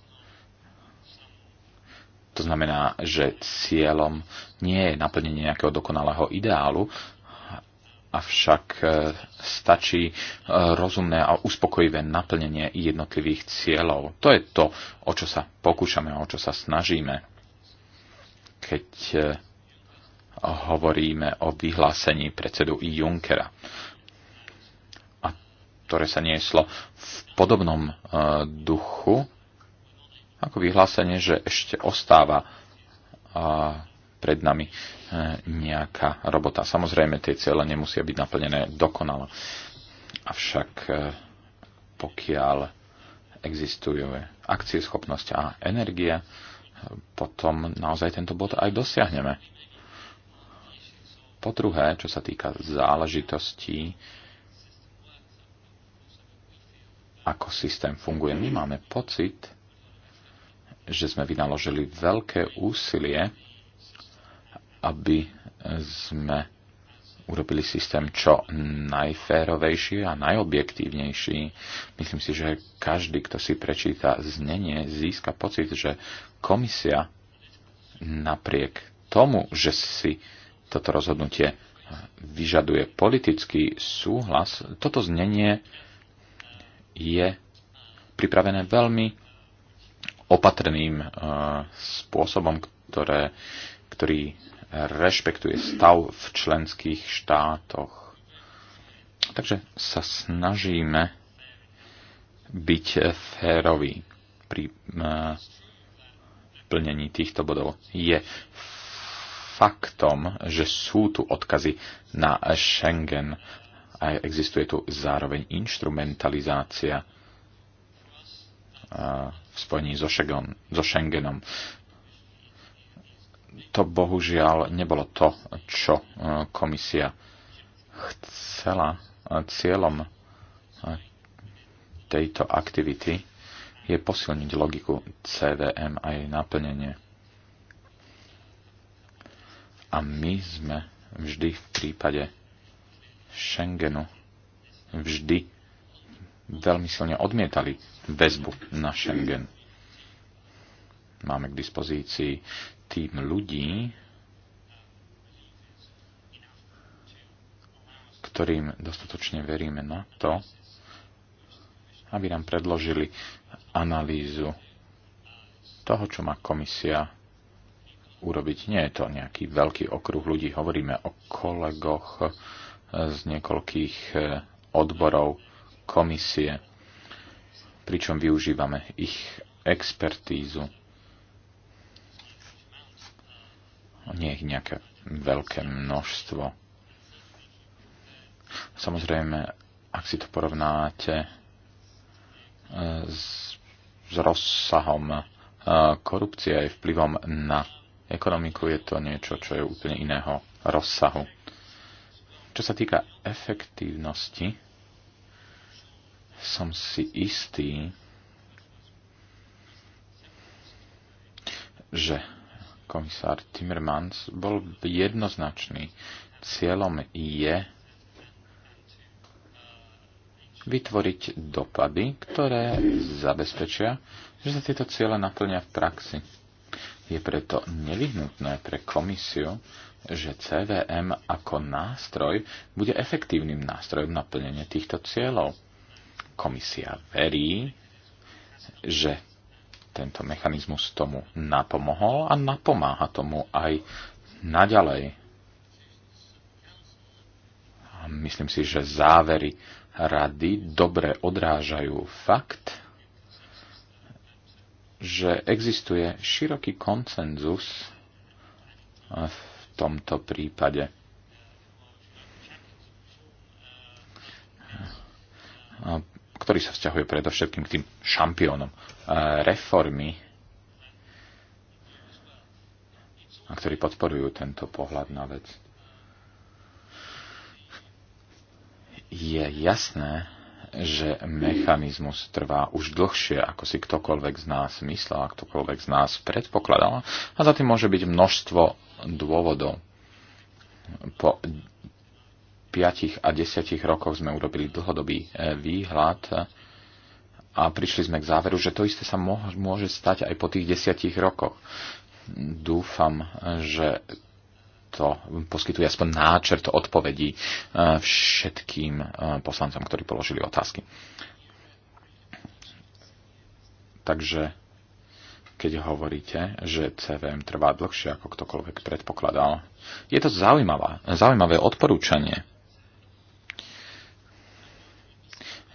To znamená, že cieľom nie je naplnenie nejakého dokonalého ideálu, avšak e, stačí e, rozumné a uspokojivé naplnenie jednotlivých cieľov. To je to, o čo sa pokúšame a o čo sa snažíme, keď e, hovoríme o vyhlásení predsedu Junckera a ktoré sa nieslo v podobnom duchu ako vyhlásenie, že ešte ostáva pred nami eh, nejaká robota. Samozrejme, tie ciele nemusia byť naplnené dokonalo. Avšak eh, pokiaľ existuje schopnosť a energia, eh, potom naozaj tento bod aj dosiahneme. Po druhé, čo sa týka záležitostí, ako systém funguje, my máme pocit, že sme vynaložili veľké úsilie aby sme urobili systém čo najférovejší a najobjektívnejší. Myslím si, že každý, kto si prečíta znenie, získa pocit, že komisia napriek tomu, že si toto rozhodnutie vyžaduje politický súhlas, toto znenie je pripravené veľmi opatrným eh, spôsobom, ktoré, ktorý rešpektuje stav v členských štátoch. Takže sa snažíme byť féroví pri eh, plnení týchto bodov. Je faktom, že sú tu odkazy na Schengen a existuje tu zároveň instrumentalizácia eh, v spojení so, Schengen, so Schengenom to bohužiaľ nebolo to, čo e, komisia chcela cieľom e, tejto aktivity je posilniť logiku CVM a jej naplnenie. A my sme vždy v prípade Schengenu vždy veľmi silne odmietali väzbu na Schengen. Máme k dispozícii tým ľudí, ktorým dostatočne veríme na to, aby nám predložili analýzu toho, čo má komisia urobiť. Nie je to nejaký veľký okruh ľudí. Hovoríme o kolegoch z niekoľkých e, odborov komisie, pričom využívame ich expertízu nie je nejaké veľké množstvo. Samozrejme, ak si to porovnáte e, s, s rozsahom e, korupcie aj vplyvom na ekonomiku, je to niečo, čo je úplne iného rozsahu. Čo sa týka efektívnosti, som si istý, že komisár Timmermans bol jednoznačný. Cieľom je vytvoriť dopady, ktoré zabezpečia, že sa tieto ciele naplnia v praxi. Je preto nevyhnutné pre komisiu, že CVM ako nástroj bude efektívnym nástrojom na plnenie týchto cieľov. Komisia verí, že tento mechanizmus tomu napomohol a napomáha tomu aj naďalej. A myslím si, že závery rady dobre odrážajú fakt, že existuje široký koncenzus v tomto prípade ktorý sa vzťahuje predovšetkým k tým šampiónom eh, reformy, a ktorí podporujú tento pohľad na vec. Je jasné, že mechanizmus trvá už dlhšie, ako si ktokoľvek z nás myslel, ktokoľvek z nás predpokladal. A za tým môže byť množstvo dôvodov. Po 5 a 10 rokoch sme urobili dlhodobý e, výhľad e, a prišli sme k záveru, že to isté sa môže stať aj po tých 10 rokoch. Dúfam, že to poskytuje aspoň náčrt odpovedí e, všetkým poslancom, ktorí položili otázky. Takže keď hovoríte, že CVM trvá dlhšie, ako ktokoľvek predpokladal. Je to zaujímavé, zaujímavé odporúčanie.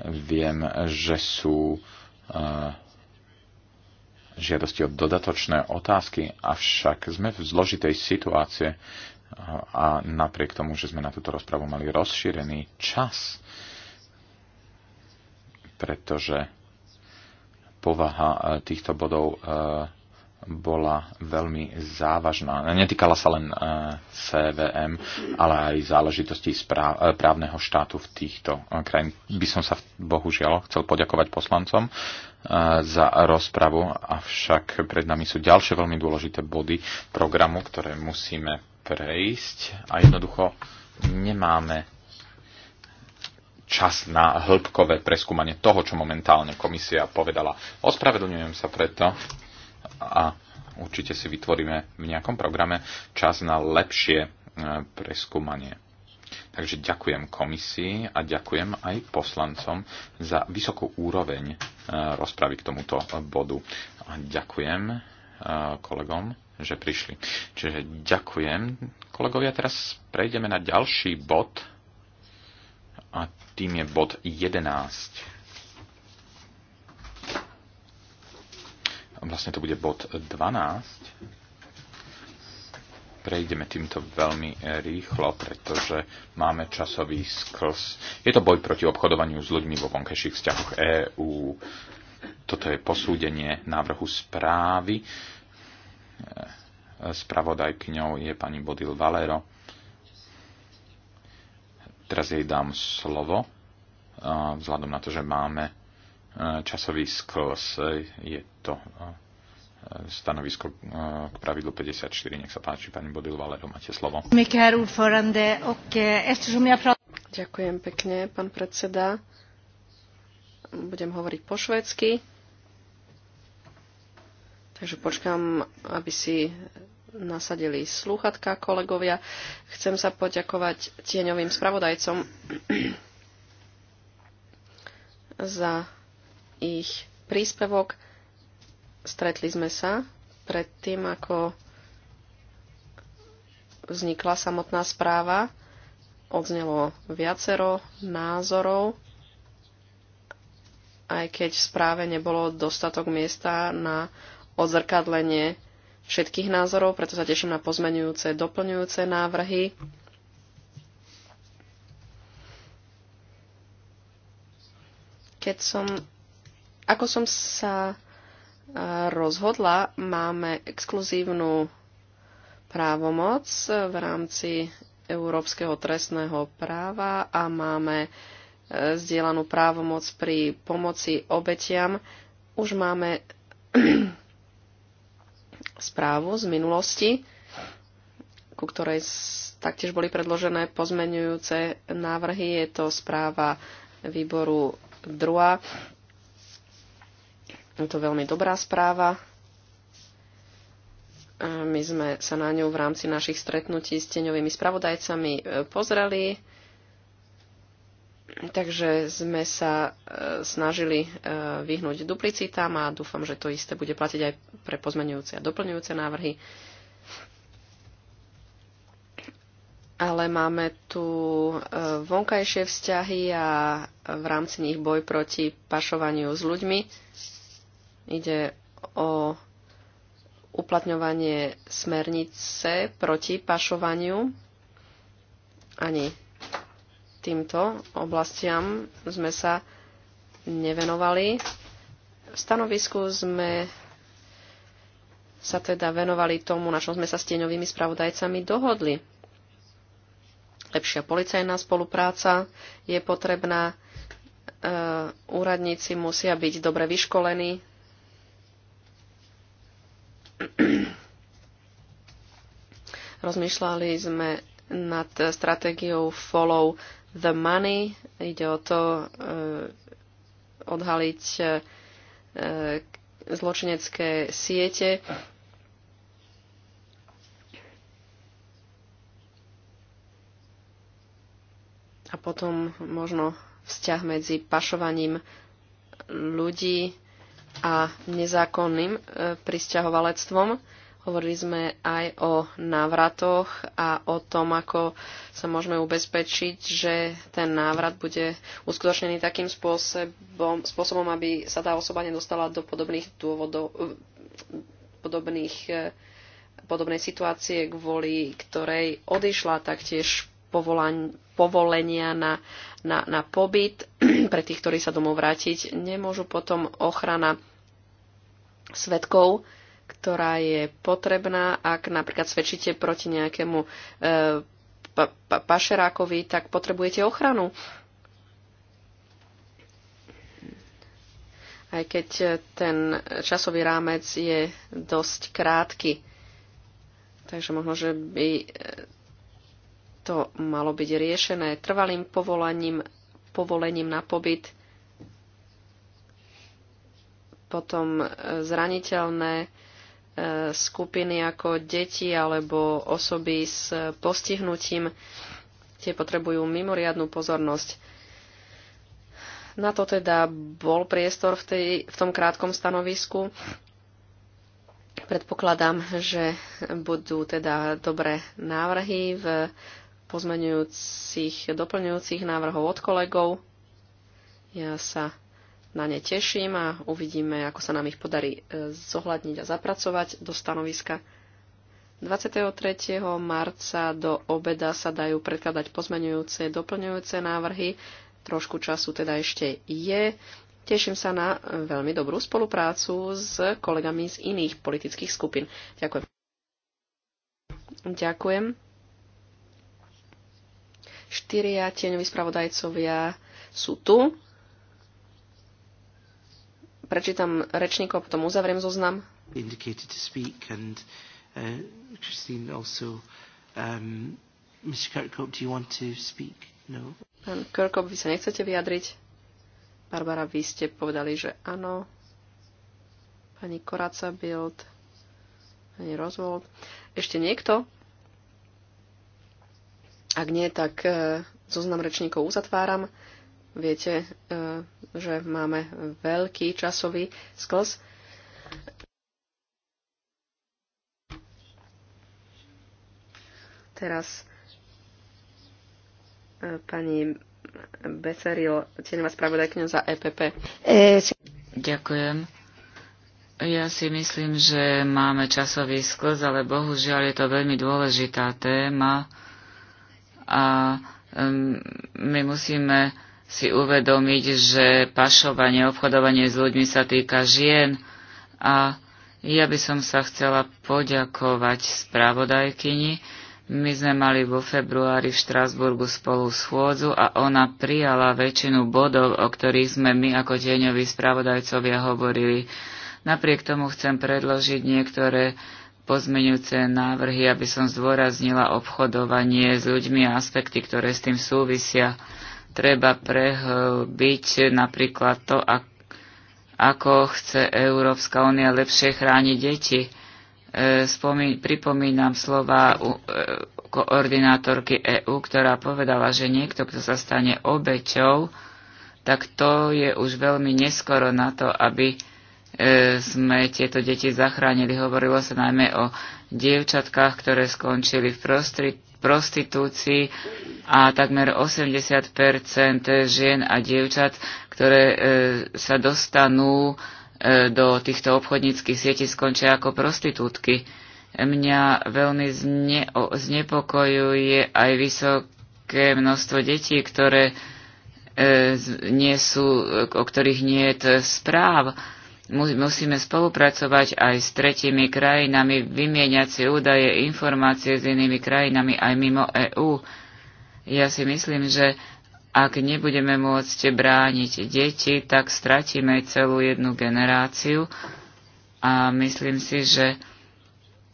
Viem, že sú e, žiadosti o dodatočné otázky, avšak sme v zložitej situácie e, a napriek tomu, že sme na túto rozpravu mali rozšírený čas, pretože povaha e, týchto bodov bola veľmi závažná. Netýkala sa len e, CVM, ale aj záležitosti e, právneho štátu v týchto e, krajín. By som sa bohužiaľ chcel poďakovať poslancom za rozpravu, avšak pred nami sú ďalšie veľmi dôležité body programu, ktoré musíme prejsť a jednoducho nemáme čas na hĺbkové preskúmanie toho, čo momentálne komisia povedala. Ospravedlňujem sa preto a určite si vytvoríme v nejakom programe čas na lepšie e, preskúmanie. Takže ďakujem komisii a ďakujem aj poslancom za vysokú úroveň e, rozpravy k tomuto bodu. A ďakujem e, kolegom, že prišli. Čiže ďakujem. Kolegovia, teraz prejdeme na ďalší bod a tým je bod 11. vlastne to bude bod 12. Prejdeme týmto veľmi rýchlo, pretože máme časový skls. Je to boj proti obchodovaniu s ľuďmi vo vonkajších vzťahoch EÚ. Toto je posúdenie návrhu správy. E, spravodajkňou je pani Bodil Valero. Teraz jej dám slovo, e, vzhľadom na to, že máme časový sklz. E, je to e, stanovisko e, k pravidlu 54. Nech sa páči, pani Bodil Valero, máte slovo. Ďakujem pekne, pán predseda. Budem hovoriť po švédsky. Takže počkám, aby si nasadili slúchatka kolegovia. Chcem sa poďakovať tieňovým spravodajcom (clears throat) za ich príspevok. Stretli sme sa pred tým, ako vznikla samotná správa. Odznelo viacero názorov, aj keď v správe nebolo dostatok miesta na odzrkadlenie všetkých názorov, preto sa teším na pozmenujúce, doplňujúce návrhy. Keď som ako som sa rozhodla, máme exkluzívnu právomoc v rámci Európskeho trestného práva a máme e, zdieľanú právomoc pri pomoci obetiam. Už máme (clears throat) správu z minulosti, ku ktorej taktiež boli predložené pozmenujúce návrhy. Je to správa výboru DRUA je to veľmi dobrá správa. My sme sa na ňu v rámci našich stretnutí s teňovými spravodajcami e, pozreli. Takže sme sa e, snažili e, vyhnúť duplicitám a dúfam, že to isté bude platiť aj pre pozmenujúce a doplňujúce návrhy. Ale máme tu vonkajšie vzťahy a v rámci nich boj proti pašovaniu s ľuďmi. Ide o uplatňovanie smernice proti pašovaniu. Ani týmto oblastiam sme sa nevenovali. V stanovisku sme sa teda venovali tomu, na čom sme sa s tieňovými spravodajcami dohodli. Lepšia policajná spolupráca je potrebná, e, úradníci musia byť dobre vyškolení, (clears throat) Rozmýšľali sme nad stratégiou follow the money. Ide o to e, odhaliť e, zločinecké siete. A potom možno vzťah medzi pašovaním ľudí a nezákonným e, pristahovalectvom. Hovorili sme aj o návratoch a o tom, ako sa môžeme ubezpečiť, že ten návrat bude uskutočnený takým spôsobom, spôsobom aby sa tá osoba nedostala do podobných dôvodov, e, podobných, e, podobnej situácie, kvôli ktorej odišla taktiež povolaň, povolenia na, na, na pobyt. (clears throat) Pre tých, ktorí sa domov vrátiť, nemôžu potom ochrana svetkov, ktorá je potrebná, ak napríklad svedčíte proti nejakému e, pa, pa, pašerákovi, tak potrebujete ochranu. Aj keď e, ten časový rámec je dosť krátky. Takže možno, že by e, to malo byť riešené trvalým povolaním, povolením na pobyt potom e, zraniteľné e, skupiny ako deti alebo osoby s postihnutím, tie potrebujú mimoriadnú pozornosť. Na to teda bol priestor v, tej, v tom krátkom stanovisku. Predpokladám, že budú teda dobré návrhy v pozmenujúcich, doplňujúcich návrhov od kolegov. Ja sa na ne teším a uvidíme, ako sa nám ich podarí e, zohľadniť a zapracovať do stanoviska. 23. marca do obeda sa dajú predkladať pozmenujúce, doplňujúce návrhy. Trošku času teda ešte je. Teším sa na e, veľmi dobrú spoluprácu s kolegami z iných politických skupín. Ďakujem. Ďakujem. Štyria tieňoví spravodajcovia sú tu prečítam rečníkov, potom uzavriem zoznam. Indicated to speak and uh, Christine also. Um, Mr. Kirkhope, do you want to speak? No. Pán Kirkhope, vy sa nechcete vyjadriť? Barbara, vy ste povedali, že áno. Pani Koraca Bild, pani Rozvold. Ešte niekto? Ak nie, tak uh, zoznam rečníkov uzatváram. Viete, e, že máme veľký časový sklz. Teraz e, pani Beceril, tieňová spravodajkňa za EPP. E, Ďakujem. Ja si myslím, že máme časový sklz, ale bohužiaľ je to veľmi dôležitá téma a my musíme si uvedomiť, že pašovanie, obchodovanie s ľuďmi sa týka žien a ja by som sa chcela poďakovať spravodajkyni. My sme mali vo februári v Štrásburgu spolu schôdzu a ona prijala väčšinu bodov, o ktorých sme my ako tieňoví spravodajcovia hovorili. Napriek tomu chcem predložiť niektoré pozmeňujúce návrhy, aby som zdôraznila obchodovanie s ľuďmi a aspekty, ktoré s tým súvisia treba prehlbiť napríklad to, ako chce Európska únia lepšie chrániť deti. E, Spomín, pripomínam slova e, koordinátorky EÚ, ktorá povedala, že niekto, kto sa stane obeťou, tak to je už veľmi neskoro na to, aby e, sme tieto deti zachránili. Hovorilo sa najmä o dievčatkách, ktoré skončili v prostri, prostitúcii a takmer 80 žien a dievčat, ktoré e, sa dostanú e, do týchto obchodníckých sietí, skončia ako prostitútky. Mňa veľmi zne, o, znepokojuje aj vysoké množstvo detí, ktoré e, nie sú, o ktorých nie je správ. E, Musíme spolupracovať aj s tretimi krajinami, vymieňať si údaje, informácie s inými krajinami aj mimo EÚ. Ja si myslím, že ak nebudeme môcť brániť deti, tak stratíme celú jednu generáciu a myslím si, že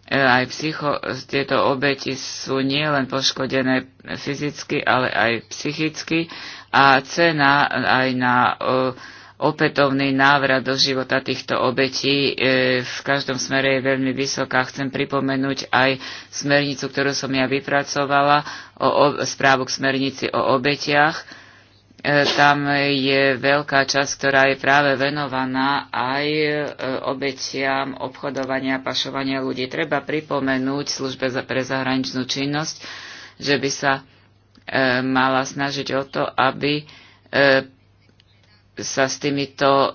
e, aj psycho, tieto obeti sú nielen poškodené fyzicky, ale aj psychicky a cena aj na uh, opätovný návrat do života týchto obetí e, v každom smere je veľmi vysoká. Chcem pripomenúť aj smernicu, ktorú som ja vypracovala, o, správu k smernici o obetiach. E, tam je veľká časť, ktorá je práve venovaná aj e, obetiam obchodovania a pašovania ľudí. Treba pripomenúť službe pre zahraničnú činnosť, že by sa mala snažiť o to, aby sa s týmito e,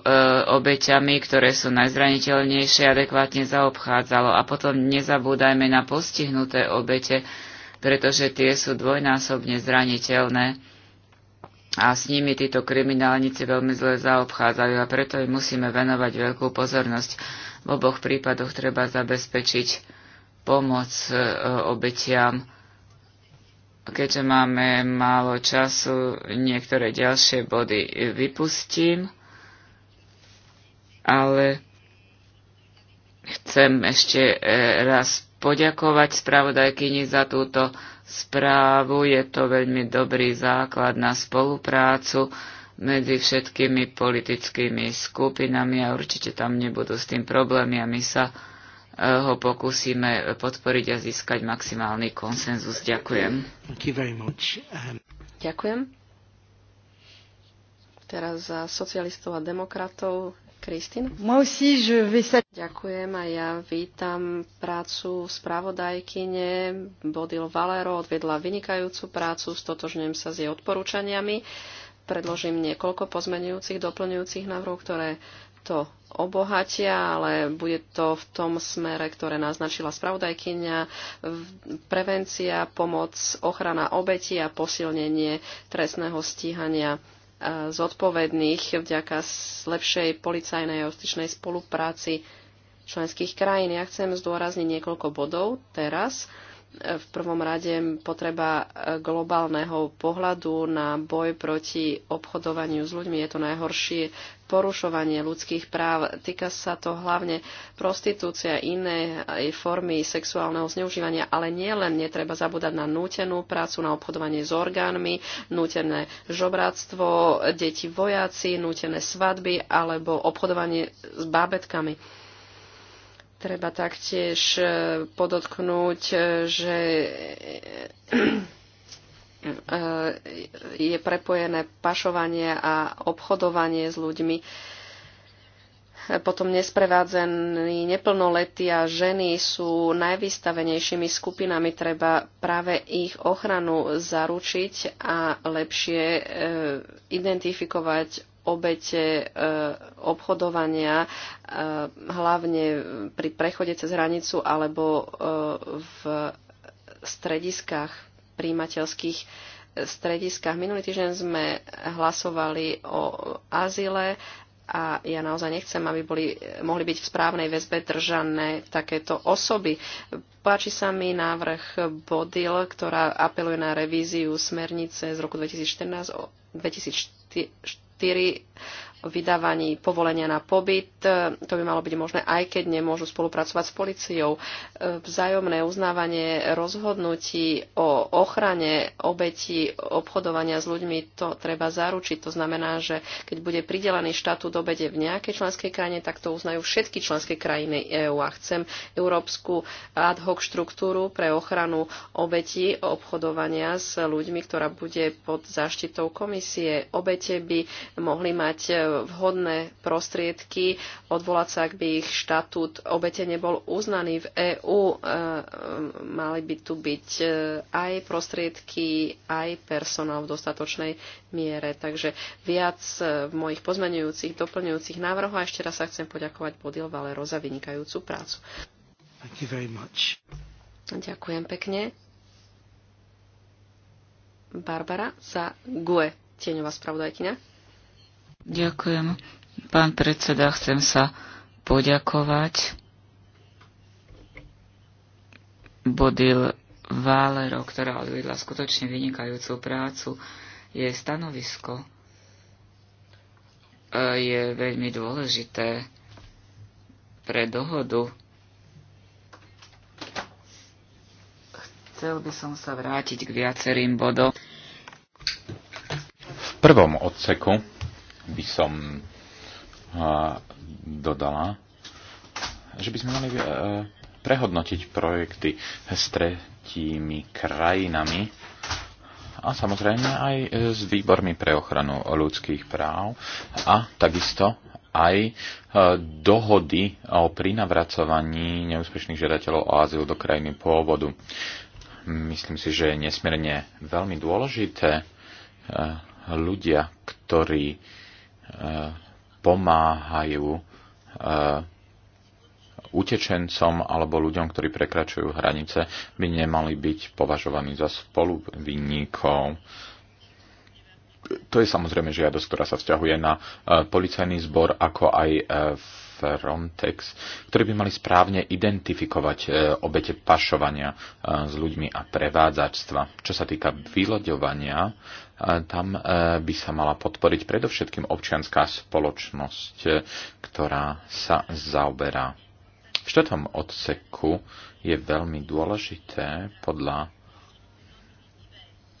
obeťami, ktoré sú najzraniteľnejšie, adekvátne zaobchádzalo. A potom nezabúdajme na postihnuté obete, pretože tie sú dvojnásobne zraniteľné a s nimi títo kriminálnici veľmi zle zaobchádzajú a preto im musíme venovať veľkú pozornosť. V oboch prípadoch treba zabezpečiť pomoc e, obetiam Keďže máme málo času, niektoré ďalšie body vypustím, ale chcem ešte e, raz poďakovať spravodajkyni za túto správu. Je to veľmi dobrý základ na spoluprácu medzi všetkými politickými skupinami a určite tam nebudú s tým problémy a my sa ho pokúsime podporiť a získať maximálny konsenzus. Ďakujem. Um, Ďakujem. Teraz za socialistov a demokratov Kristin. Ďakujem a ja vítam prácu spravodajkyne. Bodil Valero odvedla vynikajúcu prácu, stotožňujem sa s jej odporúčaniami. Predložím niekoľko pozmenujúcich, doplňujúcich návrhov, ktoré to obohatia, ale bude to v tom smere, ktoré naznačila spravodajkyňa, prevencia, pomoc, ochrana obeti a posilnenie trestného stíhania e, zodpovedných vďaka lepšej policajnej a justičnej spolupráci členských krajín. Ja chcem zdôrazniť niekoľko bodov teraz v prvom rade potreba e, globálneho pohľadu na boj proti obchodovaniu s ľuďmi. Je to najhoršie porušovanie ľudských práv. Týka sa to hlavne prostitúcia, iné e, formy sexuálneho zneužívania, ale nielen netreba zabúdať na nútenú prácu, na obchodovanie s orgánmi, nútené žobráctvo, deti vojaci, nútené svadby alebo obchodovanie s bábetkami Treba taktiež e, podotknúť, e, že e, je prepojené pašovanie a obchodovanie s ľuďmi. Potom nesprevádzení neplnoletí a ženy sú najvystavenejšími skupinami. Treba práve ich ochranu zaručiť a lepšie identifikovať obete e, obchodovania, e, hlavne pri prechode cez hranicu alebo e, v strediskách, príjimateľských strediskách. Minulý týždeň sme hlasovali o azile a ja naozaj nechcem, aby boli, mohli byť v správnej väzbe držané takéto osoby. Páči sa mi návrh Bodil, ktorá apeluje na revíziu smernice z roku 2014 o 2004 4 vydávaní povolenia na pobyt. E, to by malo byť možné, aj keď nemôžu spolupracovať s policiou. E, Vzájomné uznávanie rozhodnutí o ochrane obetí obchodovania s ľuďmi to treba zaručiť. To znamená, že keď bude pridelený štatút obede v nejakej členskej krajine, tak to uznajú všetky členské krajiny EÚ. A chcem európsku ad hoc štruktúru pre ochranu obetí obchodovania s ľuďmi, ktorá bude pod záštitou komisie. Obete by mohli mať e, vhodné prostriedky odvolať sa, ak by ich štatút obete nebol uznaný v EÚ. E, mali by tu byť e, aj prostriedky, aj personál v dostatočnej miere. Takže viac e, v mojich pozmenujúcich, doplňujúcich návrhoch a ešte raz sa chcem poďakovať Bodil Valero za vynikajúcu prácu. Thank you very much. Ďakujem pekne. Barbara za GUE, tieňová spravodajkyňa. Ďakujem. Pán predseda, chcem sa poďakovať. Bodil Válero, ktorá odvedla skutočne vynikajúcu prácu, je stanovisko e, je veľmi dôležité pre dohodu. Chcel by som sa vrátiť k viacerým bodom. V prvom odseku by som dodala, že by sme mali e, prehodnotiť projekty s tretími krajinami a samozrejme aj e, s výbormi pre ochranu ľudských práv a takisto aj e, dohody o prinavracovaní neúspešných žiadateľov o azyl do krajiny pôvodu. Myslím si, že je nesmierne veľmi dôležité ľudia, ktorí pomáhajú e, utečencom alebo ľuďom, ktorí prekračujú hranice, by nemali byť považovaní za spoluvinníkov. To je samozrejme žiadosť, ktorá sa vzťahuje na e, policajný zbor, ako aj e, Frontex, ktorí by mali správne identifikovať obete pašovania s ľuďmi a prevádzačstva. Čo sa týka vyloďovania, tam e, by sa mala podporiť predovšetkým občianská spoločnosť, e, ktorá sa zaoberá. V štvrtom odseku je veľmi dôležité podľa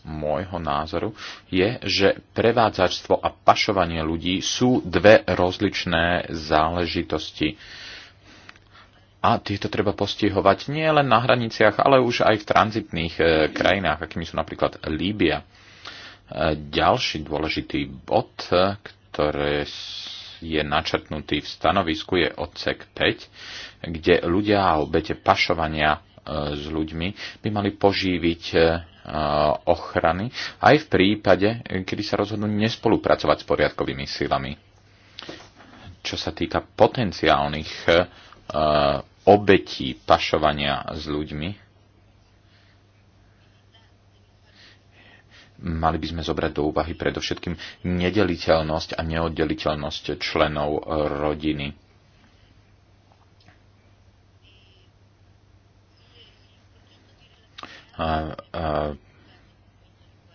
môjho názoru, je, že prevádzačstvo a pašovanie ľudí sú dve rozličné záležitosti. A tieto treba postihovať nie len na hraniciach, ale už aj v tranzitných e, krajinách, akými sú napríklad Líbia. Ďalší dôležitý bod, ktoré je načrtnutý v stanovisku, je odsek 5, kde ľudia a obete pašovania e, s ľuďmi by mali požíviť e, ochrany aj v prípade, kedy sa rozhodnú nespolupracovať s poriadkovými silami. Čo sa týka potenciálnych e, obetí pašovania s ľuďmi, mali by sme zobrať do úvahy predovšetkým nedeliteľnosť a neoddeliteľnosť členov rodiny. A, a,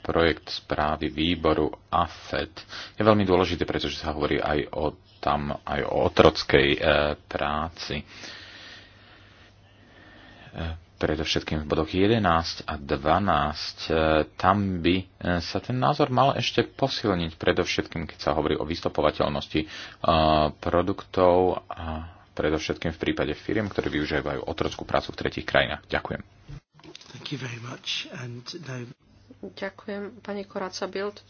projekt správy výboru AFED je veľmi dôležitý, pretože sa hovorí aj o, tam, aj o otrockej e, práci. E, predovšetkým v bodoch 11 a 12, e, tam by e, sa ten názor mal ešte posilniť, predovšetkým keď sa hovorí o vystopovateľnosti e, produktov a predovšetkým v prípade firiem, ktoré využívajú otrockú prácu v tretich krajinách. Ďakujem. Thank you very much. And now... Ďakujem, pani Koráca Bild.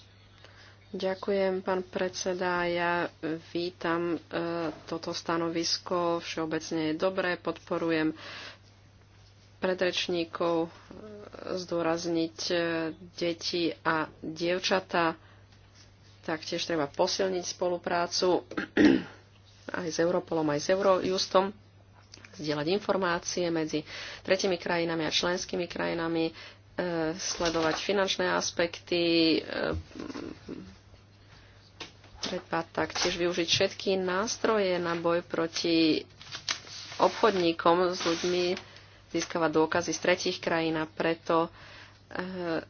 Ďakujem, pán predseda. Ja vítam e, toto stanovisko. Všeobecne je dobré. Podporujem predrečníkov e, zdôrazniť e, deti a dievčata. Taktiež treba posilniť spoluprácu (clears throat) aj s Europolom, aj s Eurojustom, zdieľať informácie medzi tretimi krajinami a členskými krajinami, e, sledovať finančné aspekty, treba taktiež využiť všetky nástroje na boj proti obchodníkom s ľuďmi, získava dôkazy z tretích krajín a preto eh,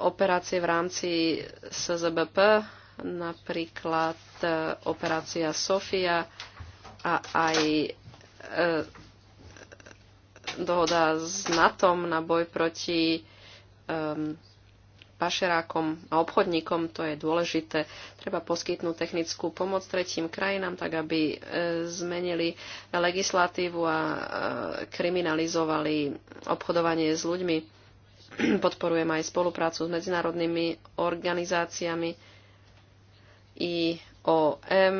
operácie v rámci SZBP, napríklad eh, operácia Sofia a aj eh, dohoda s NATO na boj proti um, pašerákom a obchodníkom, to je dôležité. Treba poskytnúť technickú pomoc tretím krajinám, tak aby e, zmenili legislatívu a e, kriminalizovali obchodovanie s ľuďmi. (clears throat) Podporujem aj spoluprácu s medzinárodnými organizáciami IOM,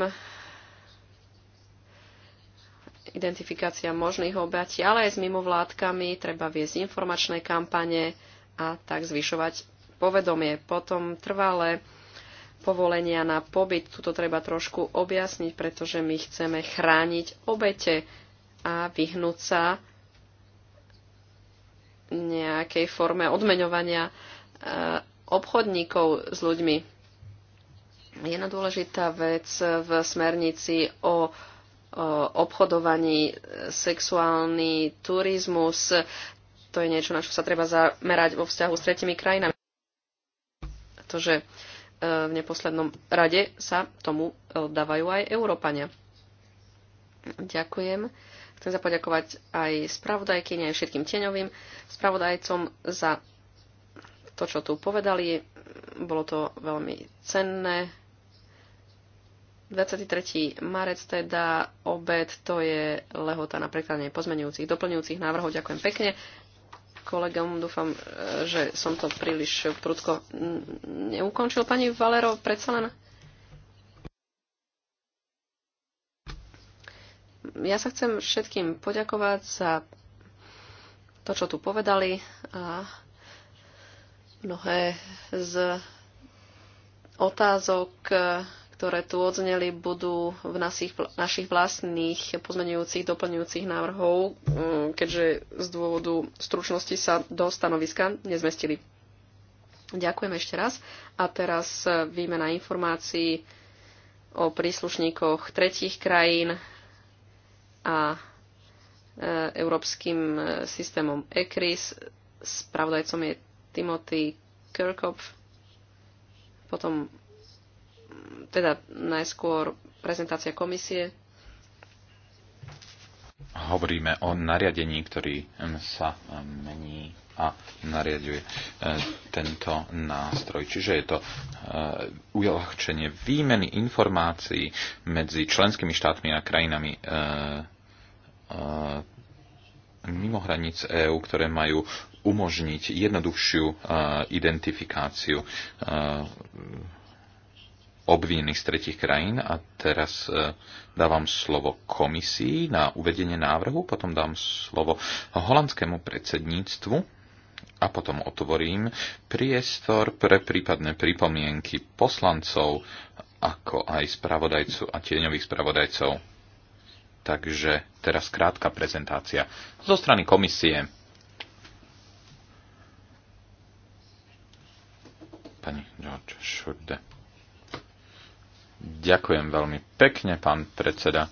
identifikácia možných obetí, ale aj s mimovládkami, treba viesť informačné kampane a tak zvyšovať povedomie. Potom trvalé povolenia na pobyt. Tuto treba trošku objasniť, pretože my chceme chrániť obete a vyhnúť sa nejakej forme odmeňovania e, obchodníkov s ľuďmi. Jedna dôležitá vec v smernici o obchodovaní, e, sexuálny turizmus, to je niečo, na čo sa treba zamerať vo vzťahu s tretimi krajinami pretože e, v neposlednom rade sa tomu e, dávajú aj Európania. Ďakujem. Chcem sa poďakovať aj spravodajkyni, aj všetkým tieňovým spravodajcom za to, čo tu povedali. Bolo to veľmi cenné. 23. marec teda obed, to je lehota na prekladanie pozmenujúcich, doplňujúcich návrhov. Ďakujem pekne kolegom. Dúfam, e, že som to príliš prudko neukončil. Pani Valero, predsa len... Ja sa chcem všetkým poďakovať za to, čo tu povedali a mnohé z otázok ktoré tu odzneli, budú v našich, našich vlastných pozmenujúcich, doplňujúcich návrhov, mm, keďže z dôvodu stručnosti sa do stanoviska nezmestili. Ďakujem ešte raz. A teraz e, výmena informácií o príslušníkoch tretích krajín a e, európskym e, systémom ECRIS. Spravodajcom je Timothy Kirkhoff. Potom teda najskôr prezentácia komisie. Hovoríme o nariadení, ktorý sa mení a nariaduje e, tento nástroj. Čiže je to e, uľahčenie výmeny informácií medzi členskými štátmi a krajinami e, mimo hranic EÚ, ktoré majú umožniť jednoduchšiu identifikáciu obvinených z tretich krajín. A teraz e, dávam slovo komisii na uvedenie návrhu, potom dám slovo holandskému predsedníctvu a potom otvorím priestor pre prípadné pripomienky poslancov, ako aj spravodajcu a tieňových spravodajcov. Takže teraz krátka prezentácia zo strany komisie. Pani George Schurde. Ďakujem veľmi pekne, pán predseda.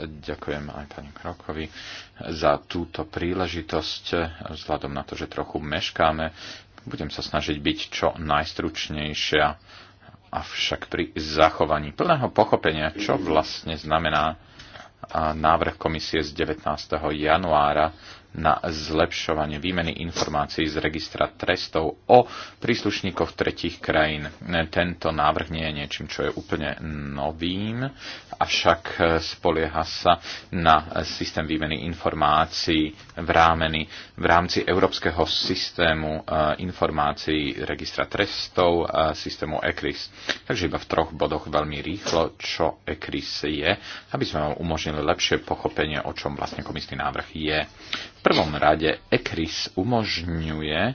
Ďakujem aj pani Krokovi za túto príležitosť. Vzhľadom na to, že trochu meškáme, budem sa snažiť byť čo najstručnejšia, avšak pri zachovaní plného pochopenia, čo vlastne znamená návrh komisie z 19. januára na zlepšovanie výmeny informácií z registra trestov o príslušníkoch tretich krajín. Tento návrh nie je niečím, čo je úplne novým, avšak e, spolieha sa na systém výmeny informácií v, rámeni, v rámci Európskeho systému e, informácií registra trestov, systému ECRIS. Takže iba v troch bodoch veľmi rýchlo, čo ECRIS je, aby sme vám umožnili lepšie pochopenie, o čom vlastne komisný návrh je. V prvom rade ECRIS umožňuje e,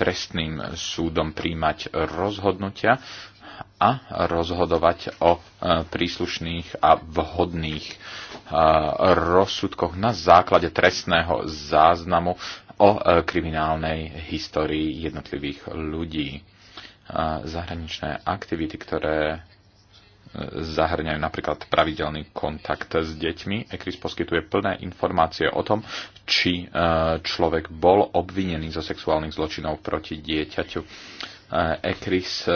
trestným súdom príjmať rozhodnutia a rozhodovať o e, príslušných a vhodných e, rozsudkoch na základe trestného záznamu o kriminálnej histórii jednotlivých ľudí. Zahraničné aktivity, ktoré zahrňajú napríklad pravidelný kontakt s deťmi. ECRIS poskytuje plné informácie o tom, či e, človek bol obvinený zo sexuálnych zločinov proti dieťaťu. ECRIS e,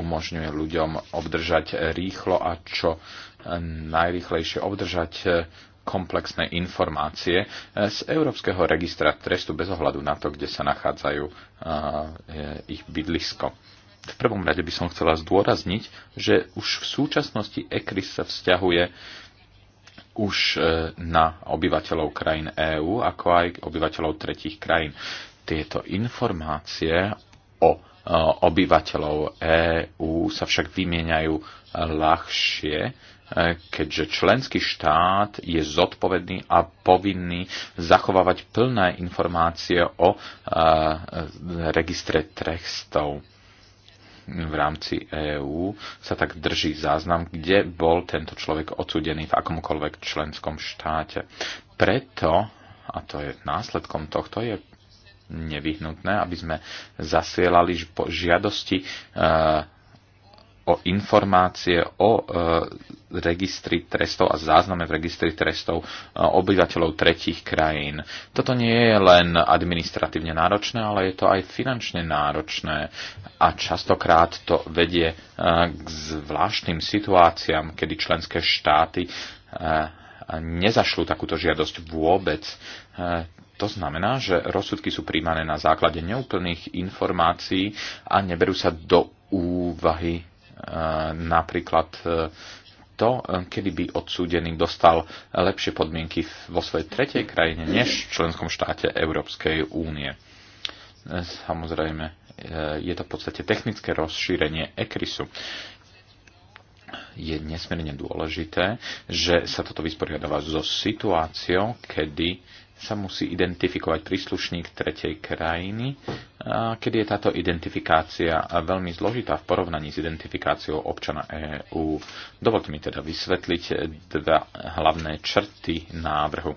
umožňuje ľuďom obdržať rýchlo a čo e, najrýchlejšie obdržať komplexné informácie z Európskeho registra trestu bez ohľadu na to, kde sa nachádzajú ich bydlisko. V prvom rade by som chcela zdôrazniť, že už v súčasnosti ECRIS sa vzťahuje už e, na obyvateľov krajín EÚ, ako aj obyvateľov tretich krajín. Tieto informácie o e, obyvateľov EÚ sa však vymieňajú ľahšie, e, keďže členský štát je zodpovedný a povinný zachovávať plné informácie o registre trestov v rámci EÚ sa tak drží záznam, kde bol tento človek odsudený v akomkoľvek členskom štáte. Preto, a to je následkom tohto, je nevyhnutné, aby sme zasielali žiadosti e, o informácie o e, registri trestov a zázname v registri trestov e, obyvateľov tretích krajín. Toto nie je len administratívne náročné, ale je to aj finančne náročné a častokrát to vedie e, k zvláštnym situáciám, kedy členské štáty nezašľú takúto žiadosť vôbec. To znamená, že rozsudky sú príjmané na základe neúplných informácií a neberú sa do úvahy Eh, napríklad eh, to, eh, kedy by odsúdený dostal lepšie podmienky vo svojej tretej krajine než v členskom štáte Európskej únie. Samozrejme, je to v podstate technické rozšírenie ECRISu je nesmierne dôležité, že sa toto vysporiadáva so situáciou, kedy sa musí identifikovať príslušník tretej krajiny kedy je táto identifikácia veľmi zložitá v porovnaní s identifikáciou občana EÚ. Dovolte mi teda vysvetliť dva hlavné črty návrhu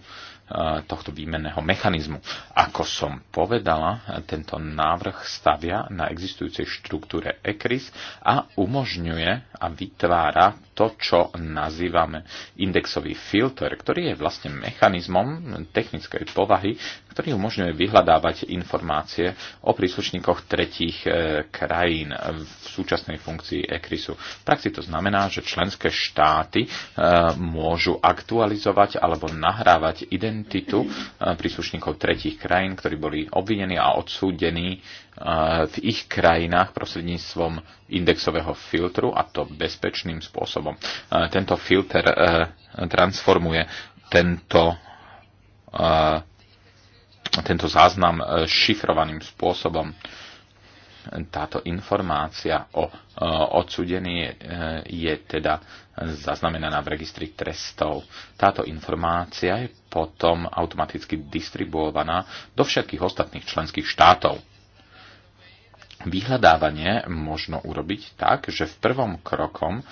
tohto výmenného mechanizmu. Ako som povedala, tento návrh stavia na existujúcej štruktúre ECRIS a umožňuje a vytvára to, čo nazývame indexový filter, ktorý je vlastne mechanizmom technickej povahy, ktorý umožňuje vyhľadávať informácie o príslušníkoch tretích e, krajín v súčasnej funkcii ECRISu. V praxi to znamená, že členské štáty e, môžu aktualizovať alebo nahrávať identitu identitu eh, príslušníkov tretich krajín, ktorí boli obvinení a odsúdení eh, v ich krajinách prostredníctvom indexového filtru a to bezpečným spôsobom. Eh, tento filter transformuje tento tento záznam šifrovaným spôsobom táto informácia o e, odsudení e, je teda zaznamenaná v registri trestov. Táto informácia je potom automaticky distribuovaná do všetkých ostatných členských štátov. Vyhľadávanie možno urobiť tak, že v prvom krokom e,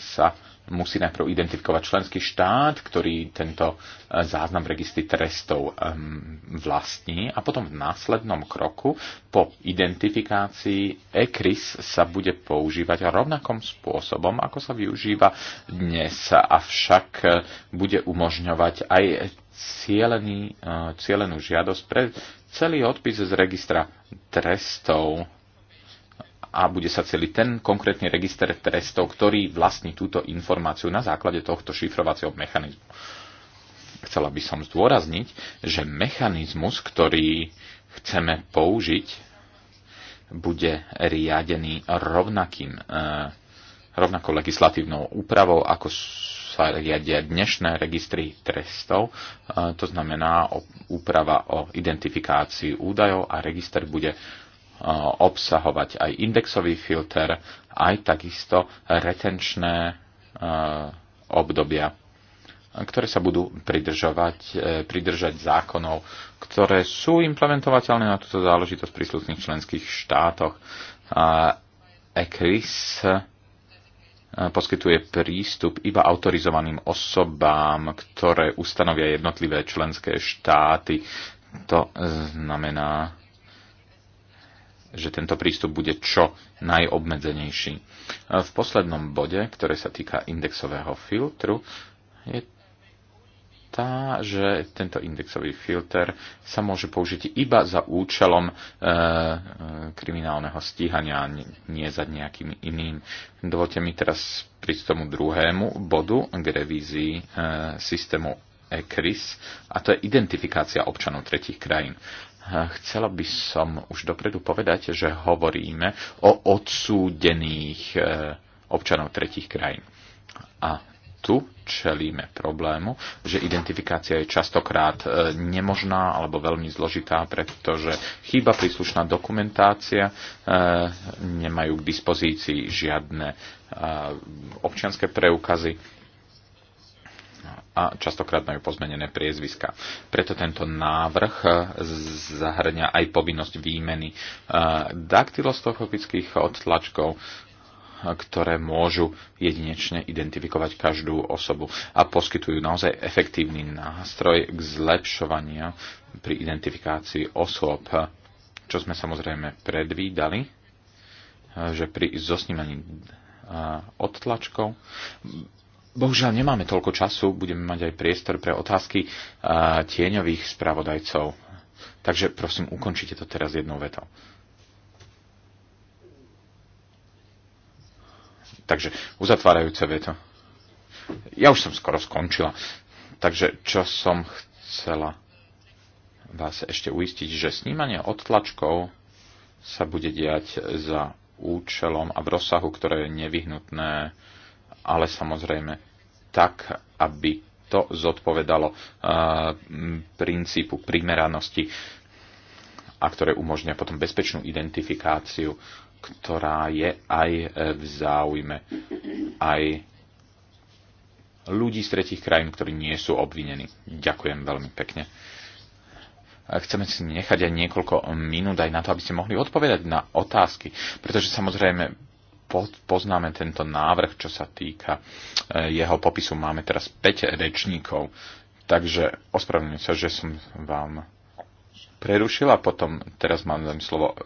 sa musí najprv identifikovať členský štát, ktorý tento e, záznam v registri trestov vlastní a potom v následnom kroku po identifikácii ECRIS sa bude používať rovnakom spôsobom, ako sa využíva dnes, avšak e, bude umožňovať aj cieľený, e, cieľenú žiadosť pre celý odpis z registra trestov a bude sa celý ten konkrétny register trestov, ktorý vlastní túto informáciu na základe tohto šifrovacieho mechanizmu. Chcela by som zdôrazniť, že mechanizmus, ktorý chceme použiť, bude riadený rovnakým, e, rovnakou legislatívnou úpravou, ako sa riadia dnešné registry trestov. E, to znamená úprava o identifikácii údajov a register bude obsahovať aj indexový filter, aj takisto retenčné obdobia, ktoré sa budú pridržovať, e, pridržať zákonov, ktoré sú implementovateľné na túto záležitosť v príslušných členských štátoch. ECRIS e, poskytuje prístup iba autorizovaným osobám, ktoré ustanovia jednotlivé členské štáty. To e, znamená, že tento prístup bude čo najobmedzenejší. V poslednom bode, ktoré sa týka indexového filtru, je tá, že tento indexový filter sa môže použiť iba za účelom e, e kriminálneho stíhania, nie za nejakým iným. Dovolte mi teraz prísť tomu druhému bodu k revízii e, systému ECRIS, a to je identifikácia občanov tretich krajín. Chcela by som už dopredu povedať, že hovoríme o odsúdených e, občanov tretich krajín. A tu čelíme problému, že identifikácia je častokrát e, nemožná alebo veľmi zložitá, pretože chýba príslušná dokumentácia, e, nemajú k dispozícii žiadne občianské preukazy a častokrát majú pozmenené priezviska. Preto tento návrh e, zahrňa aj povinnosť výmeny e, daktyloskopických odtlačkov, ktoré môžu jedinečne identifikovať každú osobu a poskytujú naozaj efektívny nástroj k zlepšovaniu pri identifikácii osôb, čo sme samozrejme predvídali, e, že pri zosnímaní odtlačkov Bohužiaľ nemáme toľko času, budeme mať aj priestor pre otázky tieňových spravodajcov. Takže prosím, ukončite to teraz jednou vetou. Takže uzatvárajúce veto. Ja už som skoro skončila. Takže čo som chcela vás ešte uistiť, že snímanie odtlačkov sa bude diať za účelom a v rozsahu, ktoré je nevyhnutné ale samozrejme tak, aby to zodpovedalo eh, princípu primeranosti a ktoré umožňuje potom bezpečnú identifikáciu, ktorá je aj eh, v záujme aj ľudí z tretich krajín, ktorí nie sú obvinení. Ďakujem veľmi pekne. Eh, chceme si nechať aj niekoľko minút aj na to, aby ste mohli odpovedať na otázky, pretože samozrejme poznáme tento návrh, čo sa týka e, jeho popisu. Máme teraz 5 rečníkov, takže ospravedlňujem sa, že som vám prerušil a potom teraz mám dám slovo e,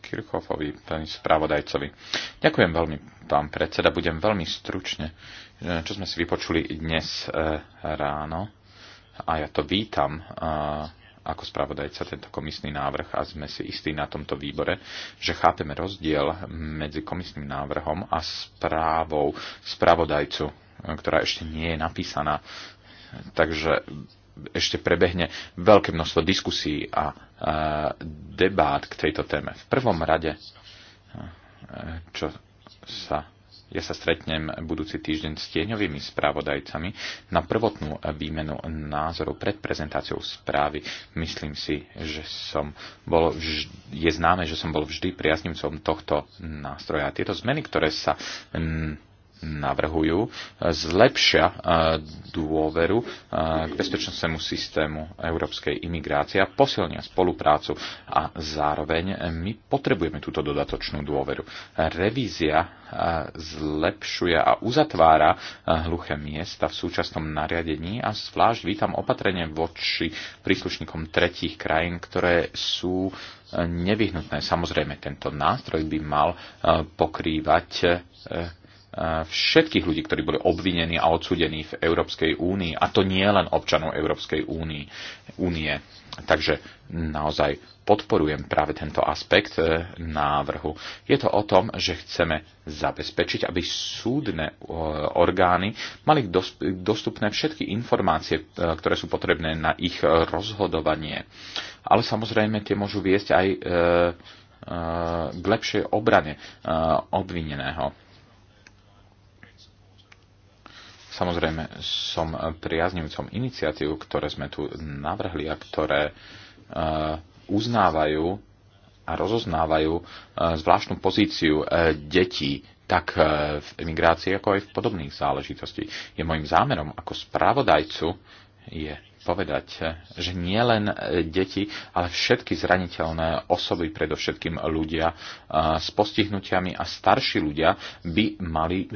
Kirchhoffovi, pani spravodajcovi. Ďakujem veľmi, pán predseda, budem veľmi stručne, e, čo sme si vypočuli dnes ráno a ja to vítam ako spravodajca tento komisný návrh a sme si istí na tomto výbore, že chápeme rozdiel medzi komisným návrhom a správou spravodajcu, ktorá ešte nie je napísaná. Takže ešte prebehne veľké množstvo diskusí a e, debát k tejto téme. V prvom rade, e, čo sa ja sa stretnem budúci týždeň s tieňovými správodajcami na prvotnú výmenu názorov pred prezentáciou správy. Myslím si, že som bol vždy, je známe, že som bol vždy priaznivcom tohto nástroja. Tieto zmeny, ktoré sa mm, navrhujú, zlepšia e, dôveru e, k bezpečnostnému systému európskej imigrácie a posilnia spoluprácu a zároveň my potrebujeme túto dodatočnú dôveru. Revízia e, zlepšuje a uzatvára hluché miesta v súčasnom nariadení a zvlášť vítam opatrenie voči príslušníkom tretích krajín, ktoré sú nevyhnutné. Samozrejme, tento nástroj by mal pokrývať všetkých ľudí, ktorí boli obvinení a odsudení v Európskej únii. A to nie len občanov Európskej únie. únie. Takže naozaj podporujem práve tento aspekt e, návrhu. Je to o tom, že chceme zabezpečiť, aby súdne e, orgány mali dostupné všetky informácie, e, ktoré sú potrebné na ich rozhodovanie. Ale samozrejme tie môžu viesť aj k lepšej obrane obvineného Samozrejme, som priaznivcom iniciatív, ktoré sme tu navrhli a ktoré e, uznávajú a rozoznávajú e, zvláštnu pozíciu e, detí tak v emigrácii, ako aj v podobných záležitosti. Je môjim zámerom ako správodajcu je povedať, že nie len e, deti, ale všetky zraniteľné osoby, predovšetkým ľudia e, s postihnutiami a starší ľudia by mali e,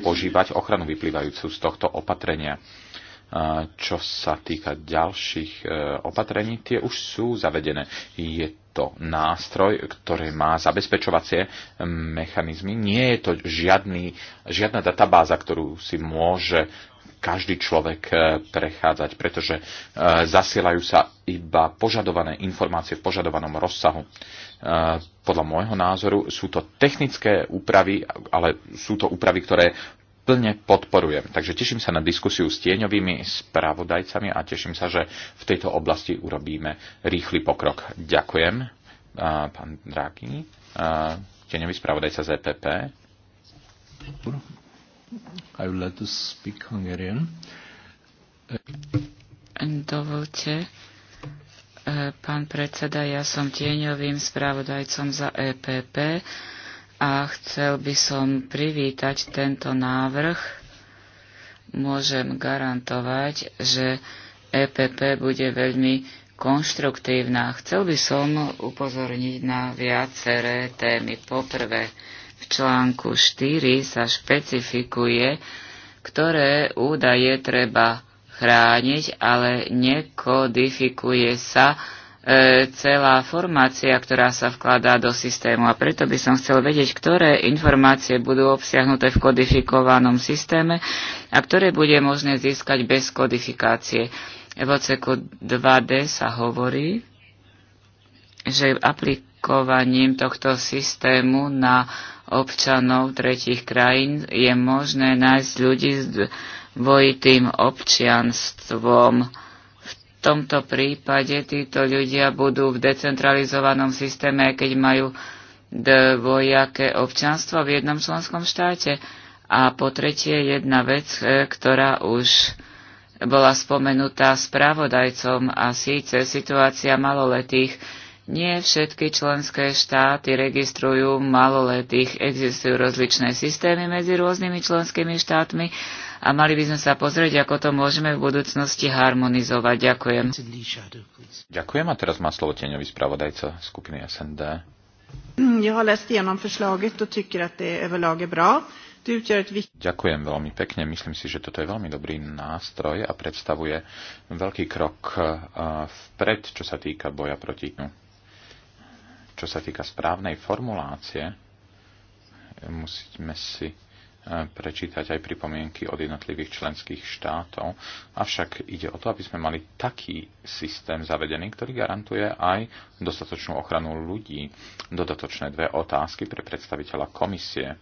požívať ochranu vyplývajúcu z tohto opatrenia. Čo sa týka ďalších opatrení, tie už sú zavedené. Je to nástroj, ktorý má zabezpečovacie mechanizmy. Nie je to žiadny, žiadna databáza, ktorú si môže každý človek eh, prechádzať, pretože eh, zasielajú sa iba požadované informácie v požadovanom rozsahu. Eh, podľa môjho názoru sú to technické úpravy, ale sú to úpravy, ktoré plne podporujem. Takže teším sa na diskusiu s tieňovými spravodajcami a teším sa, že v tejto oblasti urobíme rýchly pokrok. Ďakujem, pán Dráky, tieňový spravodajca ZPP. E i would like to speak Hungarian. Dovolte, eh, pán predseda, ja som tieňovým spravodajcom za EPP a chcel by som privítať tento návrh. Môžem garantovať, že EPP bude veľmi konštruktívna. Chcel by som upozorniť na viaceré témy. Poprvé, článku 4 sa špecifikuje, ktoré údaje treba chrániť, ale nekodifikuje sa e, celá formácia, ktorá sa vkladá do systému. A preto by som chcel vedieť, ktoré informácie budú obsiahnuté v kodifikovanom systéme a ktoré bude možné získať bez kodifikácie. V oceku 2D sa hovorí, že aplikovaním tohto systému na občanov tretich krajín je možné nájsť ľudí s dvojitým občianstvom. V tomto prípade títo ľudia budú v decentralizovanom systéme, keď majú dvojaké občanstvo v jednom členskom štáte. A po tretie jedna vec, e, ktorá už bola spomenutá spravodajcom a síce situácia maloletých nie všetky členské štáty registrujú maloletých. Existujú rozličné systémy medzi rôznymi členskými štátmi a mali by sme sa pozrieť, ako to môžeme v budúcnosti harmonizovať. Ďakujem. Ďakujem a teraz má slovo tieňový spravodajca skupiny SND. Ďakujem veľmi pekne. Myslím si, že toto je veľmi dobrý nástroj a predstavuje veľký krok eh, vpred, čo sa týka boja proti čo sa týka správnej formulácie, musíme si e, prečítať aj pripomienky od jednotlivých členských štátov. Avšak ide o to, aby sme mali taký systém zavedený, ktorý garantuje aj dostatočnú ochranu ľudí. Dodatočné dve otázky pre predstaviteľa komisie.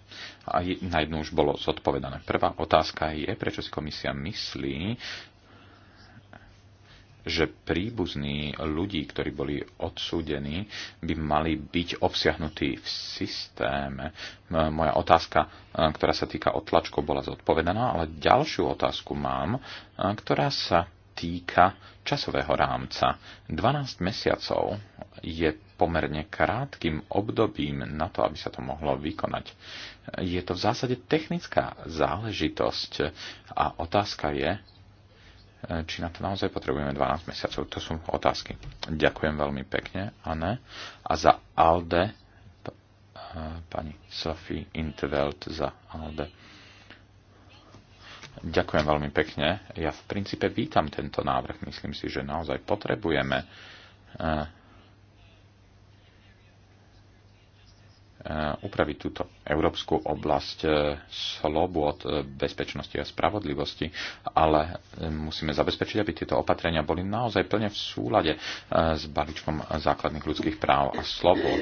A na jednu už bolo zodpovedané. Prvá otázka je, prečo si komisia myslí, že príbuzní ľudí, ktorí boli odsúdení, by mali byť obsiahnutí v systéme. Moja otázka, e, ktorá sa týka otlačkov, bola zodpovedaná, ale ďalšiu otázku mám, e, ktorá sa týka časového rámca. 12 mesiacov je pomerne krátkým obdobím na to, aby sa to mohlo vykonať. Je to v zásade technická záležitosť a otázka je, E, či na to naozaj potrebujeme 12 mesiacov. To sú otázky. Ďakujem veľmi pekne, Anne. A za ALDE, e, pani Sophie Intveld za ALDE. Ďakujem veľmi pekne. Ja v princípe vítam tento návrh. Myslím si, že naozaj potrebujeme e, Eh, upraviť túto európsku oblasť eh, slobod, eh, bezpečnosti a spravodlivosti, ale musíme zabezpečiť, aby tieto opatrenia boli naozaj plne v súlade s balíčkom základných ľudských práv a slobod.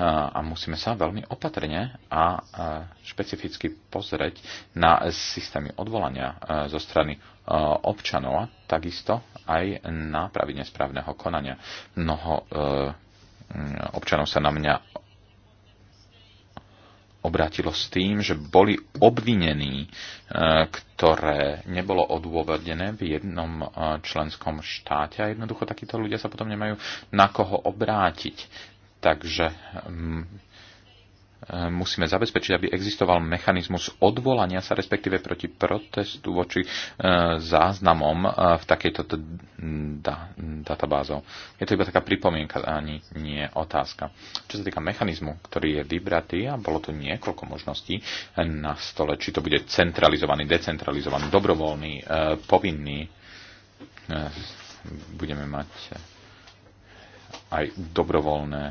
A musíme sa veľmi opatrne a špecificky pozrieť na systémy odvolania zo strany občanov a takisto aj nápravy nesprávneho konania. Mnoho občanov sa na mňa obrátilo s tým, že boli obvinení, e, ktoré nebolo odôvodnené v jednom e, členskom štáte a jednoducho takíto ľudia sa potom nemajú na koho obrátiť. Takže mm, musíme zabezpečiť, aby existoval mechanizmus odvolania sa, respektíve proti protestu voči e, záznamom e, v takejto da- databázou. Je to iba taká pripomienka, ani nie otázka. Čo sa týka mechanizmu, ktorý je vybratý, a bolo tu niekoľko možností e, na stole, či to bude centralizovaný, decentralizovaný, dobrovoľný, povinný, budeme mať aj dobrovoľné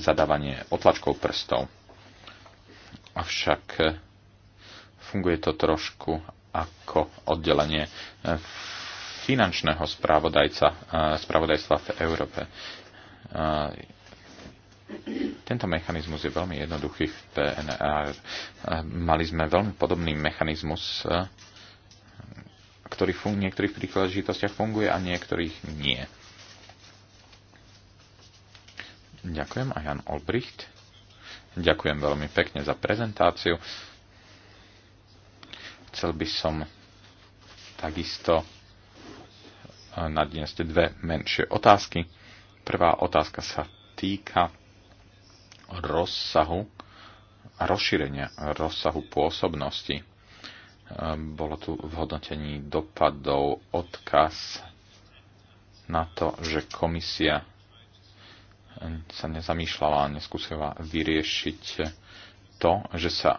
zadávanie otlačkov prstov Avšak eh, funguje to trošku ako oddelenie eh, finančného spravodajca, eh, spravodajstva v Európe. Tento mechanizmus je veľmi jednoduchý v PNR. Mali sme veľmi podobný mechanizmus, ktorý v niektorých príležitostiach funguje a niektorých nie. Ďakujem a Jan Olbricht. Ďakujem veľmi pekne za prezentáciu. Chcel by som takisto eh, nadniesť dve menšie otázky. Prvá otázka sa týka rozsahu a rozšírenia rozsahu pôsobnosti. Eh, bolo tu v hodnotení dopadov odkaz na to, že komisia sa nezamýšľala a neskúsila vyriešiť to, že sa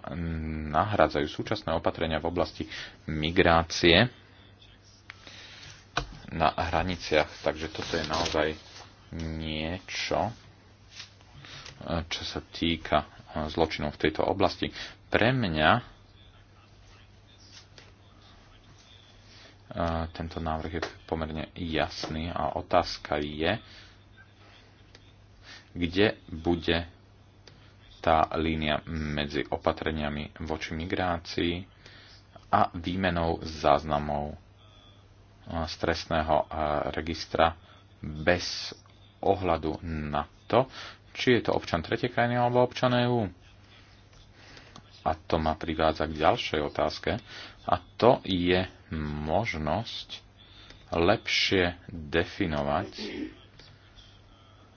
nahrádzajú súčasné opatrenia v oblasti migrácie na hraniciach. Takže toto je naozaj niečo, čo sa týka zločinov v tejto oblasti. Pre mňa tento návrh je pomerne jasný a otázka je, kde bude tá línia medzi opatreniami voči migrácii a výmenou záznamov stresného registra bez ohľadu na to, či je to občan tretej krajiny alebo občan EÚ. A to ma privádza k ďalšej otázke. A to je možnosť lepšie definovať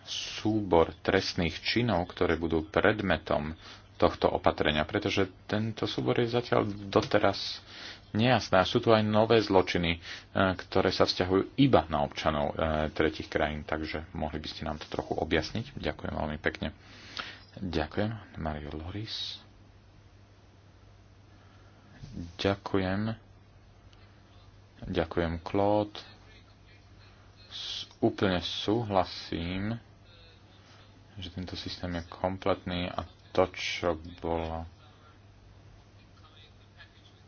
súbor trestných činov, ktoré budú predmetom tohto opatrenia, pretože tento súbor je zatiaľ doteraz nejasné. sú tu aj nové zločiny, e, ktoré sa vzťahujú iba na občanov e, tretich krajín, takže mohli by ste nám to trochu objasniť. Ďakujem veľmi pekne. Ďakujem, Mario Loris. Ďakujem. Ďakujem, Claude. Úplne súhlasím že tento systém je kompletný a to, čo bolo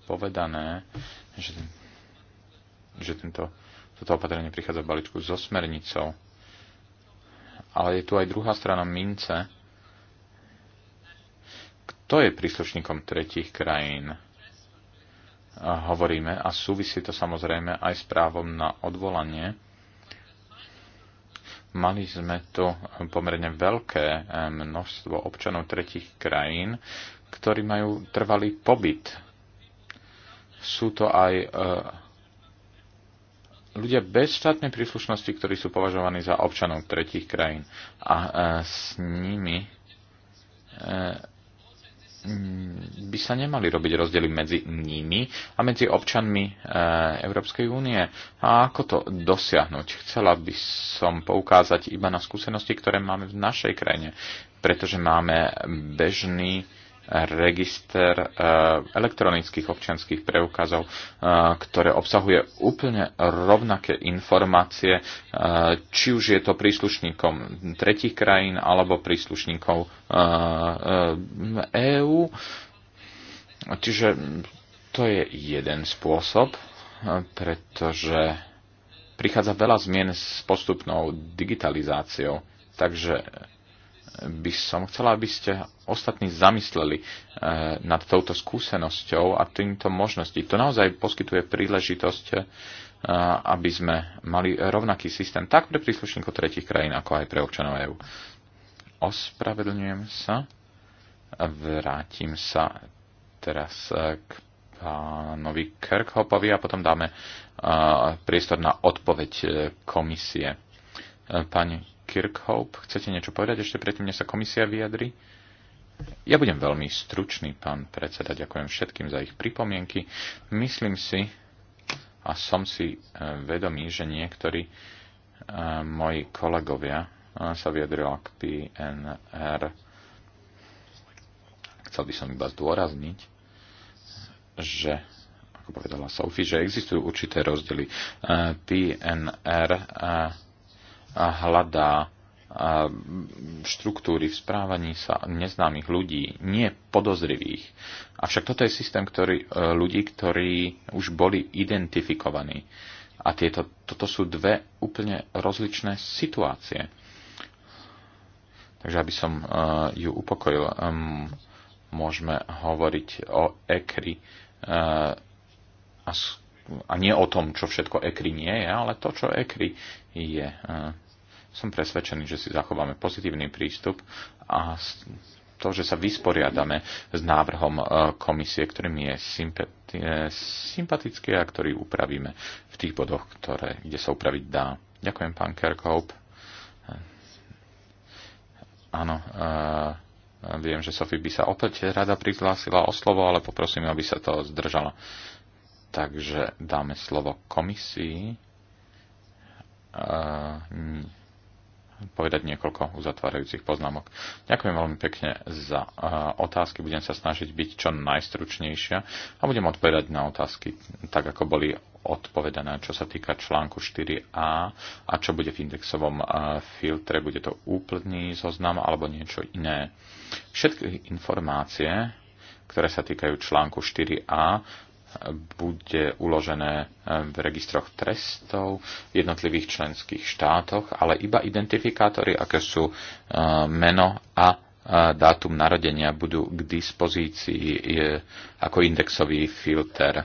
povedané, že, že tento, toto opatrenie prichádza v balíčku so smernicou. Ale je tu aj druhá strana mince. Kto je príslušníkom tretich krajín? Hovoríme a súvisí to samozrejme aj s právom na odvolanie Mali sme tu pomerne veľké eh, množstvo občanov tretich krajín, ktorí majú trvalý pobyt. Sú to aj eh, ľudia bez štátnej príslušnosti, ktorí sú považovaní za občanov tretich krajín. A eh, s nimi Mm, by sa nemali robiť rozdiely medzi nimi a medzi občanmi e, Európskej únie. A ako to dosiahnuť? Chcela by som poukázať iba na skúsenosti, ktoré máme v našej krajine, pretože máme bežný register eh, elektronických občianských preukazov, eh, ktoré obsahuje úplne rovnaké informácie, eh, či už je to príslušníkom tretich krajín alebo príslušníkov EÚ. E Čiže to je jeden spôsob, pretože prichádza veľa zmien s postupnou digitalizáciou. Takže by som chcela, aby ste ostatní zamysleli eh, nad touto skúsenosťou a týmto možností. To naozaj poskytuje príležitosť, eh, aby sme mali rovnaký systém tak pre príslušníkov tretich krajín, ako aj pre občanov EÚ. Ospravedlňujem sa. Vrátim sa teraz eh, k pánovi Kirkhopovi a potom dáme priestor na odpoveď komisie. Pani Kirkhope, chcete niečo povedať ešte predtým, než sa komisia vyjadri? Ja budem veľmi stručný, pán predseda. Ďakujem všetkým za ich pripomienky. Myslím si, a som si e, vedomý, že niektorí e, moji kolegovia e, sa vyjadrila k PNR. Chcel by som iba zdôrazniť, že ako povedala Sophie, že existujú určité rozdiely. PNR hľadá štruktúry v správaní sa neznámych ľudí, nie podozrivých. Avšak toto je systém ktorý, e, ľudí, ktorí už boli identifikovaní. A tieto, toto sú dve úplne rozličné situácie. Takže aby som e, ju upokojil, môžeme hovoriť o ekry a nie o tom, čo všetko ekry nie je, ale to, čo ekry je. E, som presvedčený, že si zachováme pozitívny prístup a to, že sa vysporiadame s návrhom e, komisie, ktorým je e, sympatický a ktorý upravíme v tých bodoch, ktoré, kde sa upraviť dá. Ďakujem, pán Kerkhoop. Áno, viem, že Sofie by sa opäť rada prihlásila o slovo, ale poprosím, aby sa to zdržala. Takže dáme slovo komisii e, povedať niekoľko uzatvárajúcich poznámok. Ďakujem veľmi pekne za e, otázky. Budem sa snažiť byť čo najstručnejšia a budem odpovedať na otázky tak, ako boli odpovedané, čo sa týka článku 4a a čo bude v indexovom e, filtre. Bude to úplný zoznam alebo niečo iné. Všetky informácie, ktoré sa týkajú článku 4a, bude uložené eh, v registroch trestov v jednotlivých členských štátoch, ale iba identifikátory, aké sú eh, meno a eh, dátum narodenia, budú k dispozícii ako indexový filter.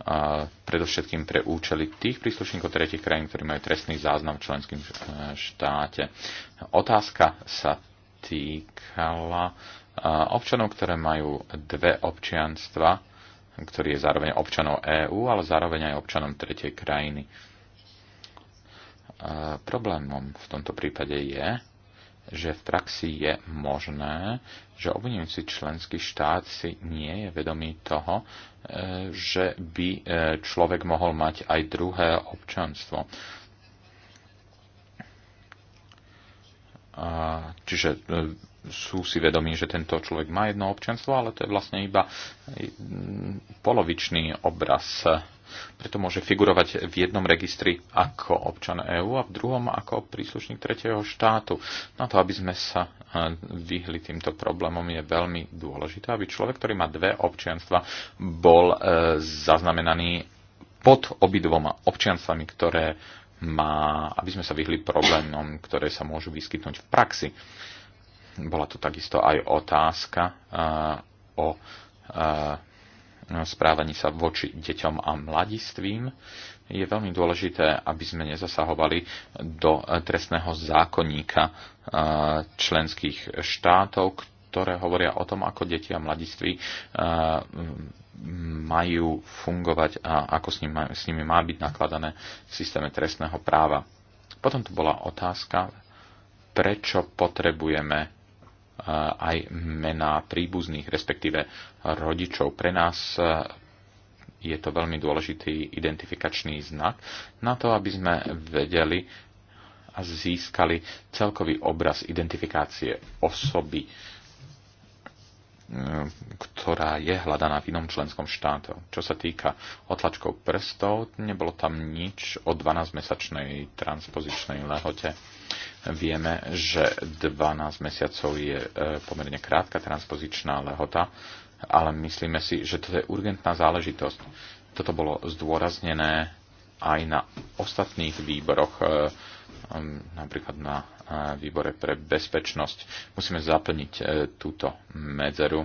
A predovšetkým pre účely tých príslušníkov tretich krajín, ktorí majú trestný záznam v členským štáte. Otázka sa týkala občanov, ktoré majú dve občianstva, ktorý je zároveň občanom EÚ, ale zároveň aj občanom tretej krajiny. Problémom v tomto prípade je, že v praxi je možné, že obvinujúci členský štát si nie je vedomý toho, e, že by e, človek mohol mať aj druhé občanstvo. Čiže e, sú si vedomí, že tento človek má jedno občanstvo, ale to je vlastne iba polovičný obraz. Preto môže figurovať v jednom registri ako občan EÚ a v druhom ako príslušník tretieho štátu. Na to, aby sme sa e, vyhli týmto problémom, je veľmi dôležité, aby človek, ktorý má dve občianstva, bol e, zaznamenaný pod obidvoma občianstvami, ktoré má, aby sme sa vyhli problémom, ktoré sa môžu vyskytnúť v praxi bola tu takisto aj otázka eh, o eh, správaní sa voči deťom a mladistvím. Je veľmi dôležité, aby sme nezasahovali do eh, trestného zákonníka členských štátov, ktoré hovoria o tom, ako deti a mladiství majú fungovať a ako s, s nimi má byť nakladané v systéme trestného práva. Potom tu bola otázka, prečo potrebujeme aj mená príbuzných, respektíve rodičov. Pre nás e, je to veľmi dôležitý identifikačný znak na to, aby sme vedeli a získali celkový obraz identifikácie osoby E, ktorá je hľadaná v inom členskom štáte. Čo sa týka otlačkov prstov, nebolo tam nič o 12-mesačnej transpozičnej lehote. Vieme, že 12 mesiacov je e, pomerne krátka transpozičná lehota, ale myslíme si, že to je urgentná záležitosť. Toto bolo zdôraznené aj na ostatných výboroch e, Um, napríklad na uh, výbore pre bezpečnosť. Musíme zaplniť uh, túto medzeru.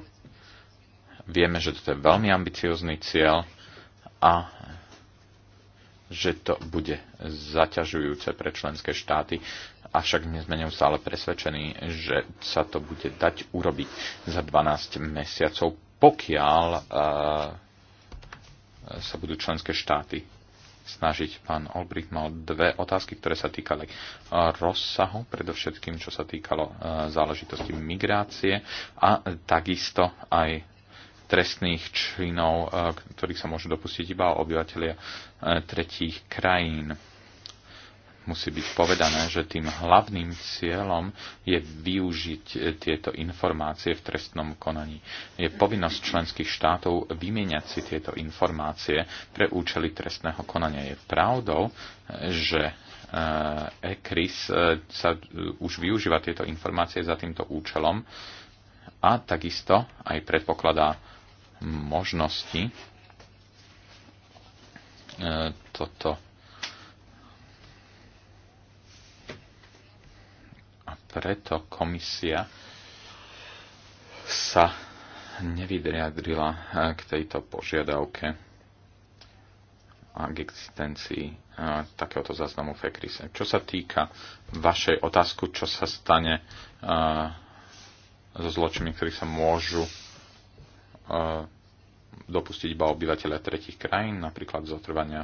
Vieme, že toto je veľmi ambiciózny cieľ a že to bude zaťažujúce pre členské štáty, avšak dnes sme neustále presvedčení, že sa to bude dať urobiť za 12 mesiacov, pokiaľ uh, sa budú členské štáty snažiť. Pán Olbrich mal dve otázky, ktoré sa týkali eh, rozsahu, predovšetkým čo sa týkalo eh, záležitosti migrácie a takisto aj trestných činov, eh, ktorých sa môžu dopustiť iba obyvateľia tretích krajín musí byť povedané, že tým hlavným cieľom je využiť eh, tieto informácie v trestnom konaní. Je povinnosť členských štátov vymieňať si tieto informácie pre účely trestného konania. Je pravdou, eh, že eh, ECRIS sa už využíva tieto informácie za týmto účelom a takisto aj predpokladá možnosti toto preto komisia sa nevydriadrila eh, k tejto požiadavke a k existencii eh, takéhoto záznamu Fekrise. Čo sa týka vašej otázku, čo sa stane eh, so zločinmi, ktorí sa môžu dopustiť iba obyvateľia tretich krajín, napríklad zotrvania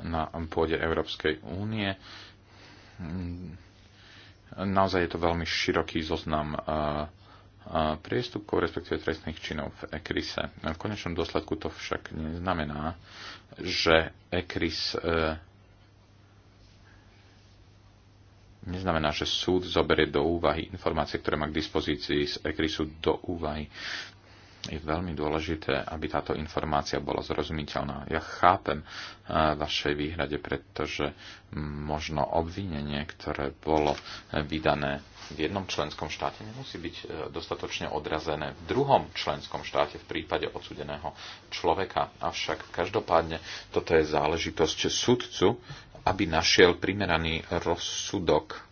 na pôde Európskej únie. Naozaj je to veľmi široký zoznam eh, eh, priestupkov, respektíve trestných činov v ECRISe. V konečnom dôsledku to však neznamená, že ECRIS eh, neznamená, že súd zoberie do úvahy informácie, ktoré má k dispozícii z ECRISu do úvahy je veľmi dôležité, aby táto informácia bola zrozumiteľná. Ja chápem eh, vašej výhrade, pretože možno obvinenie, ktoré bolo eh, vydané v jednom členskom štáte, nemusí byť eh, dostatočne odrazené v druhom členskom štáte v prípade odsudeného človeka. Avšak každopádne toto je záležitosť sudcu, aby našiel primeraný rozsudok.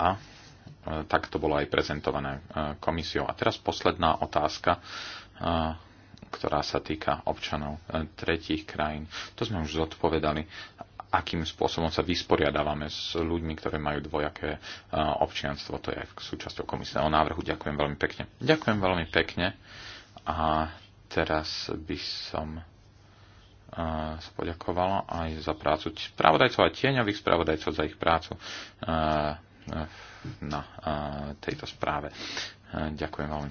A Eh, tak to bolo aj prezentované eh, komisiou. A teraz posledná otázka, eh, ktorá sa týka občanov tretích krajín. To sme už zodpovedali akým spôsobom sa vysporiadávame s ľuďmi, ktorí majú dvojaké občianstvo. To je aj súčasťou komisného návrhu. Ďakujem veľmi pekne. Ďakujem veľmi pekne. A teraz by som sa poďakovala aj za prácu spravodajcov a tieňových spravodajcov za ich prácu v na eh, tejto správe. Eh, ďakujem veľmi pekne.